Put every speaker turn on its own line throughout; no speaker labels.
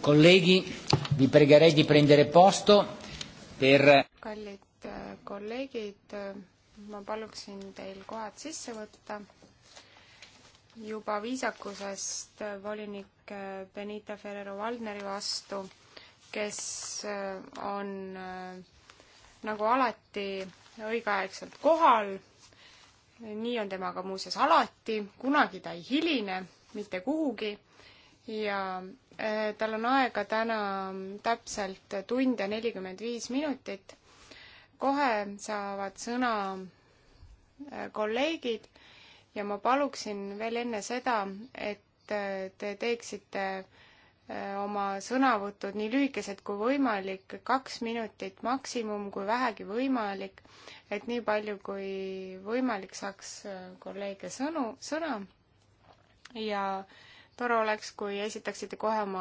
Colleghi, vi pregherei di prendere posto per...
Kallid äh, kolleegid, äh, ma paluksin teil kohad sisse võtta. Juba viisakusest äh, volinik Benita Ferrero-Valdneri vastu, kes on nagu alati õigeaegselt kohal. Nii on temaga muuses alati. Kunagi ta ei hiline, mitte kuhugi. Ja Äh, tal on aega täna täpselt tund ja nelikümmend viis minutit. kohe saavad sõna äh, kolleegid ja ma paluksin veel enne seda, et äh, te teeksite oma sõnavõtud nii lühikesed kui võimalik, kaks minutit maksimum, kui vähegi võimalik, et nii palju kui võimalik saaks kolleege sõnu, sõna ja äh, tore oleks, kui esitaksite kohe oma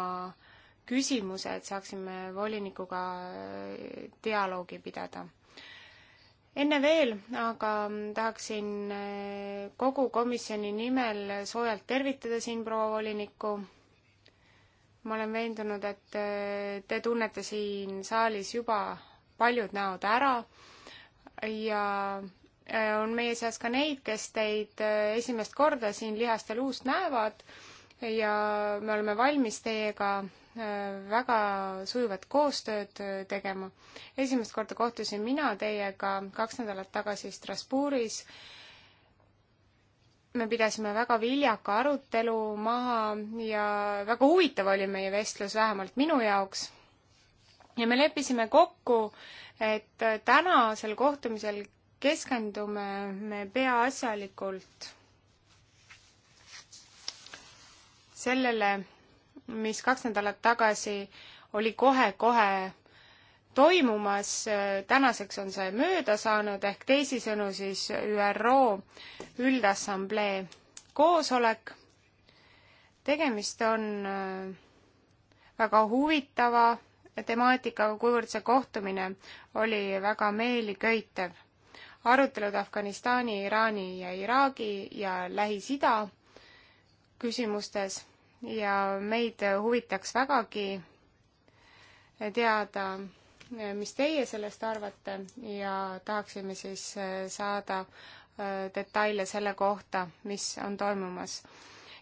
küsimuse, et saaksime volinikuga äh, dialoogi pidada. enne veel aga tahaksin äh, kogu komisjoni nimel soojalt tervitada siin proua volinikku. ma olen veendunud, et äh, te tunnete siin saalis juba paljud näod ära ja on meie seas ka neid, kes teid esimest korda siin lihast ja luust näevad ja me oleme valmis teiega äh, väga sujuvat koostööd äh, tegema. esimest korda kohtusin mina teiega kaks nädalat tagasi Strasbourgis. me pidasime väga viljaka arutelu maha ja väga huvitav oli meie vestlus, vähemalt minu jaoks. ja me leppisime kokku, et äh, tänasel kohtumisel keskendume me peaasjalikult sellele, mis kaks nädalat tagasi oli kohe-kohe toimumas, tänaseks on see mööda saanud, ehk teisisõnu siis ÜRO Üldassamblee koosolek. tegemist on äh, väga huvitava temaatikaga, kuivõrd see kohtumine oli väga meeliköitev. arutelud Afganistani, Iraani ja Iraagi ja Lähis-Ida küsimustes ja meid huvitaks vägagi teada, mis teie sellest arvate ja tahaksime siis äh, saada äh, detaile selle kohta, mis on toimumas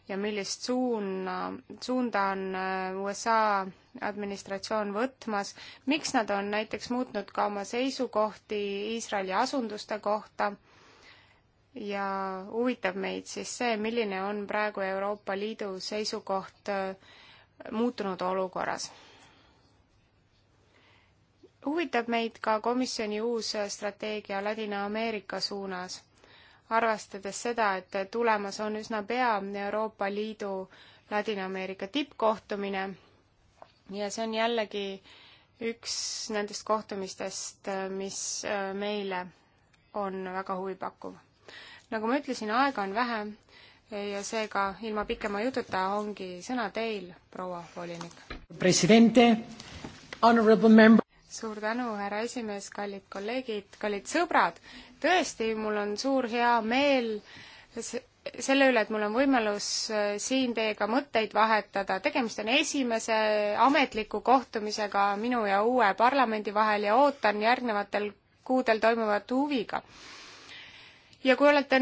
ja millist suuna, suunda on äh, USA administratsioon võtmas, miks nad on näiteks muutnud ka oma seisukohti Iisraeli asunduste kohta ja huvitab meid siis see, milline on praegu Euroopa Liidu seisukoht äh, muutunud olukorras. huvitab meid ka komisjoni uus strateegia Ladina-Ameerika suunas, arvestades seda, et tulemas on üsna pea Euroopa Liidu Ladina-Ameerika tippkohtumine ja see on jällegi üks nendest kohtumistest, mis äh, meile on väga huvipakkuv nagu ma ütlesin, aega on vähe ja seega ilma pikema jututa ongi sõna teil, proua volinik.
presidente, honorable member.
suur tänu, härra esimees, kallid kolleegid, kallid sõbrad. tõesti, mul on suur hea meel selle üle, et mul on võimalus äh, siin teiega mõtteid vahetada. tegemist on esimese ametliku kohtumisega minu ja uue parlamendi vahel ja ootan järgnevatel kuudel toimuvat huviga ja kui olete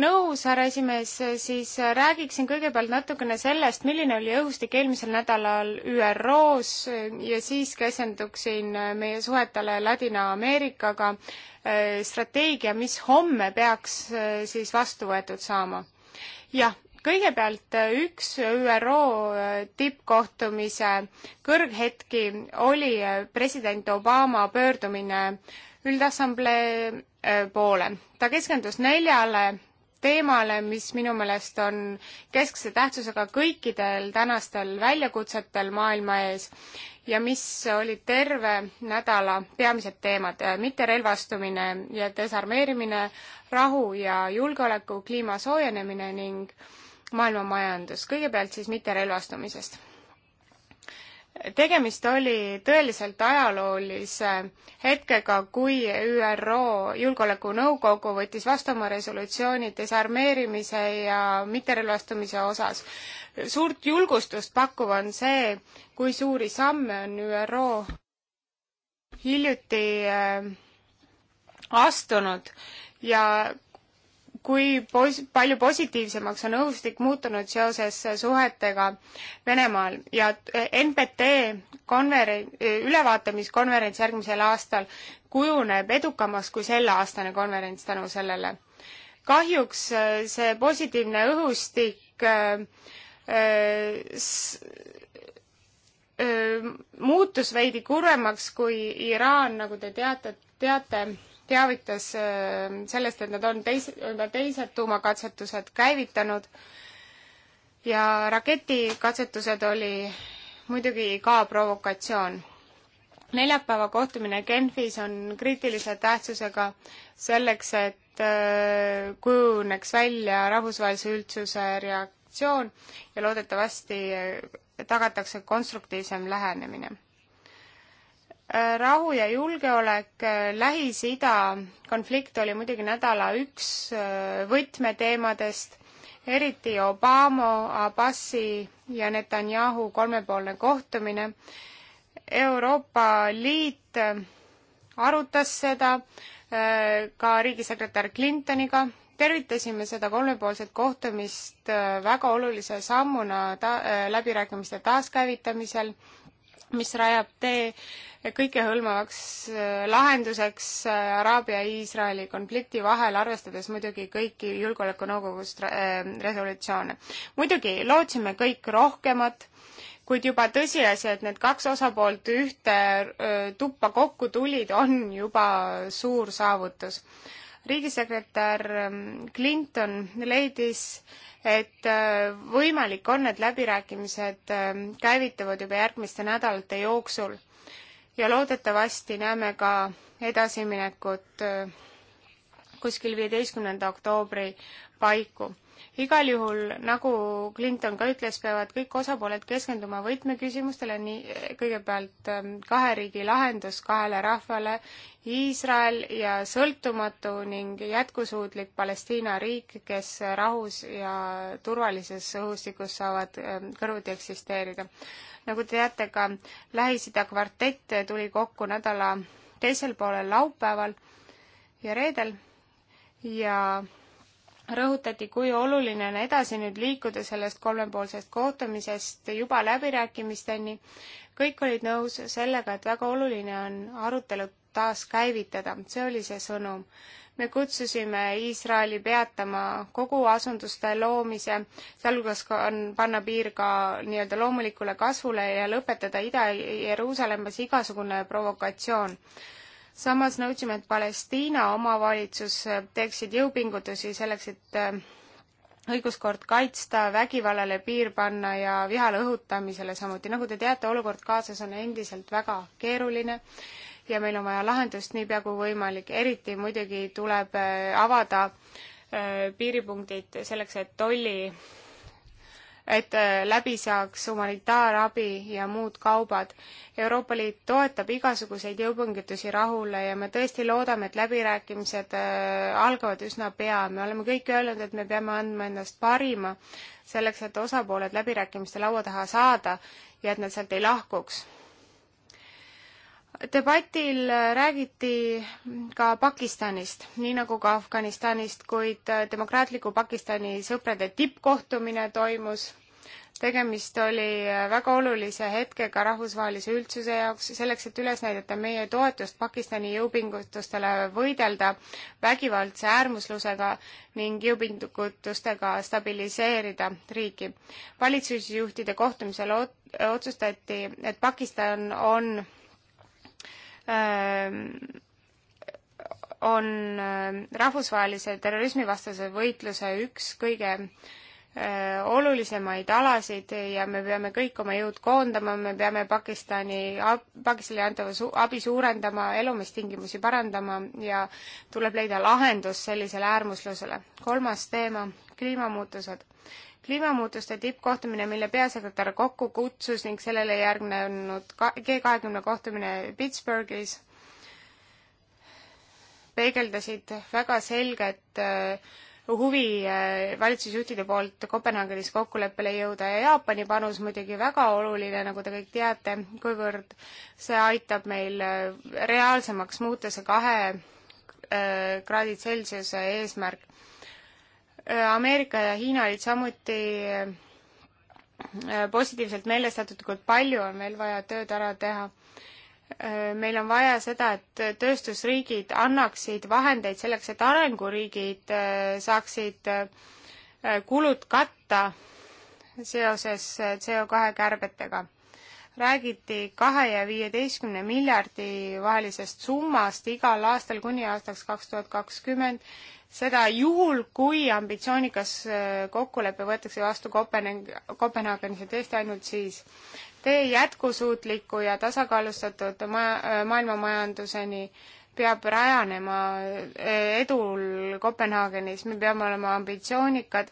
nõus, härra esimees, siis äh, räägiksin kõigepealt natukene sellest, milline oli õhustik eelmisel nädalal ÜRO-s äh, ja siis keskenduksin äh, meie suhetele Ladina-Ameerikaga, strateegia, mis homme peaks siis vastu võetud saama. jah, kõigepealt üks ÜRO tippkohtumise kõrghetki oli president Obama pöördumine üldassamblee Äh, poole. ta keskendus neljale teemale, mis minu meelest on keskse tähtsusega kõikidel tänastel väljakutsetel maailma ees ja mis olid terve nädala peamised teemad, äh, mitterelvastumine ja desarmeerimine, rahu ja julgeoleku, kliima soojenemine ning maailmamajandus. kõigepealt siis mitterelvastumisest tegemist oli tõeliselt ajaloolise hetkega, kui ÜRO Julgeolekunõukogu võttis vastu oma resolutsioonid desarmeerimise ja mitterelvastumise osas. suurt julgustust pakkuv on see, kui suuri samme on ÜRO hiljuti äh, astunud ja kui pos-, palju positiivsemaks on õhustik muutunud seoses suhetega Venemaal ja NPT konveren-, ülevaatamiskonverents järgmisel aastal kujuneb edukamaks kui selleaastane konverents tänu sellele. kahjuks äh, see positiivne õhustik äh, äh, äh, muutus veidi kurvemaks, kui Iraan, nagu te teate, teate, teavitas äh, sellest, et nad on teis-, juba teised tuumakatsetused käivitanud ja raketikatsetused oli muidugi ka provokatsioon. neljapäeva kohtumine Genfis on kriitilise tähtsusega selleks, et äh, kujuneks välja rahvusvahelise üldsuse reaktsioon ja loodetavasti äh, tagatakse konstruktiivsem lähenemine rahu ja julgeolek, äh, Lähis-Ida konflikt oli muidugi nädala üks äh, võtmeteemadest, eriti Obama, Abbasi ja Netanyahu kolmepoolne kohtumine. Euroopa Liit äh, arutas seda ka riigisekretär Clintoniga, tervitasime seda kolmepoolset kohtumist väga olulise sammuna ta-, läbirääkimiste taaskäivitamisel, mis rajab tee kõikehõlmavaks äh, lahenduseks äh, Araabia ja Iisraeli konflikti vahel, arvestades muidugi kõiki Julgeolekunõukogust äh, resolutsioone. muidugi lootsime kõik rohkemat, kuid juba tõsiasi, et need kaks osapoolt ühte tuppa kokku tulid, on juba suur saavutus. riigisekretär ähm, Clinton leidis, et võimalik on, et läbirääkimised ähm, käivituvad juba järgmiste nädalate jooksul ja loodetavasti näeme ka edasiminekut äh, kuskil viieteistkümnenda oktoobri paiku. igal juhul, nagu Clinton ka ütles, peavad kõik osapooled keskenduma võtmeküsimustele, nii äh, kõigepealt ähm, kahe riigi lahendus kahele rahvale, Iisrael ja sõltumatu ning jätkusuutlik Palestiina riik, kes rahus ja turvalises õhustikus saavad ähm, kõrvuti eksisteerida nagu te teate, ka Lähis-Ida kvartett tuli kokku nädala teisel poolel laupäeval ja reedel ja rõhutati, kui oluline on edasi nüüd liikuda sellest kolmepoolsest kohtumisest juba läbirääkimisteni kõik olid nõus sellega, et väga oluline on arutelu taaskäivitada, see oli see sõnum. me kutsusime Iisraeli peatama kogu asunduste loomise, sealhulgas ka on panna piir ka nii-öelda loomulikule kasvule ja lõpetada Ida-Jeruusalemmas igasugune provokatsioon samas nõudsime, et Palestiina omavalitsus teeksid jõupingutusi selleks, et õiguskord kaitsta, vägivallale piir panna ja vihale õhutamisele samuti. nagu te teate, olukord Gazas on endiselt väga keeruline ja meil on vaja lahendust niipea kui võimalik, eriti muidugi tuleb äh, avada äh, piiripunktid selleks, et tolli et äh, läbi saaks humanitaarabi ja muud kaubad. Euroopa Liit toetab igasuguseid jõupingutusi rahule ja me tõesti loodame, et läbirääkimised äh, algavad üsna pea. me oleme kõik öelnud, et me peame andma endast parima selleks, et osapooled läbirääkimiste laua taha saada ja et nad sealt ei lahkuks debatil räägiti ka Pakistanist, nii nagu ka Afganistanist, kuid demokraatliku Pakistani sõprade tippkohtumine toimus. tegemist oli väga olulise hetkega rahvusvahelise üldsuse jaoks, selleks et üles näidata meie toetust Pakistani jõupingutustele võidelda vägivaldse äärmuslusega ning jõupingutustega stabiliseerida riiki. valitsusjuhtide kohtumisel otsustati, et Pakistan on Ehm, on ehm, rahvusvahelise terrorismivastase võitluse üks kõige ehm, olulisemaid alasid ja me peame kõik oma jõud koondama, me peame Pakistani, Pakistanile antava su-, abi suurendama, elumistingimusi parandama ja tuleb leida lahendus sellisele äärmuslusele. kolmas teema, kliimamuutused kliimamuutuste tippkohtumine, mille peasekretär kokku kutsus ning sellele järgnenud G kahekümne kohtumine Pittsburghis, peegeldasid väga selget äh, huvi äh, valitsusjuhtide poolt Kopenhaagenis kokkuleppele jõuda ja Jaapani panus muidugi väga oluline, nagu te kõik teate, kuivõrd see aitab meil äh, reaalsemaks muuta see kahe kraadi Celsiuse eesmärk Ameerika ja Hiina olid samuti äh, positiivselt meelestatud, kuid palju on veel vaja tööd ära teha. Äh, meil on vaja seda, et tööstusriigid annaksid vahendeid selleks, et arenguriigid äh, saaksid kulud katta seoses CO2 kärbetega. räägiti kahe ja viieteistkümne miljardi vahelisest summast igal aastal kuni aastaks kaks tuhat kakskümmend seda juhul, kui ambitsioonikas äh, kokkulepe võetakse vastu Kopenhaag-, Kopenhaagenis ja tõesti ainult siis. tee jätkusuutliku ja tasakaalustatud maja, äh, maailmamajanduseni peab rajanema äh, edul Kopenhaagenis, me peame olema ambitsioonikad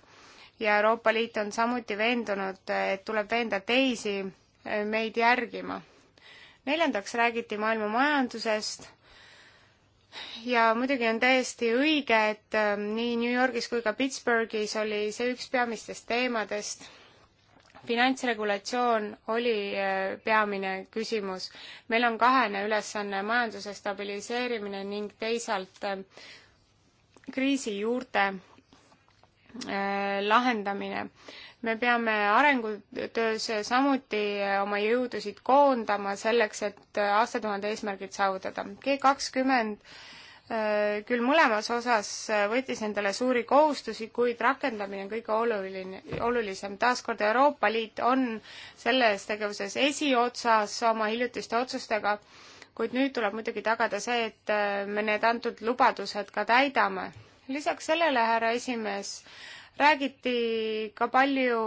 ja Euroopa Liit on samuti veendunud, et tuleb veenda teisi meid järgima. neljandaks räägiti maailma majandusest ja muidugi on täiesti õige, et ähm, nii New Yorgis kui ka Pittsburghis oli see üks peamistest teemadest. finantsregulatsioon oli äh, peamine küsimus. meil on kahene ülesanne, majanduse stabiliseerimine ning teisalt ähm, kriisi juurte äh, lahendamine me peame arengutöös samuti oma jõudusid koondama selleks, et aastatuhande eesmärgid saavutada. G kakskümmend äh, küll mõlemas osas äh, võttis endale suuri kohustusi, kuid rakendamine on kõige oluline, olulisem. taaskord Euroopa Liit on selles tegevuses esiotsas oma hiljutiste otsustega, kuid nüüd tuleb muidugi tagada see, et äh, me need antud lubadused ka täidame. lisaks sellele, härra esimees, räägiti ka palju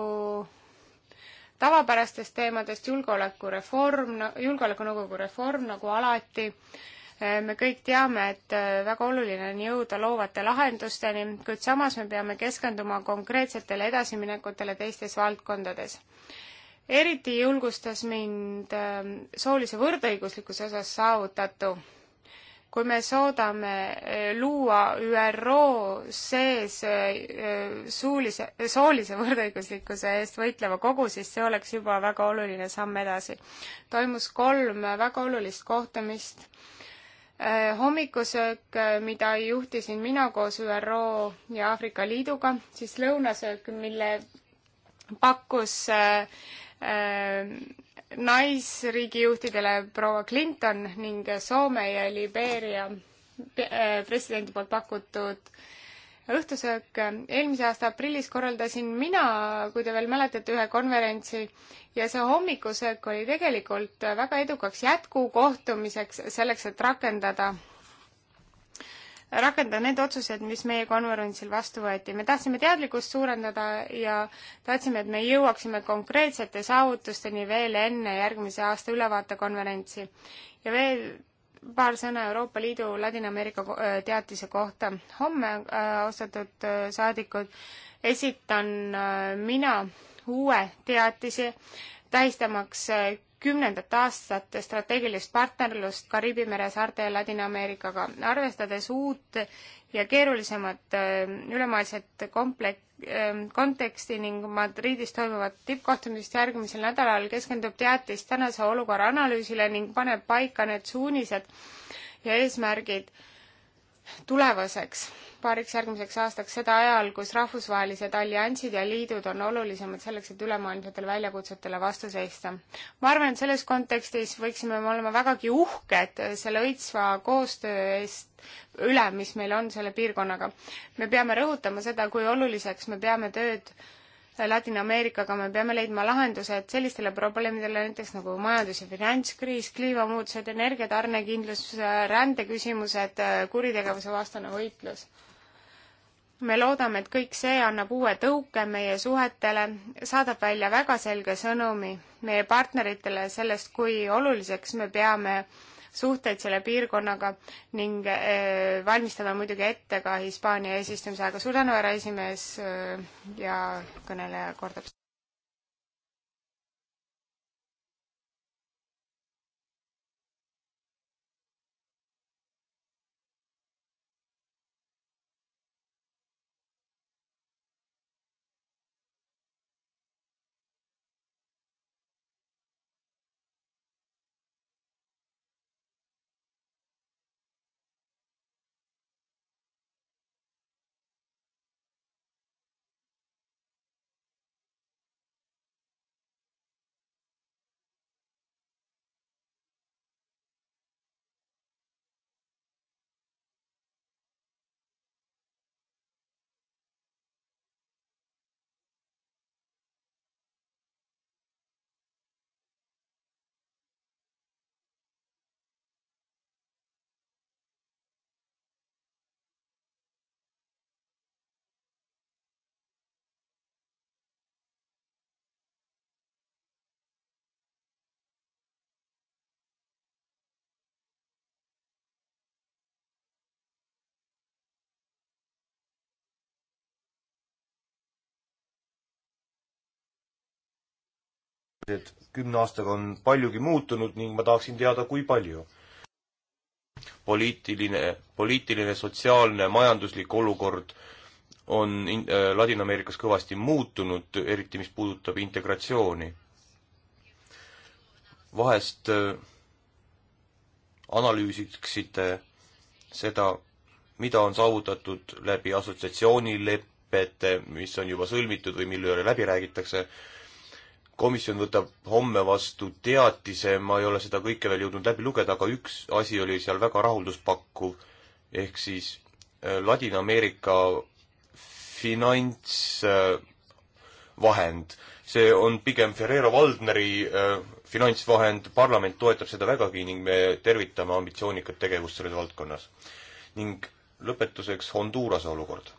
tavapärastest teemadest, julgeolekureform, julgeolekunõukogu reform nagu alati. me kõik teame, et väga oluline on jõuda loovate lahendusteni, kuid samas me peame keskenduma konkreetsetele edasiminekutele teistes valdkondades. eriti julgustas mind äh, soolise võrdõiguslikkuse osas saavutatu kui me soodame eh, luua ÜRO sees eh, suulise, soolise võrdõiguslikkuse eest võitleva kogu, siis see oleks juba väga oluline samm edasi. toimus kolm väga olulist kohtumist. Eh, hommikusöök, mida juhtisin mina koos ÜRO ja Aafrika Liiduga, siis lõunasöök, mille pakkus äh, naisriigijuhtidele proua Clinton ning Soome ja Libeeria äh, presidendi poolt pakutud õhtusöök. eelmise aasta aprillis korraldasin mina, kui te veel mäletate, ühe konverentsi ja see hommikusöök oli tegelikult väga edukaks jätkukohtumiseks selleks, et rakendada rakendada need otsused, mis meie konverentsil vastu võeti. me tahtsime teadlikkust suurendada ja tahtsime, et me jõuaksime konkreetsete saavutusteni veel enne järgmise aasta ülevaatekonverentsi. ja veel paar sõna Euroopa Liidu Ladina-Ameerika äh, teatise kohta. homme, äh, austatud äh, saadikud, esitan mina uue teatise tähistamaks kümnendat aastat strateegilist partnerlust Kariibi mere saarte ja Ladina-Ameerikaga. arvestades uut ja keerulisemat äh, ülemaailmset komplek-, ähm, konteksti ning Madridis toimuvat tippkohtumist järgmisel nädalal, keskendub teatis tänase olukorra analüüsile ning paneb paika need suunised ja eesmärgid tulevaseks paariks järgmiseks aastaks, seda ajal, kus rahvusvahelised alliansid ja liidud on olulisemad selleks, et ülemaailmsetele väljakutsetele vastu seista. ma arvan, et selles kontekstis võiksime me olema vägagi uhked selle õitsva koostöö eest üle, mis meil on selle piirkonnaga. me peame rõhutama seda, kui oluliseks me peame tööd Ladina-Ameerikaga, me peame leidma lahendused sellistele probleemidele, näiteks nagu majandus- ja finantskriis, kliimamuutused, energiatarnekindlus, rändeküsimused, kuritegevuse vastane võitlus. me loodame, et kõik see annab uue tõuke meie suhetele, saadab välja väga selge sõnumi meie partneritele sellest, kui oluliseks me peame äh, suhteid selle piirkonnaga ning äh, valmistame muidugi ette ka Hispaania eesistumise aega. suur tänu, härra esimees äh, ja kõneleja kordab.
et kümne aastaga on paljugi muutunud ning ma tahaksin teada, kui palju. poliitiline, poliitiline, sotsiaalne, majanduslik olukord on äh, Ladina-Ameerikas kõvasti muutunud, eriti mis puudutab integratsiooni. vahest äh, analüüsiksite seda, mida on saavutatud läbi assotsiatsioonileppete, mis on juba sõlmitud või mille üle läbi räägitakse, komisjon võtab homme vastu teatise, ma ei ole seda kõike veel jõudnud läbi lugeda, aga üks asi oli seal väga rahulduspakkuv, ehk siis äh, Ladina-Ameerika finantsvahend. see on pigem Ferrero Valdneri äh, finantsvahend, parlament toetab seda vägagi ning me tervitame ambitsioonikat tegevust selles valdkonnas. ning lõpetuseks Hondurase olukord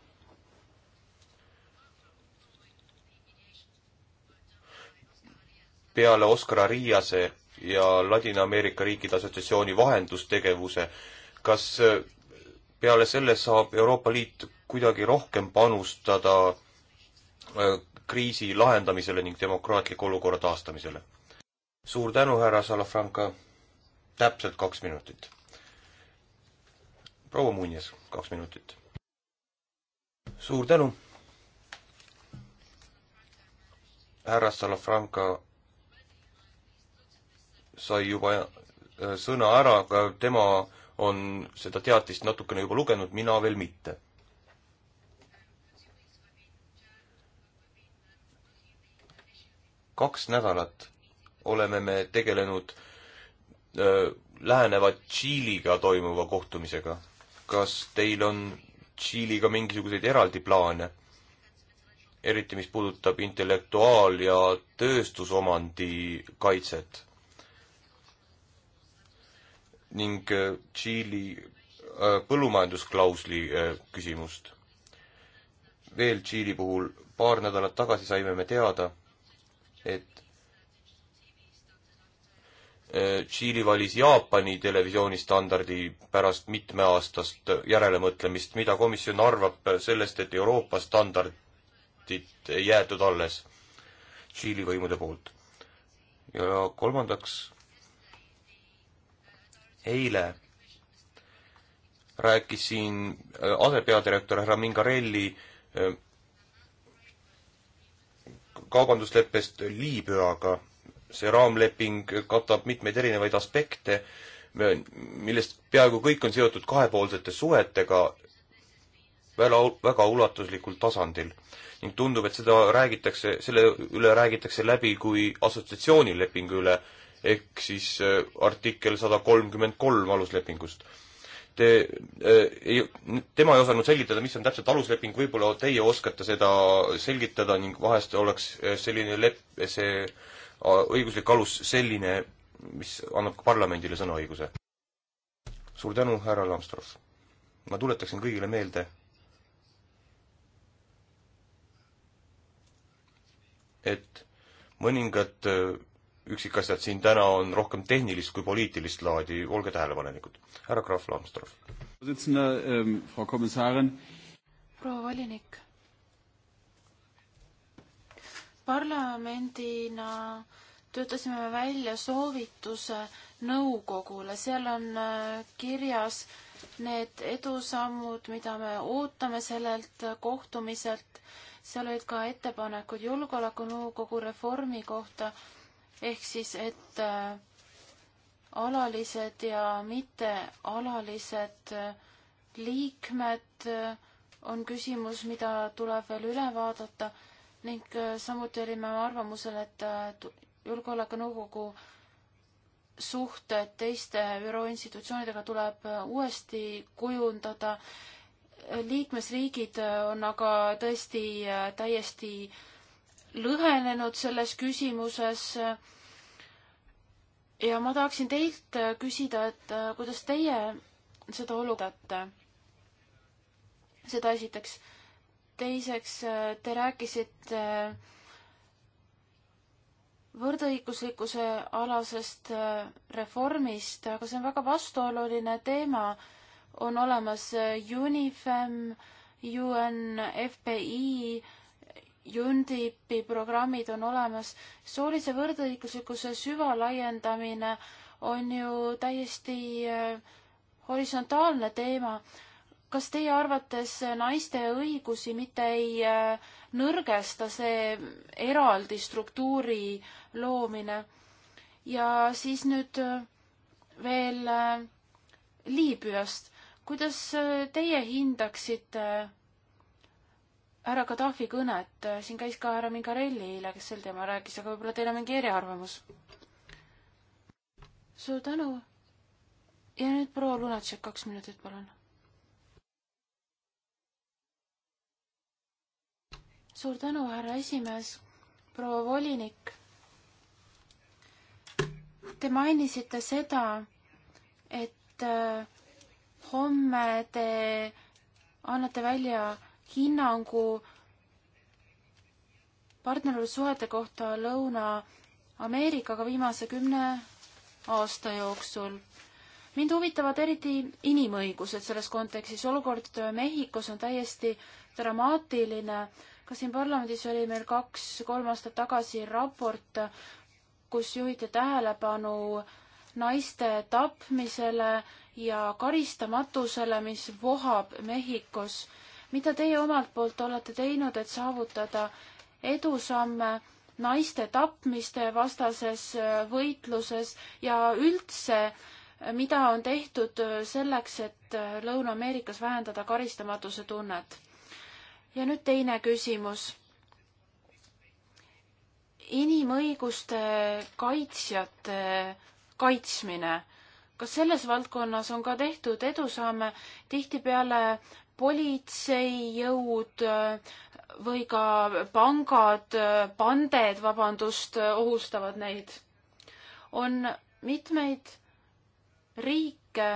peale Oscar Riiase ja Ladina-Ameerika riikide assotsiatsiooni vahendustegevuse, kas äh, peale selle saab Euroopa Liit kuidagi rohkem panustada äh, kriisi lahendamisele ning demokraatliku olukorra taastamisele? suur tänu, härra Salafranca, täpselt kaks minutit. proua Munjas, kaks minutit. suur tänu härra Salafranca sai juba äh, sõna ära, aga tema on seda teatist natukene juba lugenud, mina veel mitte. kaks nädalat oleme me tegelenud öö, äh, läheneva Tšiiliga toimuva kohtumisega. kas teil on Tšiiliga mingisuguseid eraldi plaane? eriti, mis puudutab intellektuaal- ja tööstusomandi kaitset ning äh, Tšiili äh, põllumajandusklausli äh, küsimust. veel Tšiili puhul paar nädalat tagasi saime me teada, et Tšiili valis Jaapani televisioonistandardi pärast mitmeaastast järelemõtlemist, mida komisjon arvab sellest, et Euroopa standardid ei jäetud alles Tšiili võimude poolt. ja kolmandaks eile rääkis siin äh, asepeadirektor härra Mingarelli äh, kaubandusleppest Liibüaga. see raamleping katab mitmeid erinevaid aspekte, millest peaaegu kõik on seotud kahepoolsete suhetega väga, väga ulatuslikul tasandil. ning tundub, et seda räägitakse, selle üle räägitakse läbi kui assotsiatsioonilepingu üle, ehk siis äh, artikkel sada kolmkümmend kolm aluslepingust. Te äh, ei, tema ei osanud selgitada, mis on täpselt alusleping, võib-olla teie oskate seda selgitada ning vahest oleks äh, selline lep-, see õiguslik alus selline, mis annab ka parlamendile sõnaõiguse. suur tänu, härra Lambsdorff. ma tuletaksin kõigile meelde, et mõningad üksikasjad siin täna on rohkem tehnilist kui poliitilist laadi, olge tähelepanelikud. härra Krahv Lambsdorff.
Ähm, proua volinik. parlamendina töötasime me välja soovituse nõukogule, seal on äh, kirjas need edusammud, mida me ootame sellelt kohtumiselt, seal olid ka ettepanekud Julgeolekunõukogu reformi kohta ehk siis, et äh, alalised ja mittealalised äh, liikmed äh, on küsimus, mida tuleb veel üle vaadata ning samuti olime arvamusel, et julgeolekunõukogu suhted teiste ÜRO institutsioonidega tuleb uuesti kujundada. liikmesriigid on aga tõesti täiesti äh, lõhenenud selles küsimuses. ja ma tahaksin teilt küsida, et äh, kuidas teie seda olukorda, seda esiteks. teiseks, äh, te rääkisite äh, võrdõiguslikkuse alasest reformist, aga see on väga vastuoluline teema. on olemas UNIFEM, UNFPI UNDP programmid on olemas. soolise võrdõiguslikkuse süvalaiendamine on ju täiesti äh, horisontaalne teema. kas teie arvates naiste õigusi mitte ei äh, nõrgesta see eraldi struktuuri loomine? ja siis nüüd äh, veel Liibüast. kuidas teie hindaksite härra Gaddafi kõnet, äh, siin käis ka härra Mingarelli eile, kes sel teemal rääkis, aga võib-olla teil on mingi eriarvamus? suur tänu. ja nüüd proua Lunatšek, kaks minutit, palun. suur tänu, härra esimees, proua volinik. Te mainisite seda, et äh, homme te annate välja hinnangu partnerlussuhete kohta Lõuna-Ameerikaga viimase kümne aasta jooksul. mind huvitavad eriti inimõigused selles kontekstis, olukord Mehhikos on täiesti dramaatiline, ka siin parlamendis oli meil kaks-kolm aastat tagasi raport, kus juhiti tähelepanu naiste tapmisele ja karistamatusele, mis vohab Mehhikos mida teie omalt poolt olete teinud, et saavutada edusamme naiste tapmiste vastases äh, võitluses ja üldse, äh, mida on tehtud äh, selleks, et Lõuna-Ameerikas vähendada karistamatuse tunnet? ja nüüd teine küsimus. inimõiguste kaitsjate kaitsmine kas selles valdkonnas on ka tehtud edusamme? tihtipeale politseijõud äh, või ka pangad, äh, panded, vabandust, äh, ohustavad neid. on mitmeid riike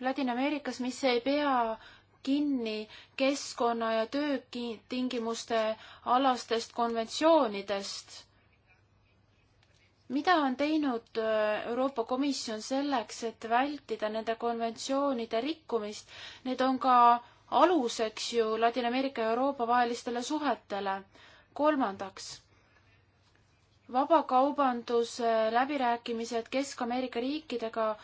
Ladina-Ameerikas, mis ei pea kinni keskkonna ja töötingimuste alastest konventsioonidest mida on teinud äh, Euroopa Komisjon selleks, et vältida nende konventsioonide rikkumist? Need on ka aluseks ju Ladina-Ameerika ja Euroopa vahelistele suhetele. kolmandaks, vabakaubanduse läbirääkimised Kesk-Ameerika riikidega,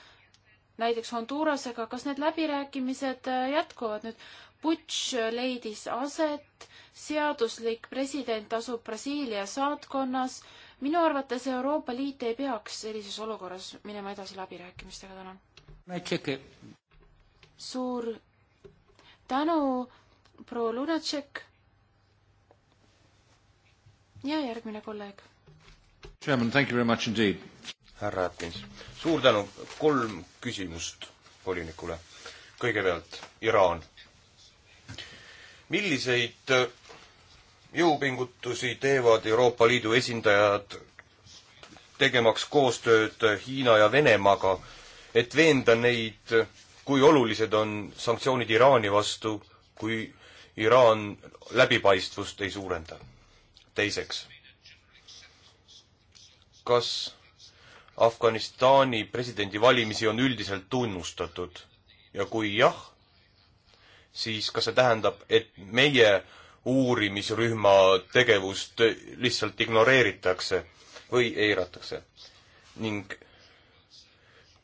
näiteks Hondurasega, kas need läbirääkimised äh, jätkuvad nüüd? Butch leidis aset, seaduslik president asub Brasiilia saatkonnas minu arvates Euroopa Liit ei peaks sellises olukorras minema edasi läbirääkimistega, tänan. suur tänu, proua Lunatšek. ja järgmine kolleeg.
Chairman, thank you
very much indeed. härra Atkins, suur tänu, kolm küsimust volinikule. kõigepealt Iraan. milliseid jõupingutusi teevad Euroopa Liidu esindajad tegemaks koostööd Hiina ja Venemaaga, et veenda neid, kui olulised on sanktsioonid Iraani vastu, kui Iraan läbipaistvust ei suurenda. teiseks, kas Afganistani presidendivalimisi on üldiselt tunnustatud ja kui jah, siis kas see tähendab, et meie uurimisrühma tegevust lihtsalt ignoreeritakse või eiratakse? ning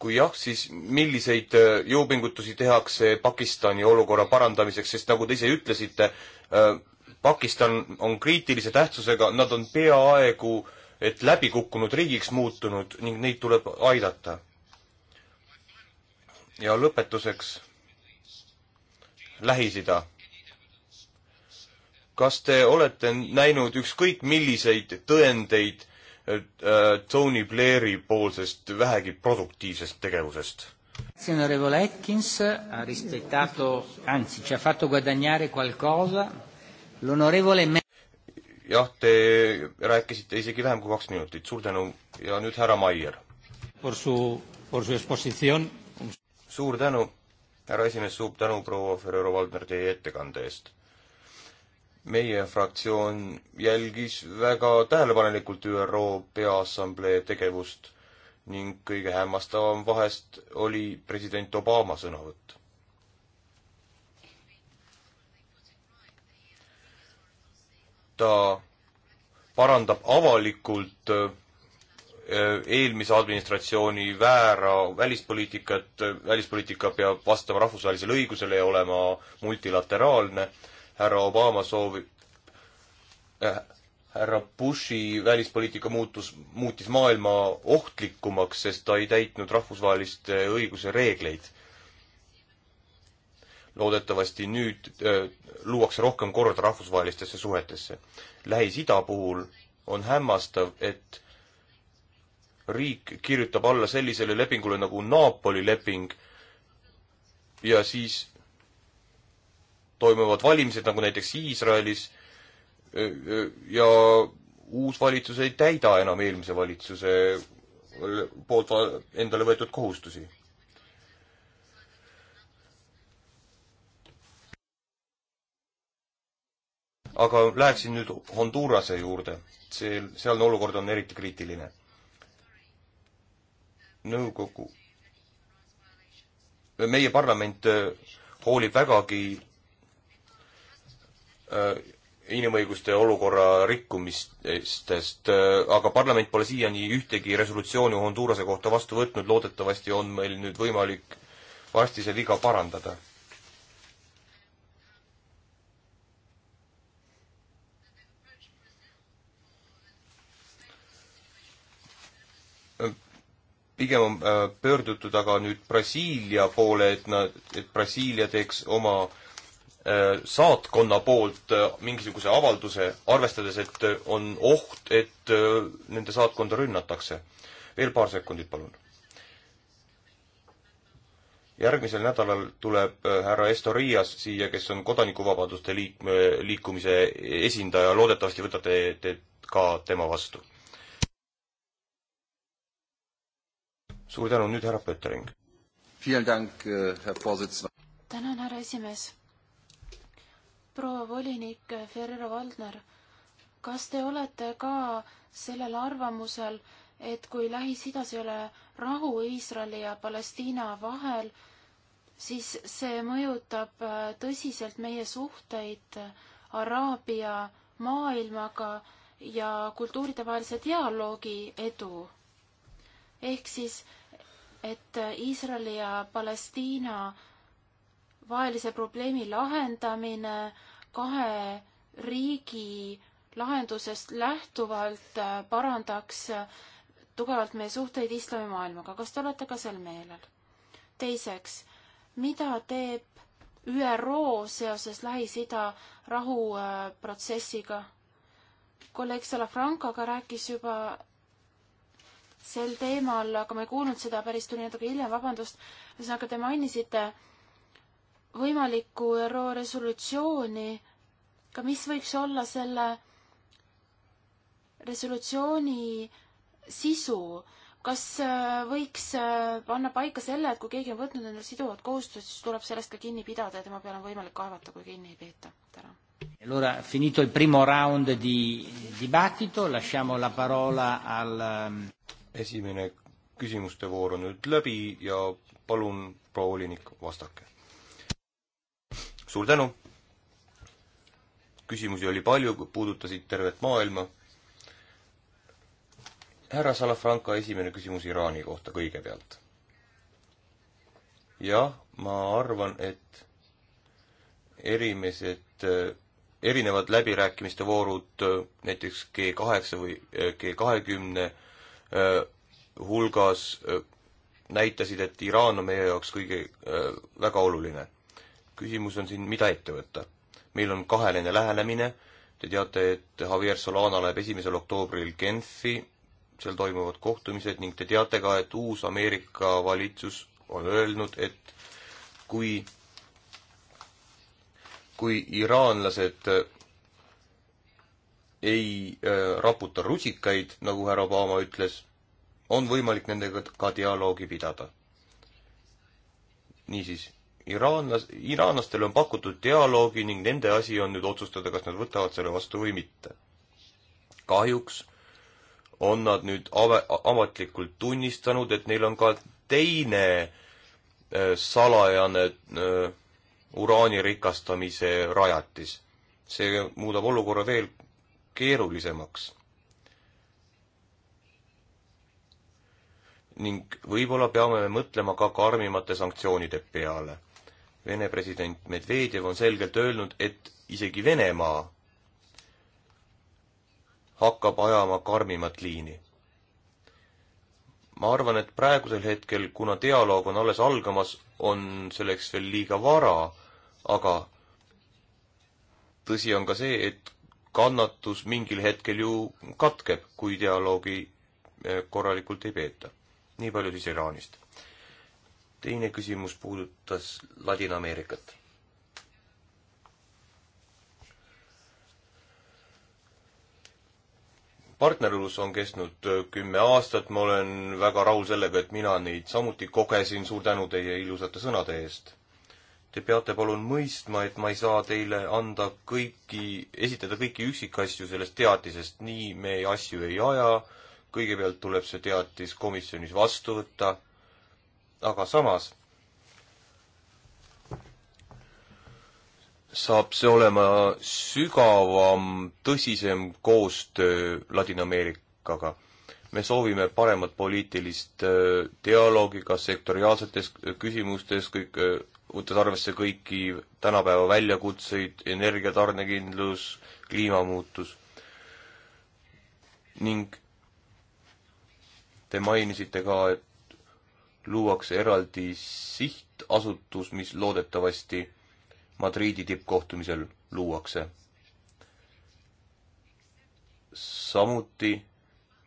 kui jah, siis milliseid äh, jõupingutusi tehakse Pakistani olukorra parandamiseks, sest nagu te ise ütlesite, äh, Pakistan on kriitilise tähtsusega, nad on peaaegu et läbikukkunud riigiks muutunud ning neid tuleb aidata. ja lõpetuseks Lähis-Ida kas te olete näinud ükskõik milliseid tõendeid äh, Tony Blairi poolsest vähegi produktiivsest tegevusest?
Onorevole Atkins ha rispettato, anzi ci ha fatto guadagnare qualcosa. L'onorevole Me-
jah, te rääkisite isegi vähem kui kaks minutit, suur tänu ja nüüd härra Maier. suur tänu, härra esimees, suur tänu, proua Ferrero-Valdner, teie ettekande eest meie fraktsioon jälgis väga tähelepanelikult ÜRO Peaassamblee tegevust ning kõige hämmastavam vahest oli president Obama sõnavõtt. ta parandab avalikult äh, eelmise administratsiooni väära välispoliitikat, välispoliitika peab vastama rahvusvahelisele õigusele ja olema multilateraalne härra Obama soovib äh,, härra Bushi välispoliitika muutus, muutis maailma ohtlikumaks, sest ta ei täitnud rahvusvaheliste õiguse reegleid. loodetavasti nüüd äh, luuakse rohkem korda rahvusvahelistesse suhetesse. Lähis-Ida puhul on hämmastav, et riik kirjutab alla sellisele lepingule nagu Napoli leping ja siis toimuvad valimised, nagu näiteks Iisraelis, ja uus valitsus ei täida enam eelmise valitsuse poolt endale võetud kohustusi. aga läheksin nüüd Hondurase juurde. see, sealne olukord on eriti kriitiline. nõukogu, meie parlament hoolib vägagi Äh, inimõiguste olukorra rikkumistest, äh, aga parlament pole siiani ühtegi resolutsiooni Hondurase kohta vastu võtnud, loodetavasti on meil nüüd võimalik varsti see viga parandada. pigem on äh, pöördutud aga nüüd Brasiilia poole, et nad, et Brasiilia teeks oma Äh, saatkonna poolt äh, mingisuguse avalduse, arvestades, et äh, on oht, et nende saatkonda rünnatakse. veel paar sekundit, palun. järgmisel nädalal tuleb härra Estorias siia, kes on kodanikuvabaduste liik-, liikumise esindaja, loodetavasti võtate te ka tema vastu. suur tänu, nüüd härra Pöttering. tänan,
härra esimees proua volinik Ferrero-Valdner, kas te olete ka sellel arvamusel, et kui Lähis-Idas ei ole rahu Iisraeli ja Palestiina vahel, siis see mõjutab äh, tõsiselt meie suhteid Araabia maailmaga ja kultuuridevahelise dialoogi edu. ehk siis, et Iisraeli ja Palestiina vahelise probleemi lahendamine kahe riigi lahendusest lähtuvalt parandaks tugevalt meie suhteid islamimaailmaga. kas te olete ka sel meelel? teiseks, mida teeb ÜRO seoses Lähis-Ida rahuprotsessiga? kolleeg Salafrankaga rääkis juba sel teemal, aga ma ei kuulnud seda päris tuli natuke hiljem, vabandust. ühesõnaga, te mainisite võimalikku ÜRO resolutsiooni, ka mis võiks olla selle resolutsiooni sisu, kas äh, võiks äh, panna paika selle, et kui keegi on võtnud endale siduvad kohustused, siis tuleb sellest ka kinni pidada ja tema peale on võimalik kaevata, kui kinni ei peeta. tänan.
E allora, finito il primo round
di dibattito, lasciamo la parola al ehm, esimene küsimuste voor on nüüd läbi ja palun, proua volinik, vastake suur tänu! küsimusi oli palju, puudutasid tervet maailma. härra Salafranca esimene küsimus Iraani kohta kõigepealt. jah, ma arvan, et erimised, erinevad läbirääkimiste voorud näiteks G kaheksa või G kahekümne äh, hulgas äh, näitasid, et Iraan on meie jaoks kõige, äh, väga oluline küsimus on siin, mida ette võtta. meil on kaheline lähenemine, te teate, et Javier Solana läheb esimesel oktoobril Genfi, seal toimuvad kohtumised ning te teate ka, et uus Ameerika valitsus on öelnud, et kui, kui iraanlased ei äh, raputa rusikaid, nagu härra Obama ütles, on võimalik nendega ka dialoogi pidada. niisiis, iraanlas, iraanlastele on pakutud dialoogi ning nende asi on nüüd otsustada, kas nad võtavad selle vastu või mitte. kahjuks on nad nüüd ave-, ametlikult tunnistanud, et neil on ka teine äh, salajane äh, uraani rikastamise rajatis. see muudab olukorra veel keerulisemaks. ning võib-olla peame mõtlema ka karmimate sanktsioonide peale Vene president Medvedjev on selgelt öelnud, et isegi Venemaa hakkab ajama karmimat liini. ma arvan, et praegusel hetkel, kuna dialoog on alles algamas, on selleks veel liiga vara, aga tõsi on ka see, et kannatus mingil hetkel ju katkeb, kui dialoogi eh, korralikult ei peeta. nii palju siis Iraanist teine küsimus puudutas Ladina-Ameerikat. partnerlus on kestnud äh, kümme aastat, ma olen väga rahul sellega, et mina neid samuti kogesin, suur tänu teie ilusate sõnade eest. Te peate palun mõistma, et ma ei saa teile anda kõiki, esitada kõiki üksikasju sellest teatisest, nii me asju ei aja, kõigepealt tuleb see teatis komisjonis vastu võtta aga samas saab see olema sügavam, tõsisem koostöö Ladina-Ameerikaga. me soovime paremat poliitilist äh, dialoogi ka sektoriaalsetes äh, küsimustes, kõik, äh, võttes arvesse kõiki tänapäeva väljakutseid, energiatarnekindlus, kliimamuutus. ning te mainisite ka, et luuakse eraldi sihtasutus, mis loodetavasti Madriidi tippkohtumisel luuakse. samuti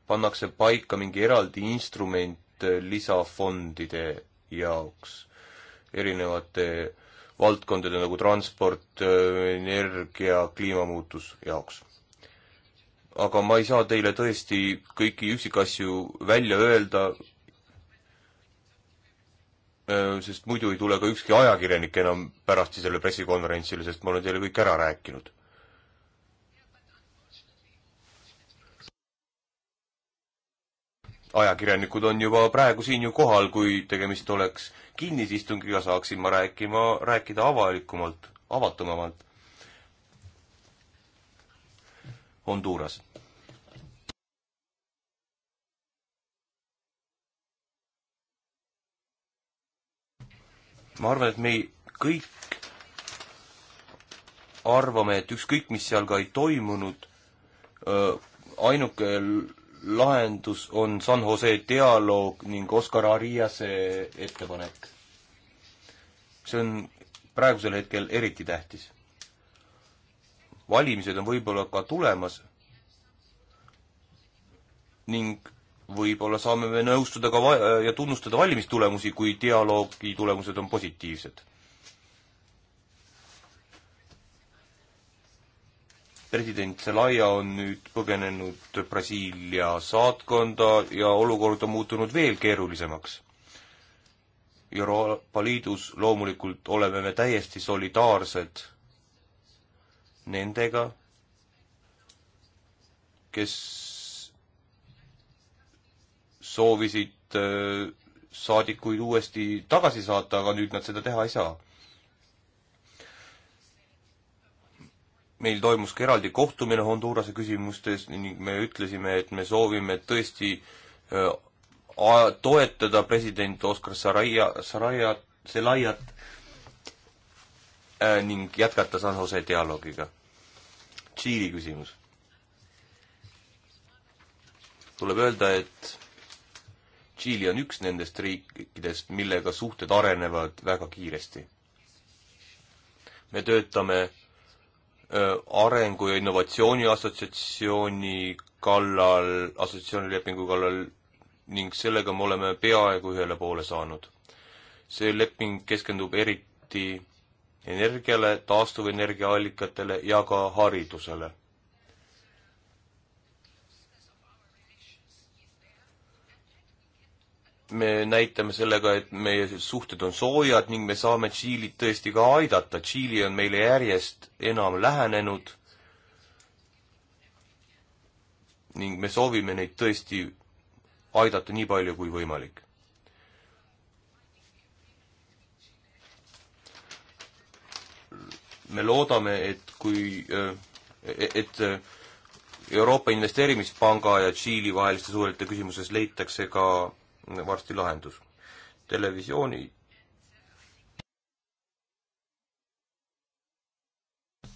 pannakse paika mingi eraldi instrument lisafondide jaoks erinevate valdkondade nagu transport, energia, kliimamuutus jaoks. aga ma ei saa teile tõesti kõiki üksikasju välja öelda, sest muidu ei tule ka ükski ajakirjanik enam pärast sellele pressikonverentsile, sest ma olen teile kõik ära rääkinud. ajakirjanikud on juba praegu siin ju kohal, kui tegemist oleks kinnise istungiga, saaksin ma rääkima, rääkida avalikumalt, avatumamalt. Honduras ma arvan, et me kõik arvame, et ükskõik, mis seal ka ei toimunud, ainuke lahendus on San Jose dialoog ning Oscar Ariase ettepanek. see on praegusel hetkel eriti tähtis. valimised on võib-olla ka tulemas ning võib-olla saame me nõustuda ka ja tunnustada valimistulemusi, kui dialoogi tulemused on positiivsed. president Zelaya on nüüd põgenenud Brasiilia saatkonda ja olukord on muutunud veel keerulisemaks. Euroopa Liidus loomulikult oleme me täiesti solidaarsed nendega, kes soovisid äh, saadikuid uuesti tagasi saata, aga nüüd nad seda teha ei saa. meil toimus ka eraldi kohtumine Hondurase küsimustes ning me ütlesime, et me soovime tõesti äh, toetada president Oskar Saraia, Saraia, Zelaiat äh, ning jätkata San Jose dialoogiga. Tšiili küsimus tuleb öelda, et Tšiili on üks nendest riikidest, millega suhted arenevad väga kiiresti. me töötame Arengu- ja Innovatsiooni Assotsiatsiooni kallal, assotsiatsioonilepingu kallal ning sellega me oleme peaaegu ühele poole saanud. see leping keskendub eriti energiale, taastuvenergiaallikatele ja ka haridusele me näitame sellega, et meie suhted on soojad ning me saame Tšiilit tõesti ka aidata. Tšiili on meile järjest enam lähenenud. ning me soovime neid tõesti aidata nii palju kui võimalik. me loodame, et kui, äh, et äh, Euroopa Investeerimispanga ja Tšiili vaheliste suhete küsimuses leitakse ka varsti lahendus. televisiooni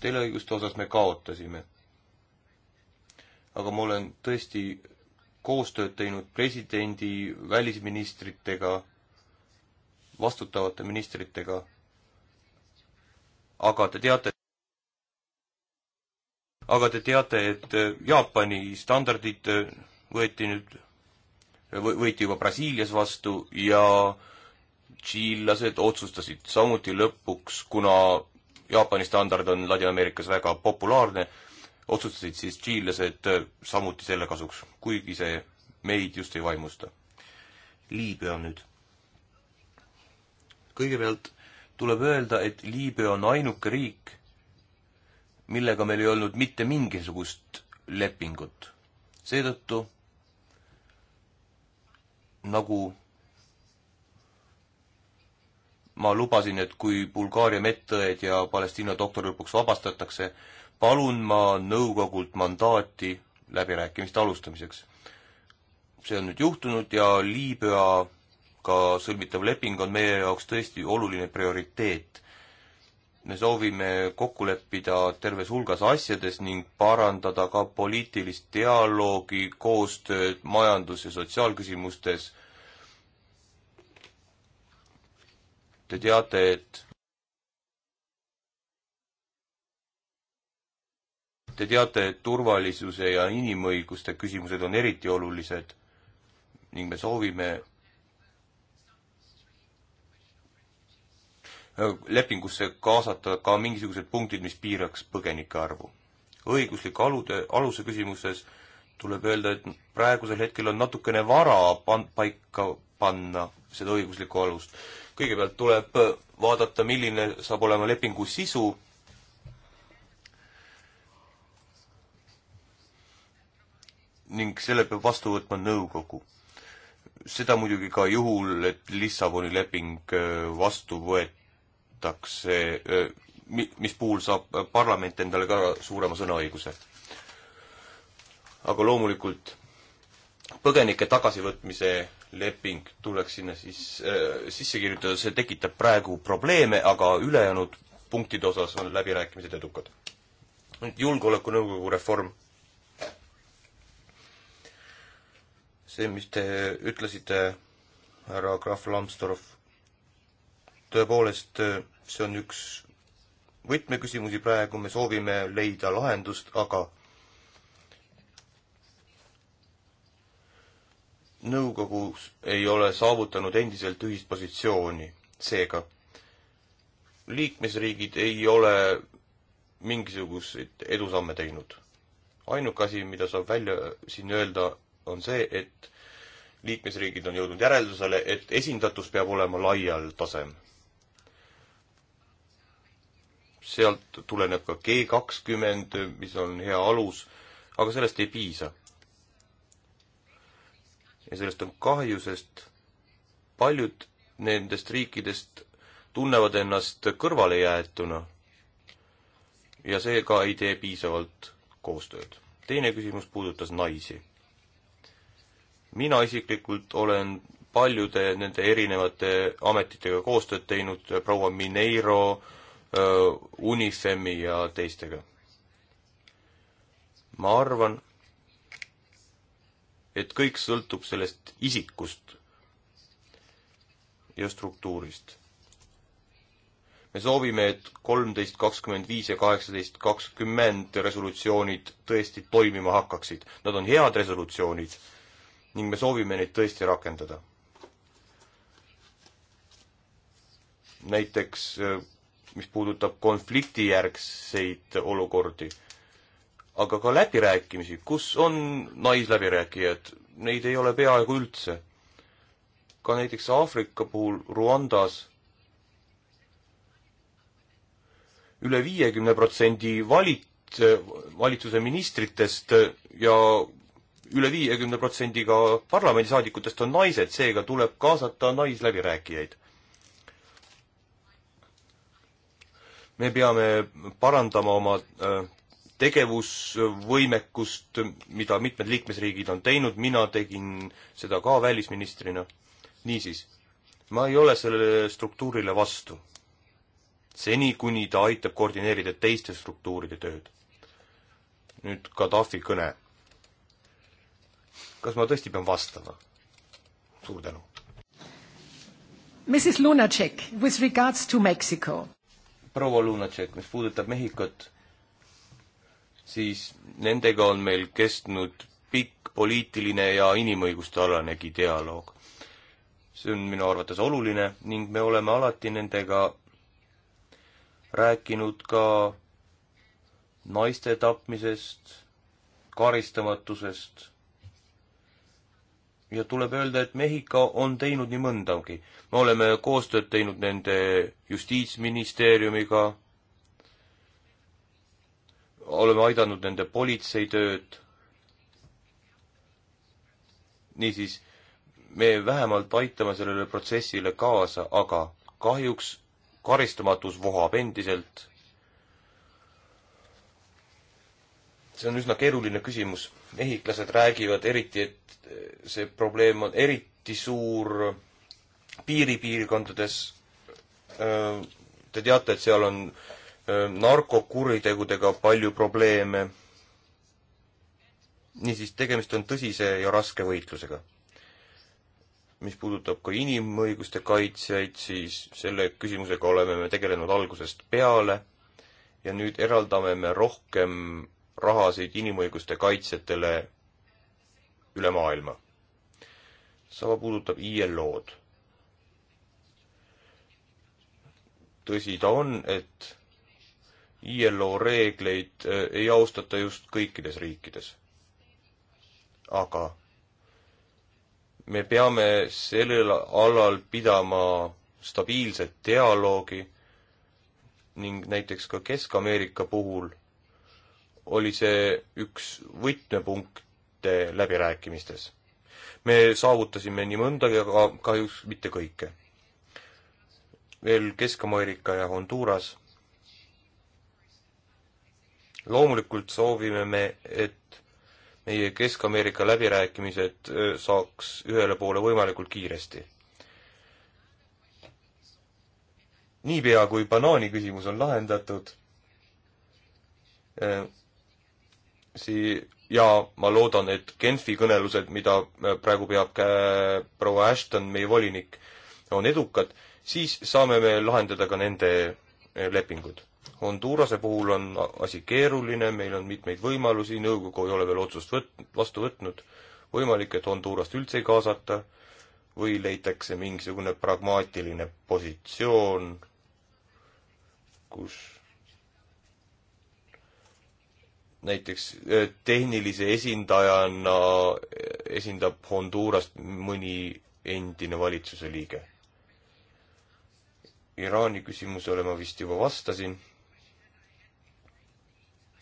teleõiguste osas me kaotasime. aga ma olen tõesti koostööd teinud presidendi, välisministritega, vastutavate ministritega, aga te teate, aga te teate, et Jaapani standardid võeti nüüd võeti juba Brasiilias vastu ja tšiillased otsustasid samuti lõpuks, kuna Jaapani standard on Ladina-Ameerikas väga populaarne, otsustasid siis tšiillased samuti selle kasuks, kuigi see meid just ei vaimusta. Liibüa nüüd. kõigepealt tuleb öelda, et Liibüa on ainuke riik, millega meil ei olnud mitte mingisugust lepingut. seetõttu nagu ma lubasin, et kui Bulgaaria medõed ja Palestiina doktor lõpuks vabastatakse, palun ma nõukogult mandaati läbirääkimiste alustamiseks. see on nüüd juhtunud ja Liibüaga sõlmitav leping on meie jaoks tõesti oluline prioriteet. me soovime kokku leppida terves hulgas asjades ning parandada ka poliitilist dialoogi, koostööd majandus- ja sotsiaalküsimustes Te teate, et Te teate, et turvalisuse ja inimõiguste küsimused on eriti olulised ning me soovime lepingusse kaasata ka mingisugused punktid, mis piiraks põgenike arvu. õigusliku alude, aluse küsimuses tuleb öelda, et praegusel hetkel on natukene vara pan-, paika panna seda õiguslikku alust kõigepealt tuleb vaadata, milline saab olema lepingu sisu. ning selle peab vastu võtma nõukogu. seda muidugi ka juhul, et Lissaboni leping äh, vastu võetakse, äh, mis puhul saab äh, parlament endale ka suurema sõnaõiguse. aga loomulikult põgenike tagasivõtmise leping tuleks sinna siis äh, sisse kirjutada, see tekitab praegu probleeme, aga ülejäänud punktide osas on läbirääkimised edukad. nüüd Julgeolekunõukogu reform. see, mis te ütlesite, härra Graf Lambsdorff, tõepoolest, äh, see on üks võtmeküsimusi praegu, me soovime leida lahendust, aga nõukogus ei ole saavutanud endiselt ühist positsiooni, seega liikmesriigid ei ole mingisuguseid edusamme teinud. ainuke asi, mida saab välja siin öelda, on see, et liikmesriigid on jõudnud järeldusele, et esindatus peab olema laial tasem. sealt tuleneb ka G kakskümmend, mis on hea alus, aga sellest ei piisa ja sellest on kahju, sest paljud nendest riikidest tunnevad ennast kõrvalejäetuna ja seega ei tee piisavalt koostööd. teine küsimus puudutas naisi. mina isiklikult olen paljude nende erinevate ametitega koostööd teinud, proua Mineiro, äh, UNIFEM-i ja teistega. ma arvan, et kõik sõltub sellest isikust ja struktuurist. me soovime, et kolmteist kakskümmend viis ja kaheksateist kakskümmend resolutsioonid tõesti toimima hakkaksid. Nad on head resolutsioonid ning me soovime neid tõesti rakendada. näiteks mis puudutab konfliktijärgseid olukordi aga ka läbirääkimisi, kus on naisläbirääkijad, neid ei ole peaaegu üldse. ka näiteks Aafrika puhul Ruandas üle viiekümne protsendi valit-, valitsuse ministritest ja üle viiekümne protsendiga parlamendisaadikutest on naised, seega tuleb kaasata naisläbirääkijaid. me peame parandama oma äh, tegevusvõimekust, mida mitmed liikmesriigid on teinud, mina tegin seda ka välisministrina. niisiis, ma ei ole sellele struktuurile vastu. seni, kuni ta aitab koordineerida teiste struktuuride tööd. nüüd Gaddafi kõne. kas ma tõesti pean vastama? suur tänu.
Mrs Lunacek, with regards to Mexico.
proua Lunacek, mis puudutab Mehhikot siis nendega on meil kestnud pikk poliitiline ja inimõiguste alanegi dialoog. see on minu arvates oluline ning me oleme alati nendega rääkinud ka naiste tapmisest, karistamatusest ja tuleb öelda, et Mehhiko on teinud nii mõndagi. me oleme koostööd teinud nende justiitsministeeriumiga, oleme aidanud nende politseitööd. niisiis, me vähemalt aitame sellele protsessile kaasa, aga kahjuks karistamatus vohab endiselt. see on üsna keeruline küsimus. mehhiklased räägivad eriti, et see probleem on eriti suur piiripiirkondades. Te teate, et seal on narkokuritegudega palju probleeme. niisiis, tegemist on tõsise ja raske võitlusega. mis puudutab ka inimõiguste kaitsjaid, siis selle küsimusega oleme me tegelenud algusest peale ja nüüd eraldame me rohkem rahasid inimõiguste kaitsjatele üle maailma. sama puudutab ILO-d. tõsi ta on, et ILO reegleid äh, ei austata just kõikides riikides. aga me peame sellel alal pidama stabiilset dialoogi ning näiteks ka Kesk-Ameerika puhul oli see üks võtmepunkte läbirääkimistes. me saavutasime nii mõndagi, aga kahjuks mitte kõike. veel Kesk-Ameerika ja Honduras loomulikult soovime me, et meie Kesk-Ameerika läbirääkimised saaks ühele poole võimalikult kiiresti. niipea, kui banaani küsimus on lahendatud, sii-, ja ma loodan, et Genfi kõnelused, mida praegu peab proua Ashton, meie volinik, on edukad, siis saame me lahendada ka nende lepingud Hondurase puhul on asi keeruline, meil on mitmeid võimalusi, nõukogu ei ole veel otsust võt-, vastu võtnud, võimalik, et Hondurast üldse ei kaasata või leitakse mingisugune pragmaatiline positsioon, kus näiteks eh, tehnilise esindajana esindab Hondurast mõni endine valitsuse liige. Iraani küsimusele ma vist juba vastasin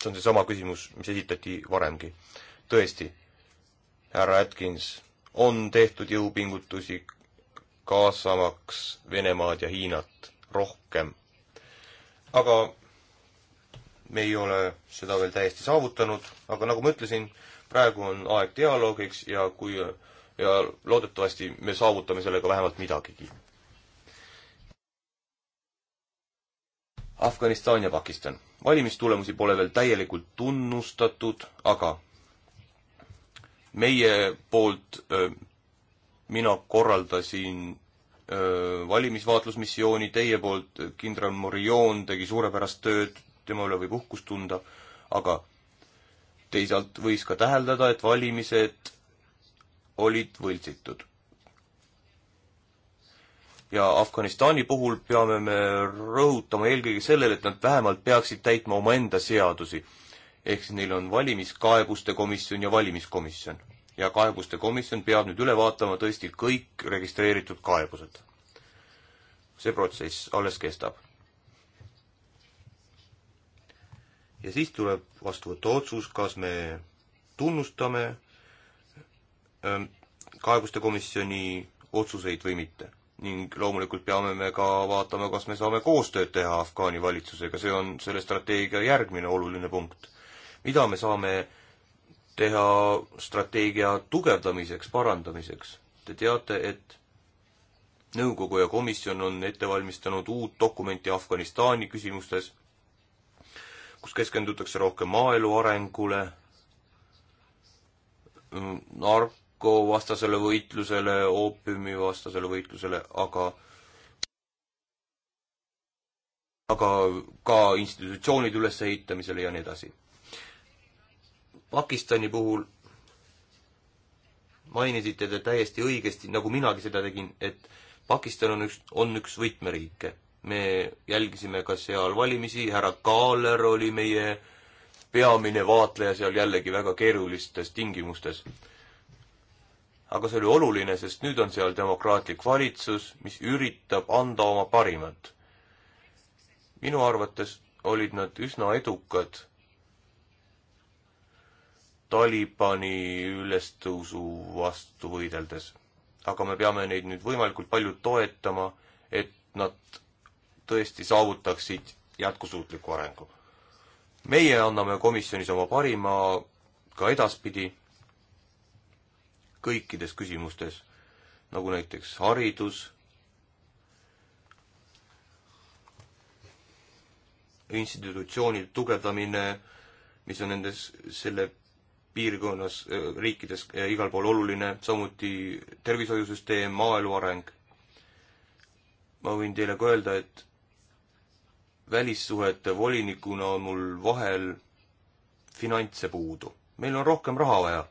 see on seesama küsimus, mis esitati varemgi. tõesti, härra Atkins, on tehtud jõupingutusi kaasamaks Venemaad ja Hiinat rohkem. aga me ei ole seda veel täiesti saavutanud, aga nagu ma ütlesin, praegu on aeg dialoogiks ja kui ja loodetavasti me saavutame sellega vähemalt midagigi. Afganistan ja Pakistan valimistulemusi pole veel täielikult tunnustatud, aga meie poolt öö, mina korraldasin öö, valimisvaatlusmissiooni, teie poolt kindral Morion tegi suurepärast tööd, tema üle võib uhkust tunda, aga teisalt võis ka täheldada, et valimised olid võltsitud ja Afganistani puhul peame me rõhutama eelkõige sellele, et nad vähemalt peaksid täitma omaenda seadusi. ehk siis neil on valimiskaebuste komisjon ja valimiskomisjon. ja kaebuste komisjon peab nüüd üle vaatama tõesti kõik registreeritud kaebused. see protsess alles kestab. ja siis tuleb vastu võtta otsus, kas me tunnustame ähm, kaebuste komisjoni otsuseid või mitte ning loomulikult peame me ka vaatama, kas me saame koostööd teha Afgaani valitsusega, see on selle strateegia järgmine oluline punkt. mida me saame teha strateegia tugevdamiseks, parandamiseks? Te teate, et nõukogu ja komisjon on ette valmistanud uut dokumenti Afganistani küsimustes, kus keskendutakse rohkem maaelu arengule, mm, nark-, narkovastasele võitlusele, oopiumivastasele võitlusele, aga aga ka institutsioonide ülesehitamisele ja nii edasi. Pakistani puhul mainisite te täiesti õigesti, nagu minagi seda tegin, et Pakistan on üks, on üks võtmeriike. me jälgisime ka seal valimisi, härra Kaaler oli meie peamine vaatleja seal jällegi väga keerulistes tingimustes aga see oli oluline, sest nüüd on seal demokraatlik valitsus, mis üritab anda oma parimat. minu arvates olid nad üsna edukad Talibani ülestõusu vastu võideldes. aga me peame neid nüüd võimalikult palju toetama, et nad tõesti saavutaksid jätkusuutliku arengu. meie anname komisjonis oma parima ka edaspidi kõikides küsimustes, nagu näiteks haridus, institutsioonide tugevdamine, mis on nendes, selle piirkonnas, äh, riikides äh, igal pool oluline, samuti tervishoiusüsteem, maaelu areng. ma võin teile ka öelda, et välissuhete volinikuna on mul vahel finantse puudu. meil on rohkem raha vaja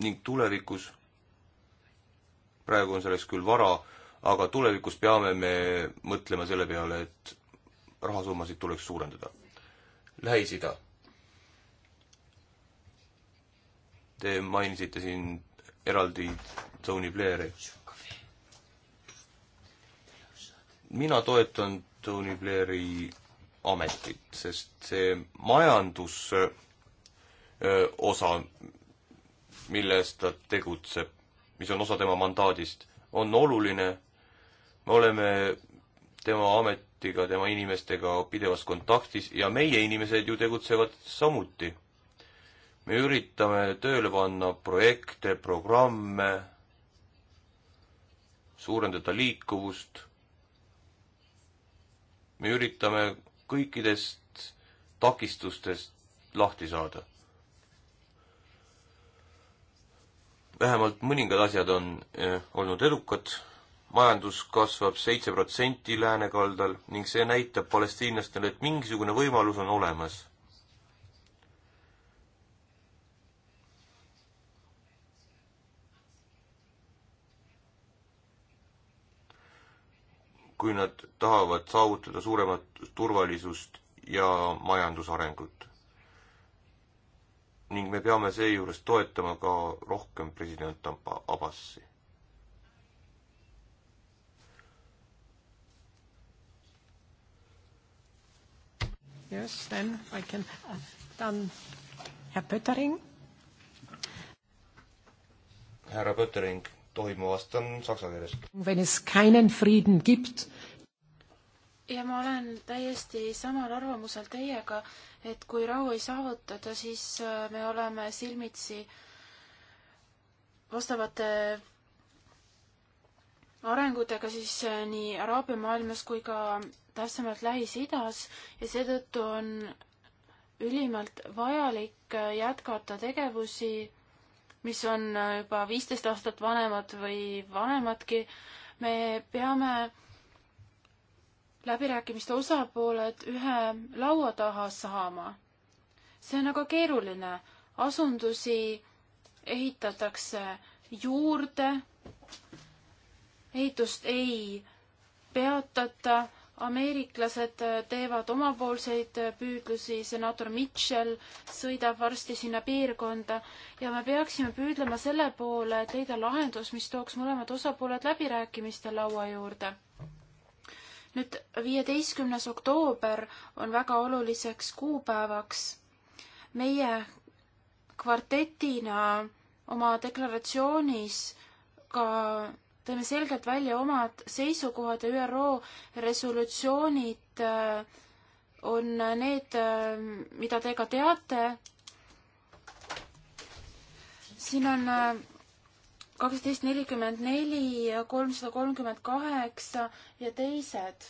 ning tulevikus, praegu on selleks küll vara, aga tulevikus peame me mõtlema selle peale, et rahasummasid tuleks suurendada. Lähis-Ida. Te mainisite siin eraldi Tony Blairi. mina toetan Tony Blairi ametit, sest see majandus öö, osa, milles ta tegutseb, mis on osa tema mandaadist, on oluline. me oleme tema ametiga, tema inimestega pidevas kontaktis ja meie inimesed ju tegutsevad samuti. me üritame tööle panna projekte, programme, suurendada liikuvust. me üritame kõikidest takistustest lahti saada vähemalt mõningad asjad on eh, olnud edukad, majandus kasvab seitse protsenti läänekaldal ning see näitab palestiinlastele, et mingisugune võimalus on olemas. kui nad tahavad saavutada suuremat turvalisust ja majandusarengut ning me peame seejuures toetama ka rohkem president Abbasi.
Yes, then I can uh, done Herr Pöttering.
härra Pöttering, tohib ma vastan saksa keeles?
Wenn es
keinen Frieden gibt,
ja ma olen täiesti samal arvamusel teiega, et kui rahu ei saavutada, siis äh, me oleme silmitsi vastavate arengutega siis äh, nii Araabia maailmas kui ka täpsemalt Lähis-Idas ja seetõttu on ülimalt vajalik äh, jätkata tegevusi, mis on juba viisteist aastat vanemad või vanemadki. me peame läbirääkimiste osapooled ühe laua taha saama. see on aga keeruline. asundusi ehitatakse juurde, ehitust ei peatata, ameeriklased teevad omapoolseid püüdlusi, senaator Mitchell sõidab varsti sinna piirkonda ja me peaksime püüdlema selle poole, et leida lahendus, mis tooks mõlemad osapooled läbirääkimiste laua juurde nüüd viieteistkümnes oktoober on väga oluliseks kuupäevaks. meie kvartetina oma deklaratsioonis ka tõime selgelt välja omad seisukohad ja ÜRO resolutsioonid äh, on need, äh, mida te ka teate. siin on äh, kaksteist nelikümmend neli, kolmsada kolmkümmend kaheksa ja teised.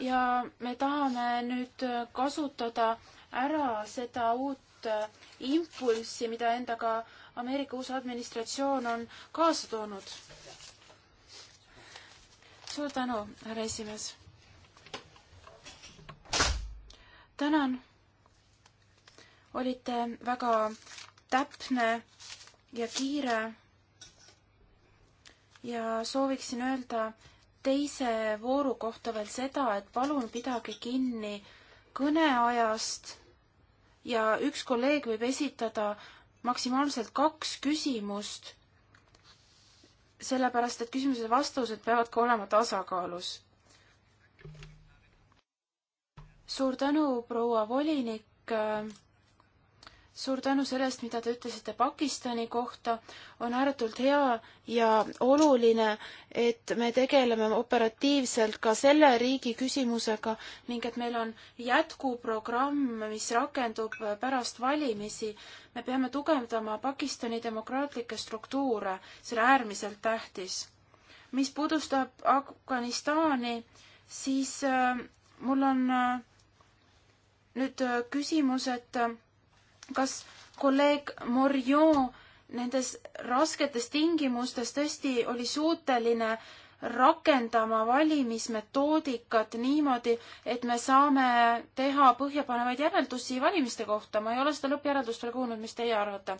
ja me tahame nüüd kasutada ära seda uut impulssi, mida endaga Ameerika uus administratsioon on kaasa toonud. suur tänu, härra esimees. tänan olite väga täpne ja kiire. ja sooviksin öelda teise vooru kohta veel seda, et palun pidage kinni kõneajast ja üks kolleeg võib esitada maksimaalselt kaks küsimust, sellepärast et küsimused ja vastused peavad ka olema tasakaalus. suur tänu, proua volinik suur tänu sellest, mida te ütlesite Pakistani kohta. on ääretult hea ja oluline, et me tegeleme operatiivselt ka selle riigi küsimusega ning et meil on jätkuprogramm, mis rakendub pärast valimisi. me peame tugevdama Pakistani demokraatlikke struktuure, see on äärmiselt tähtis. mis puudustab Afganistani, siis äh, mul on äh, nüüd äh, küsimus, et äh, kas kolleeg Morion nendes rasketes tingimustes tõesti oli suuteline rakendama valimismetoodikat niimoodi, et me saame teha põhjapanevaid järeldusi valimiste kohta. ma ei ole seda lõppjäreldust veel kuulnud, mis teie arvate.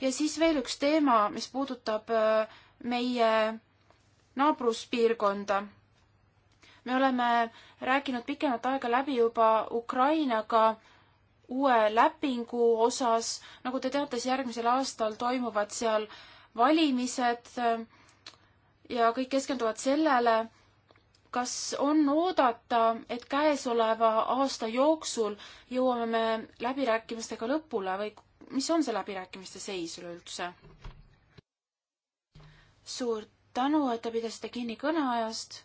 ja siis veel üks teema, mis puudutab äh, meie naabruspiirkonda. me oleme rääkinud pikemat aega läbi juba Ukrainaga uue lepingu osas. nagu te teate, siis järgmisel aastal toimuvad seal valimised äh, ja kõik keskenduvad sellele, kas on oodata, et käesoleva aasta jooksul jõuame me läbirääkimistega lõpule või mis on see läbirääkimiste seis üleüldse? suur tänu, et te pidasite kinni kõneajast.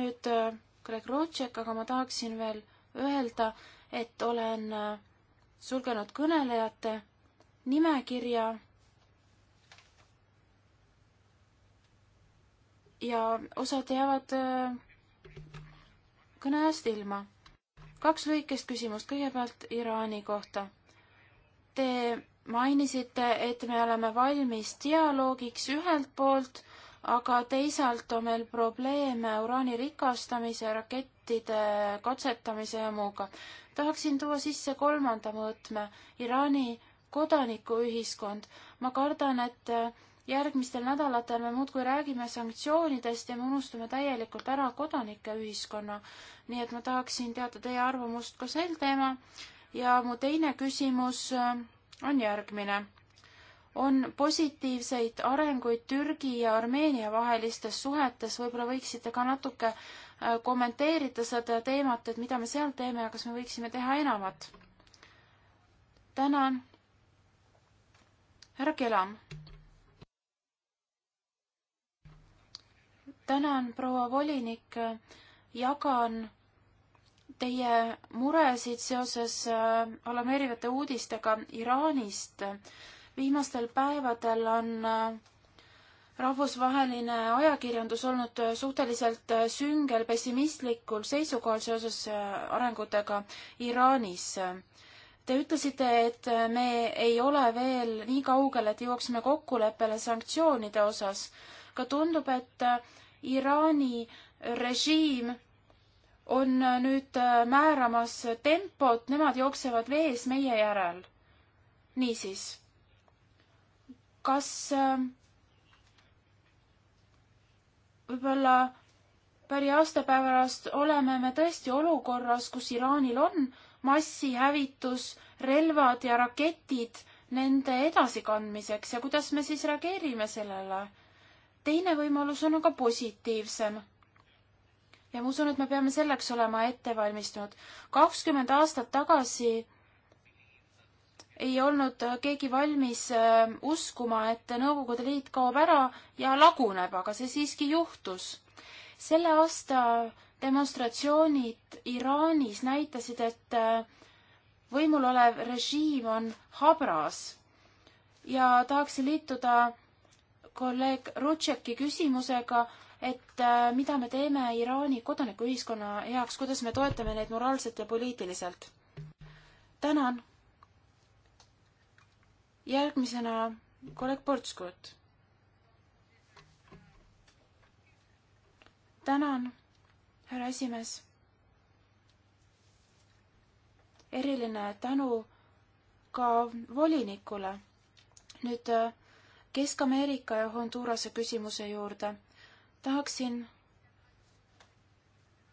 nüüd äh, Greg Rotšek, aga ma tahaksin veel öelda, et olen äh, sulgenud kõnelejate nimekirja ja osad jäävad äh, kõne eest ilma. kaks lühikest küsimust, kõigepealt Iraani kohta. Te mainisite, et me oleme valmis dialoogiks ühelt poolt, aga teisalt on meil probleeme uraani rikastamise rakett rakettide katsetamise ja muuga. tahaksin tuua sisse kolmanda mõõtme, Iraani kodanikuühiskond. ma kardan, et järgmistel nädalatel me muudkui räägime sanktsioonidest ja me unustame täielikult ära kodanikeühiskonna. nii et ma tahaksin teada teie arvamust ka sel teemal. ja mu teine küsimus äh, on järgmine. on positiivseid arenguid Türgi ja Armeenia vahelistes suhetes, võib-olla võiksite ka natuke kommenteerida seda teemat, et mida me seal teeme ja kas me võiksime teha enamat. tänan. härra Kelam. tänan, proua volinik. jagan teie muresid seoses äh, alarmeerivate uudistega Iraanist. viimastel päevadel on äh, rahvusvaheline ajakirjandus olnud suhteliselt süngel pessimistlikul seisukohal seoses äh, arengutega Iraanis. Te ütlesite, et me ei ole veel nii kaugel, et jõuaksime kokkuleppele sanktsioonide osas. ka tundub, et äh, Iraani režiim on äh, nüüd määramas tempot, nemad jooksevad vees meie järel. niisiis, kas võib-olla paari aastapäeva pärast oleme me tõesti olukorras, kus Iraanil on massihävitus, relvad ja raketid nende edasikandmiseks ja kuidas me siis reageerime sellele? teine võimalus on aga positiivsem. ja ma usun, et me peame selleks olema ette valmistunud. kakskümmend aastat tagasi ei olnud keegi valmis äh, uskuma, et Nõukogude Liit kaob ära ja laguneb, aga see siiski juhtus. selle aasta demonstratsioonid Iraanis näitasid, et äh, võimul olev režiim on habras ja tahaksin liituda kolleeg Rutšeki küsimusega, et äh, mida me teeme Iraani kodanikuühiskonna heaks, kuidas me toetame neid moraalselt ja poliitiliselt. tänan järgmisena kolleeg Portskott. tänan, härra esimees. eriline tänu ka volinikule. nüüd äh, Kesk-Ameerika ja Hondurase küsimuse juurde. tahaksin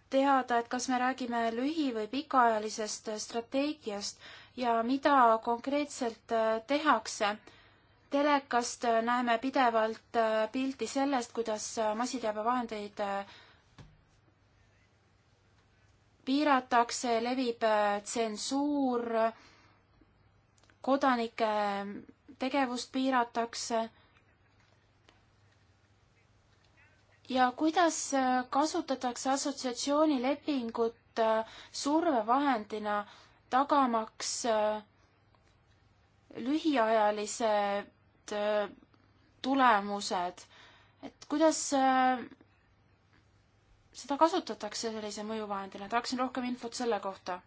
teada, et kas me räägime lühi- või pikaajalisest strateegiast ja mida konkreetselt äh, tehakse. telekast äh, näeme pidevalt äh, pilti sellest, kuidas massiteabevahendeid piiratakse, levib tsensuur, kodanike tegevust piiratakse ja kuidas kasutatakse assotsiatsioonilepingut survevahendina tagamaks äh, lühiajalised äh, tulemused, et kuidas äh, seda kasutatakse sellise mõjuvahendina, tahaksin rohkem infot selle kohta.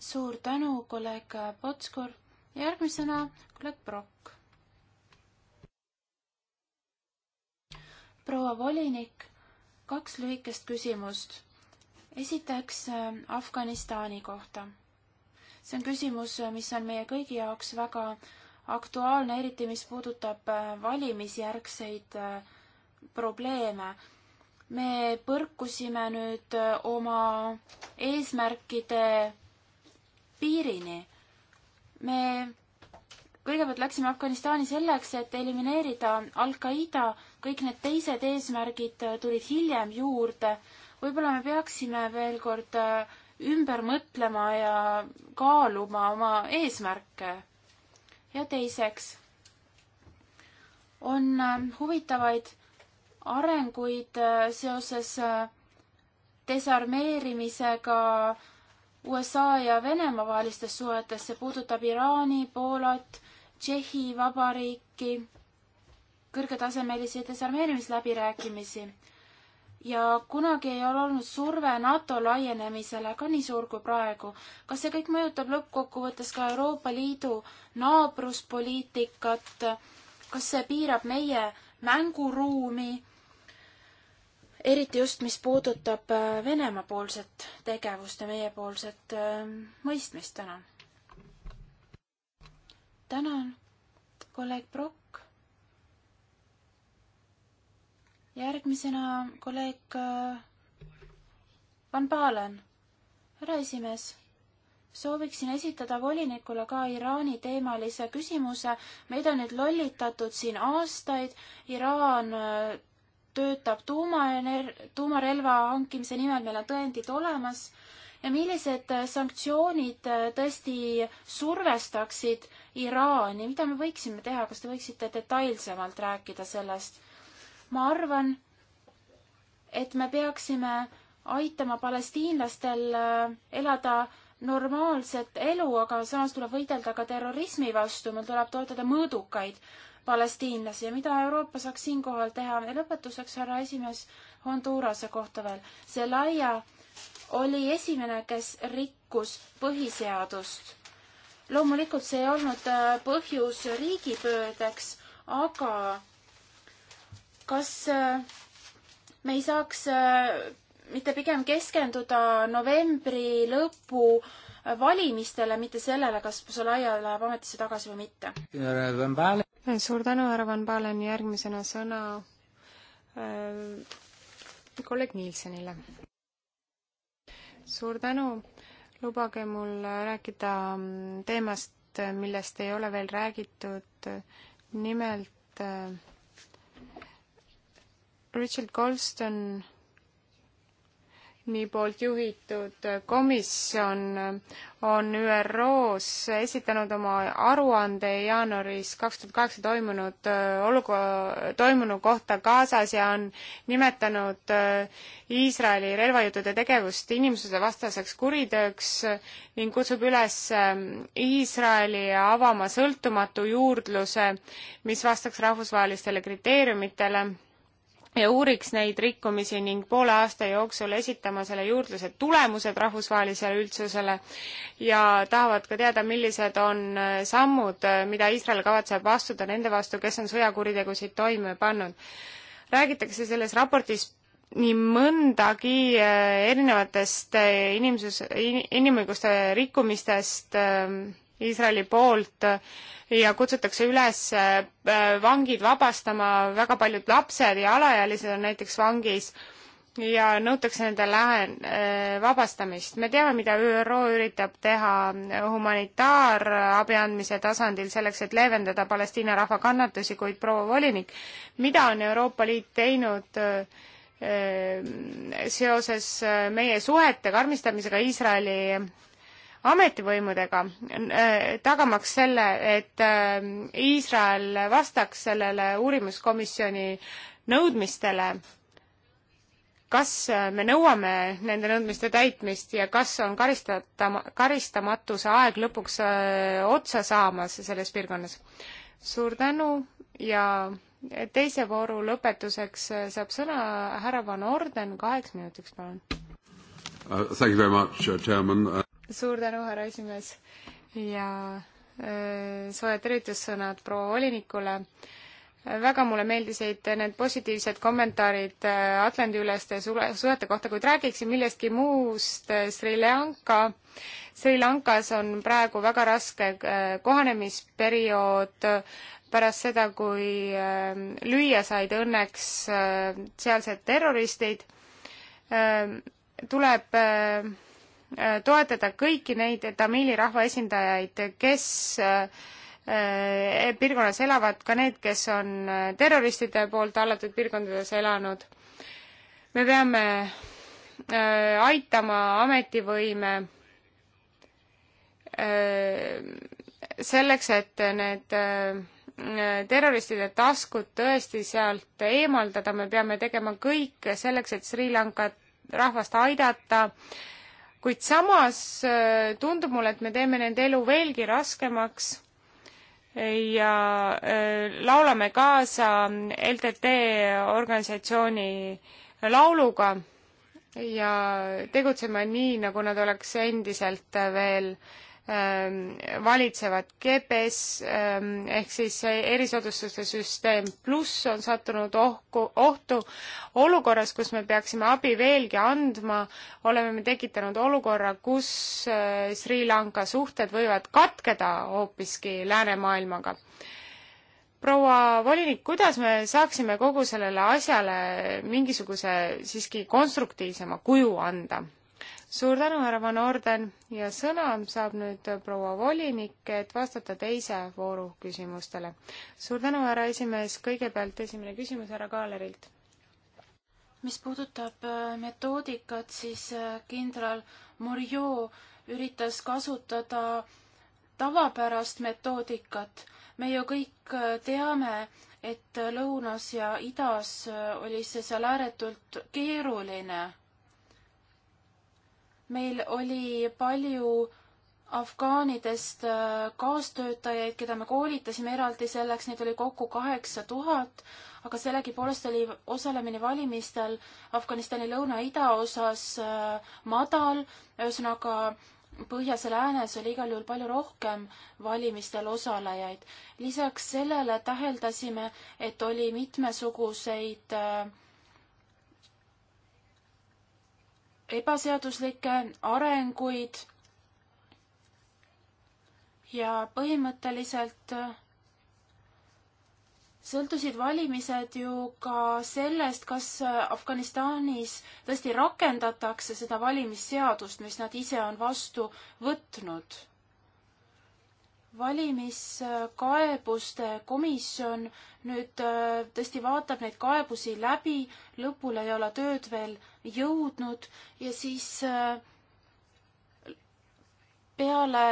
suur tänu, kolleeg Potskur. järgmisena kolleeg Brock. proua volinik, kaks lühikest küsimust esiteks äh, Afganistani kohta. see on küsimus, äh, mis on meie kõigi jaoks väga aktuaalne, eriti mis puudutab äh, valimisjärgseid probleeme. me põrkusime nüüd oma eesmärkide piirini. me kõigepealt läksime Afganistani selleks, et elimineerida Al-Qaeda, kõik need teised eesmärgid tulid hiljem juurde võib-olla me peaksime veel kord äh, ümber mõtlema ja kaaluma oma eesmärke. ja teiseks on äh, huvitavaid arenguid äh, seoses desarmeerimisega USA ja Venemaa vahelistes suhetes, see puudutab Iraani, Poolat, Tšehhi Vabariiki, kõrgetasemelisi desarmeerimisläbirääkimisi ja kunagi ei ole olnud surve NATO laienemisele ka nii suur kui praegu. kas see kõik mõjutab lõppkokkuvõttes ka Euroopa Liidu naabruspoliitikat, kas see piirab meie mänguruumi, eriti just, mis puudutab äh, Venemaa-poolset tegevust ja meiepoolset äh, mõistmist täna? tänan, kolleeg Prokk. järgmisena kolleeg äh, Van Palen. härra esimees, sooviksin esitada volinikule ka Iraani teemalise küsimuse. meid on nüüd lollitatud siin aastaid, Iraan äh, töötab tuumaener-, tuumarelva hankimise nimel, meil on tõendid olemas ja millised äh, sanktsioonid tõesti survestaksid Iraani, mida me võiksime teha, kas te võiksite detailsemalt rääkida sellest? ma arvan, et me peaksime aitama palestiinlastel äh, elada normaalset elu, aga samas tuleb võidelda ka terrorismi vastu, meil tuleb toetada mõõdukaid palestiinlasi ja mida Euroopa saaks siinkohal teha. ja lõpetuseks, härra esimees, Hondurase kohta veel. see laia oli esimene, kes rikkus põhiseadust. loomulikult see ei olnud äh, põhjus riigipöördeks, aga kas äh, me ei saaks äh, mitte pigem keskenduda novembri lõpu äh, valimistele, mitte sellele, kas Pusolaia läheb ametisse tagasi või mitte.
suur tänu, härra Van Balen, järgmisena sõna äh, kolleeg Nielsenile. suur tänu, lubage mul rääkida mm, teemast, millest ei ole veel räägitud, nimelt äh, Richard Colston nii poolt juhitud komisjon on ÜRO-s esitanud oma aruande jaanuaris kaks tuhat kaheksa toimunud äh, olukorra, toimunu kohta Gazas ja on nimetanud äh, Iisraeli relvajõudude tegevust inimsusevastaseks kuritööks ning kutsub üles ähm, Iisraeli avama sõltumatu juurdluse, mis vastaks rahvusvahelistele kriteeriumitele ja uuriks neid rikkumisi ning poole aasta jooksul esitama selle juurdluse tulemused rahvusvahelisele üldsusele ja tahavad ka teada, millised on äh, sammud, äh, mida Iisrael kavatseb astuda nende vastu, kes on sõjakuritegusid toime pannud. räägitakse selles raportis nii mõndagi äh, erinevatest inimsus, inimõiguste rikkumistest äh, Iisraeli poolt ja kutsutakse üles äh, vangid vabastama, väga paljud lapsed ja alaealised on näiteks vangis ja nõutakse nende lähen-, äh, vabastamist. me teame, mida ÜRO üritab teha humanitaarabi andmise tasandil selleks, et leevendada Palestiina rahva kannatusi, kuid proua volinik, mida on Euroopa Liit teinud äh, seoses meie suhete karmistamisega Iisraeli ametivõimudega, äh, tagamaks selle, et äh, Iisrael vastaks sellele uurimiskomisjoni nõudmistele, kas äh, me nõuame nende nõudmiste täitmist ja kas on karistata, karistamatuse aeg lõpuks otsa saamas selles piirkonnas? suur tänu ja teise vooru lõpetuseks saab sõna härra Van Orden, kaheks minutiks palun
uh,. Thank you very much, uh, chairman uh,
suur tänu, härra esimees ja äh, soojad tervitussõnad proua volinikule. väga mulle meeldisid need positiivsed kommentaarid äh, Atlandi-üleste suhete kohta, kuid räägiksin millestki muust. Äh, Sri Lanka, Sri Lankas on praegu väga raske kohanemisperiood pärast seda, kui lüüa said õnneks sealsed terroristid. tuleb Äh, toetada kõiki neid Tamiili rahvaesindajaid, kes äh, e, piirkonnas elavad, ka need, kes on äh, terroristide poolt hallatud piirkondades elanud. me peame aitama ametivõime selleks, et need terroristide taskud tõesti sealt eemaldada, me peame tegema kõik selleks, et Sri Lankat rahvast aidata äh, kuid samas äh, tundub mulle, et me teeme nende elu veelgi raskemaks ja äh, laulame kaasa LTT organisatsiooni lauluga ja tegutseme nii, nagu nad oleks endiselt äh, veel äh, Ähm, valitsevad GPS ähm, ehk siis erisoodustuste süsteem pluss on sattunud ohku, ohtu. olukorras, kus me peaksime abi veelgi andma, oleme me tekitanud olukorra, kus äh, Sri Lanka suhted võivad katkeda hoopiski läänemaailmaga. proua volinik, kuidas me saaksime kogu sellele asjale mingisuguse siiski konstruktiivsema kuju anda? suur tänu, härra Van Orden ja sõna saab nüüd proua volinik, et vastata teise vooru küsimustele. suur tänu, härra esimees, kõigepealt esimene küsimus härra Kaalerilt. mis puudutab
äh, metoodikat, siis äh, kindral Murillo üritas kasutada tavapärast metoodikat. me ju kõik äh, teame, et lõunas ja idas oli see seal ääretult keeruline meil oli palju afgaanidest äh, kaastöötajaid, keda me koolitasime eraldi selleks, neid oli kokku kaheksa tuhat, aga sellegipoolest oli osalemine valimistel Afganistani lõuna-idaosas äh, madal, ühesõnaga põhjas ja läänes oli igal juhul palju rohkem valimistel osalejaid. lisaks sellele täheldasime, et oli mitmesuguseid äh, ebaseaduslikke arenguid ja põhimõtteliselt äh, sõltusid valimised ju ka sellest, kas äh, Afganistanis tõesti rakendatakse seda valimisseadust, mis nad ise on vastu võtnud valimiskaebuste komisjon nüüd äh, tõesti vaatab neid kaebusi läbi, lõpule ei ole tööd veel jõudnud ja siis äh, peale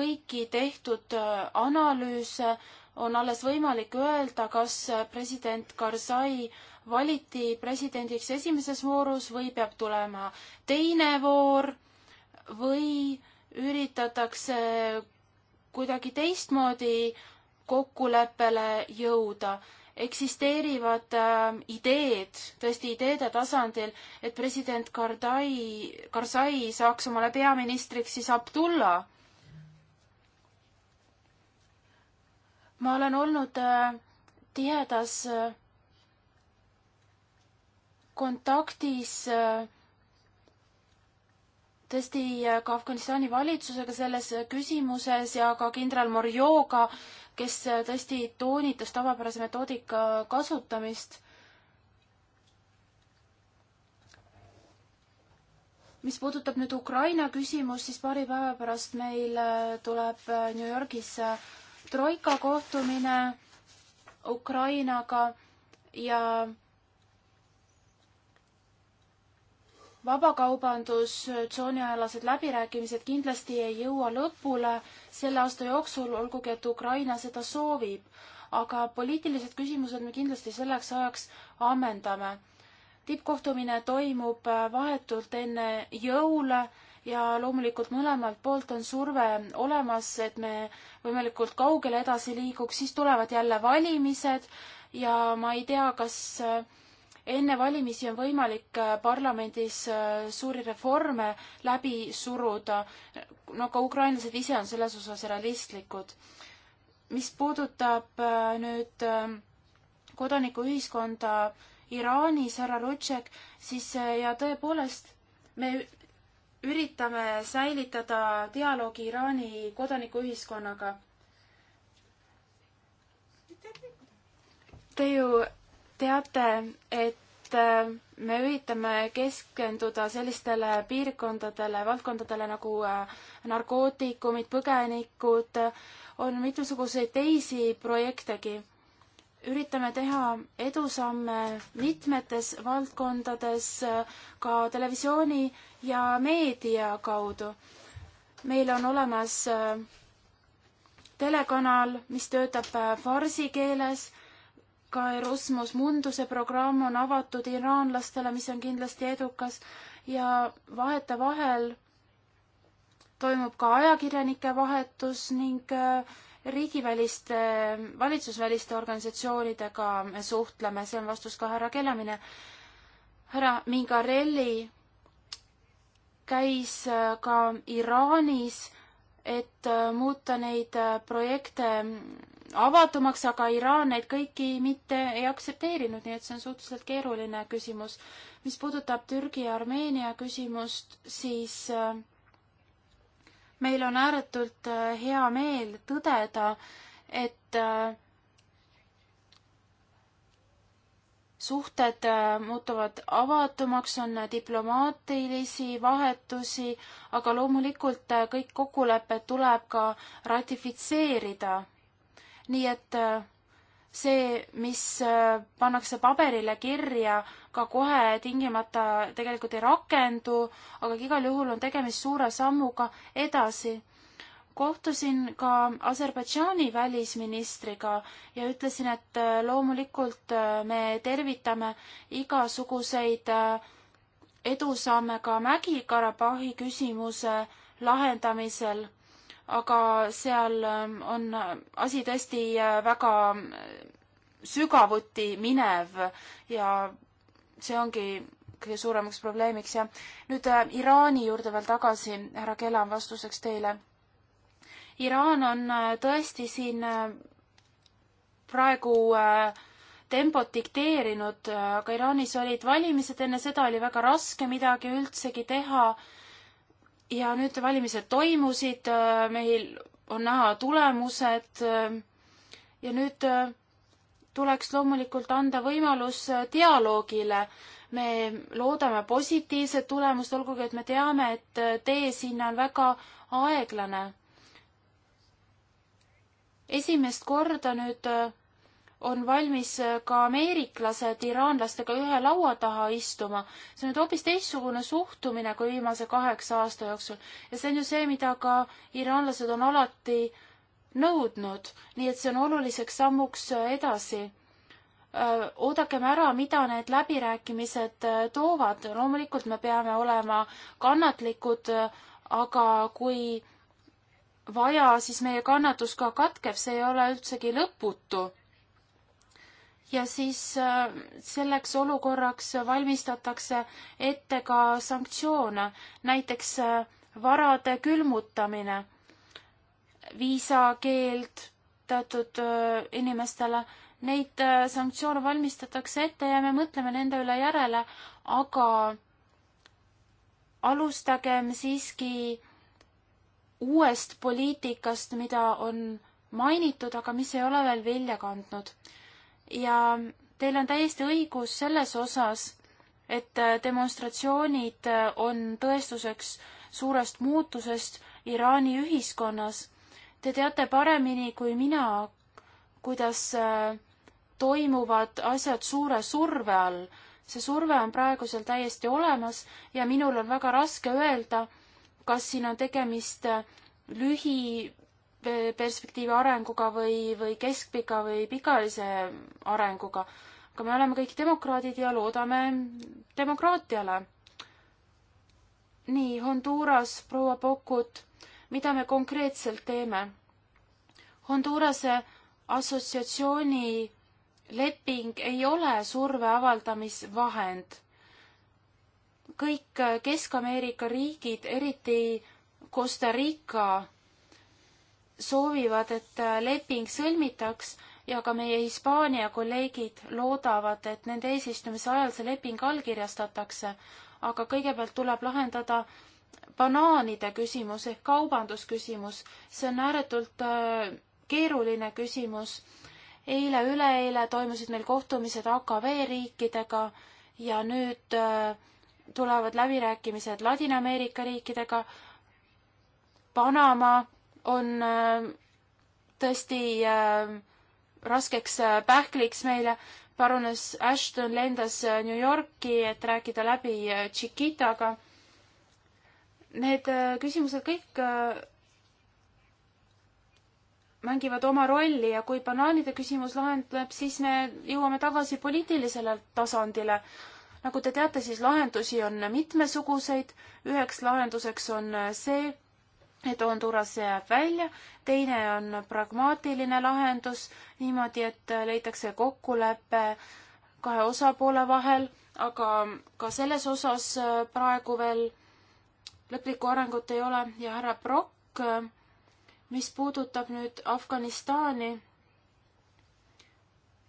kõiki tehtud äh, analüüse on alles võimalik öelda, kas president Karzai valiti presidendiks esimeses voorus või peab tulema teine voor või üritatakse kuidagi teistmoodi kokkuleppele jõuda. eksisteerivad äh, ideed, tõesti ideede tasandil, et president Kardai, Karzai saaks omale peaministriks siis Abdullah. ma olen olnud äh, tihedas äh, kontaktis äh, tõesti äh, ka Afganistani valitsusega selles äh, küsimuses ja ka kindral Morjoga, kes äh, tõesti toonitas tavapärase metoodika kasutamist. mis puudutab nüüd Ukraina küsimust, siis paari päeva pärast meil tuleb New Yorgis troika kohtumine Ukrainaga ja vabakaubandustsooniajalased läbirääkimised kindlasti ei jõua lõpule selle aasta jooksul, olgugi et Ukraina seda soovib. aga poliitilised küsimused me kindlasti selleks ajaks ammendame. tippkohtumine toimub äh, vahetult enne jõule ja loomulikult mõlemalt poolt on surve olemas, et me võimalikult kaugele edasi liiguks, siis tulevad jälle valimised ja ma ei tea, kas äh, enne valimisi on võimalik äh, parlamendis äh, suuri reforme läbi suruda. no ka ukrainlased ise on selles osas realistlikud. mis puudutab äh, nüüd kodanikuühiskonda Iraanis, härra Rutšek, siis ja tõepoolest, me üritame säilitada dialoogi Iraani kodanikuühiskonnaga. Te ju teate, et äh, me üritame keskenduda sellistele piirkondadele, valdkondadele nagu äh, narkootikumid, põgenikud, on mitmesuguseid teisi projektegi. üritame teha edusamme mitmetes valdkondades äh, ka televisiooni ja meedia kaudu. meil on olemas telekanal, mis töötab farsi keeles ka Erasmus Munduse programm on avatud iraanlastele, mis on kindlasti edukas ja vahetevahel toimub ka ajakirjanike vahetus ning äh, riigiväliste, valitsusväliste organisatsioonidega me suhtleme, see on vastus ka härra Kelamine. härra Mingarelli käis äh, ka Iraanis, et äh, muuta neid projekte avatumaks, aga Iraan neid kõiki mitte ei aktsepteerinud, nii et see on suhteliselt keeruline küsimus. mis puudutab Türgi ja Armeenia küsimust, siis äh, meil on ääretult äh, hea meel tõdeda, et äh, suhted muutuvad avatumaks, on diplomaatilisi vahetusi, aga loomulikult kõik kokkulepped tuleb ka ratifitseerida nii et äh, see, mis äh, pannakse paberile kirja, ka kohe tingimata tegelikult ei rakendu, aga igal juhul on tegemist suure sammuga edasi. kohtusin ka Aserbaidžaani välisministriga ja ütlesin, et äh, loomulikult me tervitame igasuguseid edusamme ka Mägi-Karabahhi küsimuse lahendamisel aga seal ähm, on asi tõesti äh, väga äh, sügavuti minev ja see ongi kõige suuremaks probleemiks ja nüüd äh, Iraani juurde veel tagasi, härra Kelam, vastuseks teile. Iraan on tõesti siin praegu tempot dikteerinud, aga Iraanis olid valimised, enne seda oli väga raske midagi üldsegi teha ja nüüd valimised toimusid, äh, meil on näha tulemused äh, ja nüüd äh, tuleks loomulikult anda võimalus dialoogile. me loodame positiivset tulemust, olgugi et me teame, et tee sinna on väga aeglane. esimest korda nüüd on valmis ka ameeriklased iraanlastega ühe laua taha istuma. see on nüüd hoopis teistsugune suhtumine kui viimase kaheksa aasta jooksul ja see on ju see, mida ka iraanlased on alati nõudnud, nii et see on oluliseks sammuks edasi. oodakem ära, mida need läbirääkimised toovad, loomulikult me peame olema kannatlikud, aga kui vaja, siis meie kannatus ka katkeb, see ei ole üldsegi lõputu ja siis äh, selleks olukorraks valmistatakse ette ka sanktsioone, näiteks äh, varade külmutamine, viisakeeld teatud äh, inimestele, neid sanktsioone valmistatakse ette ja me mõtleme nende üle järele, aga alustagem siiski uuest poliitikast, mida on mainitud, aga mis ei ole veel vilja kandnud ja teil on täiesti õigus selles osas, et äh, demonstratsioonid äh, on tõestuseks suurest muutusest Iraani ühiskonnas. Te teate paremini kui mina, kuidas äh, toimuvad asjad suure surve all. see surve on praegusel täiesti olemas ja minul on väga raske öelda, kas siin on tegemist lühi, perspektiivi arenguga või, või keskpika või pikaajalise arenguga. aga me oleme kõik demokraadid ja loodame demokraatiale. nii, Honduras, proua Pokut, mida me konkreetselt teeme? Hondurase assotsiatsiooni leping ei ole surve avaldamisvahend. kõik Kesk-Ameerika riigid, eriti Costa Rica soovivad, et äh, leping sõlmitaks ja ka meie Hispaania kolleegid loodavad, et nende eesistumise ajal see leping allkirjastatakse, aga kõigepealt tuleb lahendada banaanide küsimus ehk kaubandusküsimus. see on ääretult äh, keeruline küsimus. eile-üleeile toimusid meil kohtumised AKV riikidega ja nüüd äh, tulevad läbirääkimised Ladina-Ameerika riikidega. Panama on äh, tõesti äh, raskeks äh, pähkliks meile. parunes Ashton lendas New Yorki, et rääkida läbi Chiquitaga. Need küsimused kõik mängivad oma rolli ja kui banaanide küsimus lahendab, siis me jõuame tagasi poliitilisele tasandile. nagu te teate, siis lahendusi on mitmesuguseid. üheks lahenduseks on see, Don Turas jääb välja, teine on pragmaatiline lahendus, niimoodi, et leitakse kokkulepe kahe osapoole vahel, aga ka selles osas äh, praegu veel lõplikku arengut ei ole ja härra Brock, äh, mis puudutab nüüd Afganistani,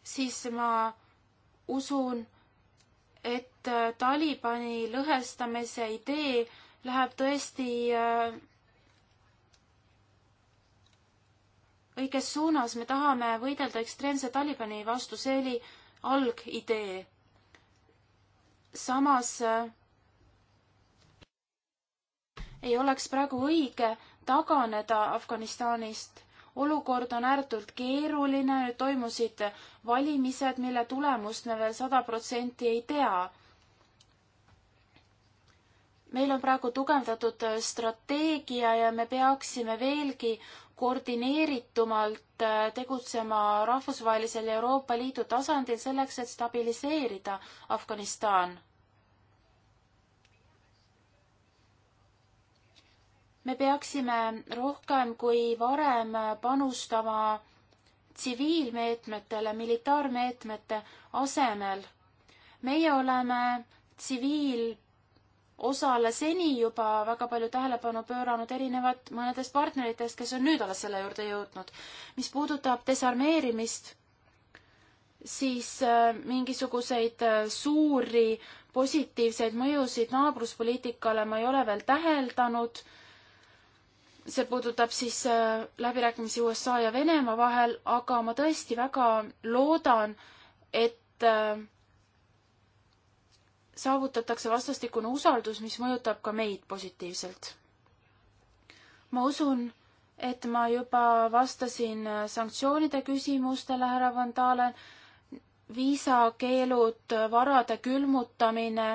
siis ma usun, et äh, Talibani lõhestamise idee läheb tõesti õiges suunas, me tahame võidelda ekstreemse Talibani vastu, see oli algidee. samas äh, ei oleks praegu õige taganeda Afganistanist. olukord on ääretult keeruline, nüüd toimusid valimised, mille tulemust me veel sada protsenti ei tea. meil on praegu tugevdatud äh, strateegia ja me peaksime veelgi koordineeritumalt äh, tegutsema rahvusvahelisel Euroopa Liidu tasandil selleks, et stabiliseerida Afganistan. me peaksime rohkem kui varem panustama tsiviilmeetmetele militaarmeetmete asemel. meie oleme tsiviil osale seni juba väga palju tähelepanu pööranud erinevad mõnedest partneritest, kes on nüüd alles selle juurde jõudnud. mis puudutab desarmeerimist, siis äh, mingisuguseid äh, suuri positiivseid mõjusid naabruspoliitikale ma ei ole veel täheldanud. see puudutab siis äh, läbirääkimisi USA ja Venemaa vahel, aga ma tõesti väga loodan, et saavutatakse vastastikune usaldus, mis mõjutab ka meid positiivselt. ma usun, et ma juba vastasin sanktsioonide küsimustele, härra Van Dalen, viisakeelud, varade külmutamine,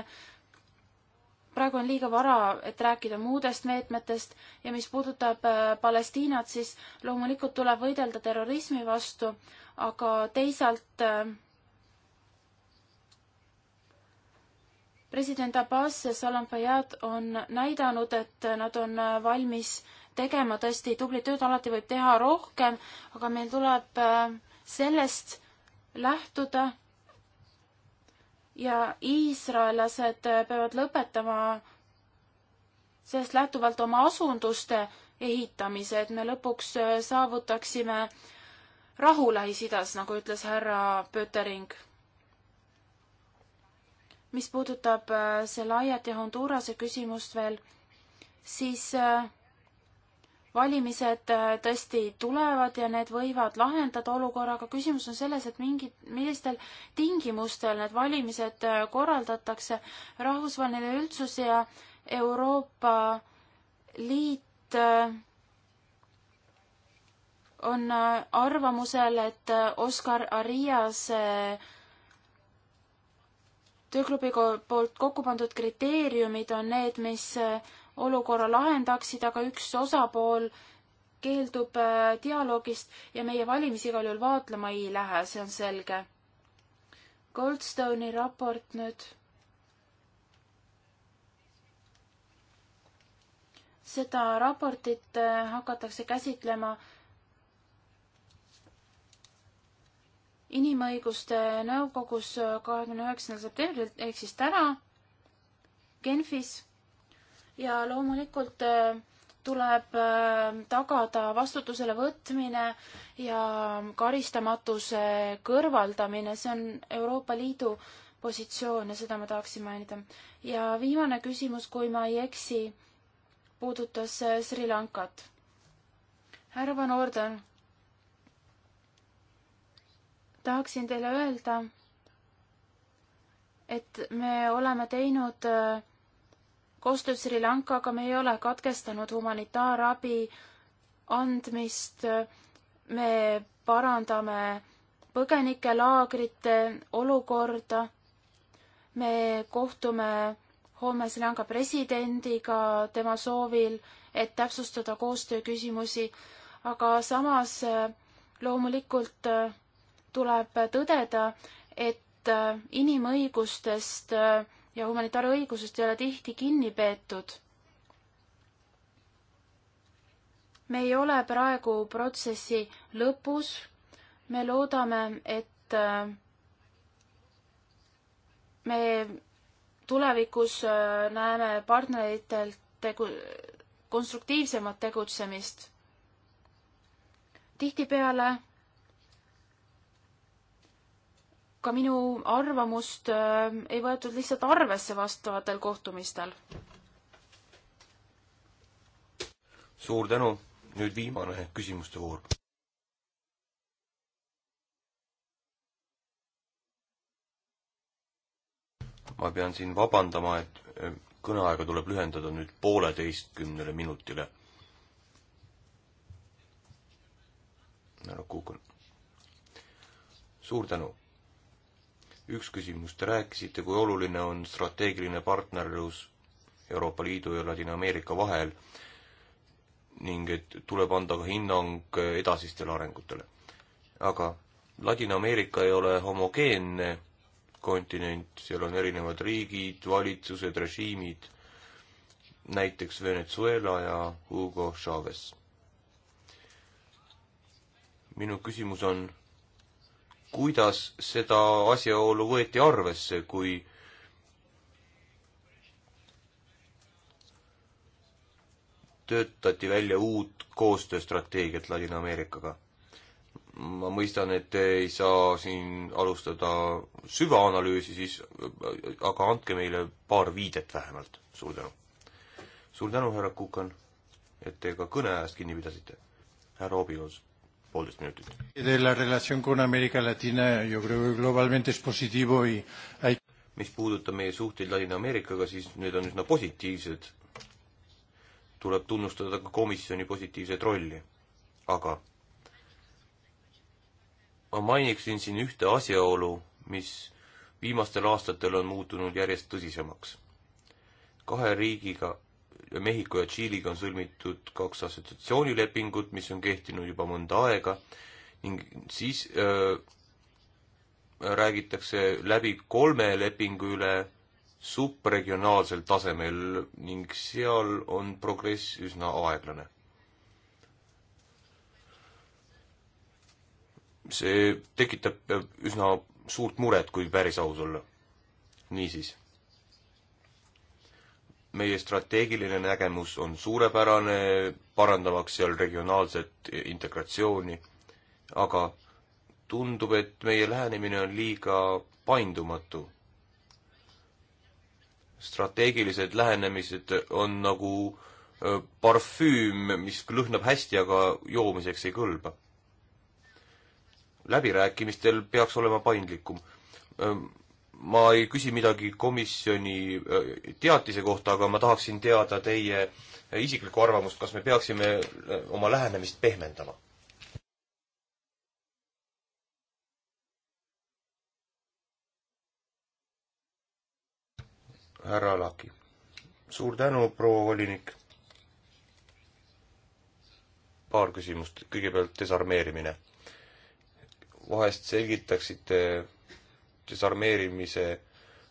praegu on liiga vara, et rääkida muudest meetmetest ja mis puudutab äh, Palestiinat, siis loomulikult tuleb võidelda terrorismi vastu, aga teisalt äh, president Abbas ja Salam Fayyad on näidanud, et nad on valmis tegema tõesti tublit tööd, alati võib teha rohkem, aga meil tuleb äh, sellest lähtuda. ja iisraellased äh, peavad lõpetama sellest lähtuvalt oma asunduste ehitamise, et me lõpuks äh, saavutaksime rahu Lähis-Idas, nagu ütles härra Pöttering mis puudutab Zelaiat äh, ja Hondurase küsimust veel, siis äh, valimised äh, tõesti tulevad ja need võivad lahendada olukorra, aga küsimus on selles, et mingid, millistel tingimustel need valimised korraldatakse. rahvusvaheline üldsus ja Euroopa Liit on arvamusel, et Oscar Ariase tööklubi poolt kokku pandud kriteeriumid on need, mis äh, olukorra lahendaksid, aga üks osapool keeldub äh, dialoogist ja meie valimisi igal juhul vaatlema ei lähe, see on selge. Goldstone'i raport nüüd. seda raportit äh, hakatakse käsitlema inimõiguste nõukogus kahekümne üheksandal septembril ehk siis täna Genfis ja loomulikult äh, tuleb äh, tagada vastutusele võtmine ja karistamatuse kõrvaldamine, see on Euroopa Liidu positsioon ja seda ma tahaksin mainida. ja viimane küsimus, kui ma ei eksi, puudutas äh, Sri Lankat. härra Van Orden tahaksin teile öelda, et me oleme teinud äh, koostööd Sri Lankaga, me ei ole katkestanud humanitaarabi andmist, me parandame põgenikelaagrite olukorda, me kohtume homme Sri Lanka presidendiga tema soovil, et täpsustada koostööküsimusi, aga samas äh, loomulikult äh, tuleb tõdeda, et äh, inimõigustest äh, ja humanitaarõigusest ei ole tihti kinni peetud. me ei ole praegu protsessi lõpus, me loodame, et äh, me tulevikus näeme partneritelt tegu-, konstruktiivsemat tegutsemist. tihtipeale ka minu arvamust äh, ei võetud lihtsalt arvesse vastavatel kohtumistel.
suur tänu, nüüd viimane küsimuste voor. ma pean siin vabandama, et äh, kõneaega tuleb lühendada nüüd pooleteistkümnele minutile. härra Kuukon. suur tänu üks küsimus, te rääkisite, kui oluline on strateegiline partnerlus Euroopa Liidu ja Ladina-Ameerika vahel ning et tuleb anda ka hinnang edasistele arengutele. aga Ladina-Ameerika ei ole homogeenne kontinent, seal on erinevad riigid, valitsused, režiimid, näiteks Venezuela ja Hugo Chavez. minu küsimus on kuidas seda asjaolu võeti arvesse, kui töötati välja uut koostööstrateegiat Ladina-Ameerikaga. ma mõistan, et te ei saa siin alustada süvaanalüüsi, siis aga andke meile paar viidet vähemalt. suur tänu. suur tänu, härra Kukan, et te ka kõne ajast kinni pidasite. härra Obilos poolteist minutit. mis puudutab meie suhteid Ladina-Ameerikaga, siis need on üsna positiivsed. tuleb tunnustada ka komisjoni positiivset rolli. aga ma mainiksin siin ühte asjaolu, mis viimastel aastatel on muutunud järjest tõsisemaks. kahe riigiga Mehhiko ja Tšiiliga on sõlmitud kaks assotsiatsioonilepingut, mis on kehtinud juba mõnda aega ning siis öö, äh, räägitakse läbi kolme lepingu üle subregionaalsel tasemel ning seal on progress üsna aeglane. see tekitab üsna suurt muret, kui päris aus olla. niisiis meie strateegiline nägemus on suurepärane, parandamaks seal regionaalset integratsiooni, aga tundub, et meie lähenemine on liiga paindumatu. strateegilised lähenemised on nagu parfüüm, mis lõhnab hästi, aga joomiseks ei kõlba. läbirääkimistel peaks olema paindlikum ma ei küsi midagi komisjoni äh, teatise kohta, aga ma tahaksin teada teie äh, isiklikku arvamust, kas me peaksime äh, oma lähenemist pehmendama? härra Laki. suur tänu, proua volinik. paar küsimust, kõigepealt desarmeerimine. vahest selgitaksite desarmeerimise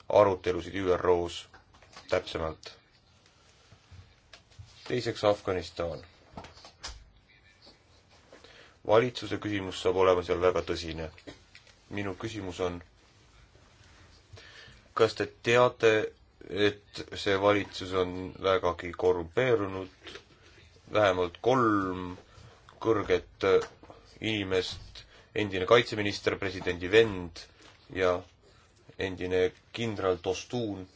arutelusid ÜRO-s täpsemalt. teiseks Afganistan. valitsuse küsimus saab olema seal väga tõsine. minu küsimus on, kas te teate, et see valitsus on vägagi korrumpeerunud, vähemalt kolm kõrget inimest, endine kaitseminister, presidendi vend ja endine kindral Dostun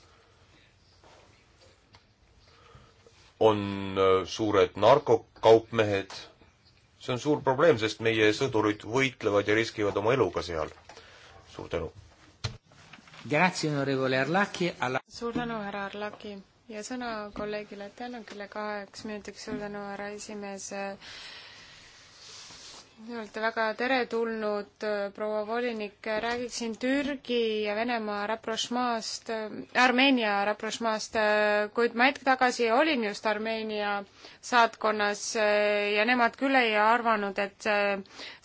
on äh, suured narkokaupmehed. see on suur probleem, sest meie sõdurid võitlevad ja riskivad oma eluga seal. suur tänu.
suur tänu, härra Arlaki ja sõna kolleegile, et teil on küll kaheks minutiks, suur tänu, härra esimees olete väga teretulnud, äh, proua volinik, räägiksin Türgi ja Venemaa rapprošmaast, äh, Armeenia rapprošmaast, äh, kuid ma hetk tagasi olin just Armeenia saatkonnas ja nemad küll ei arvanud, et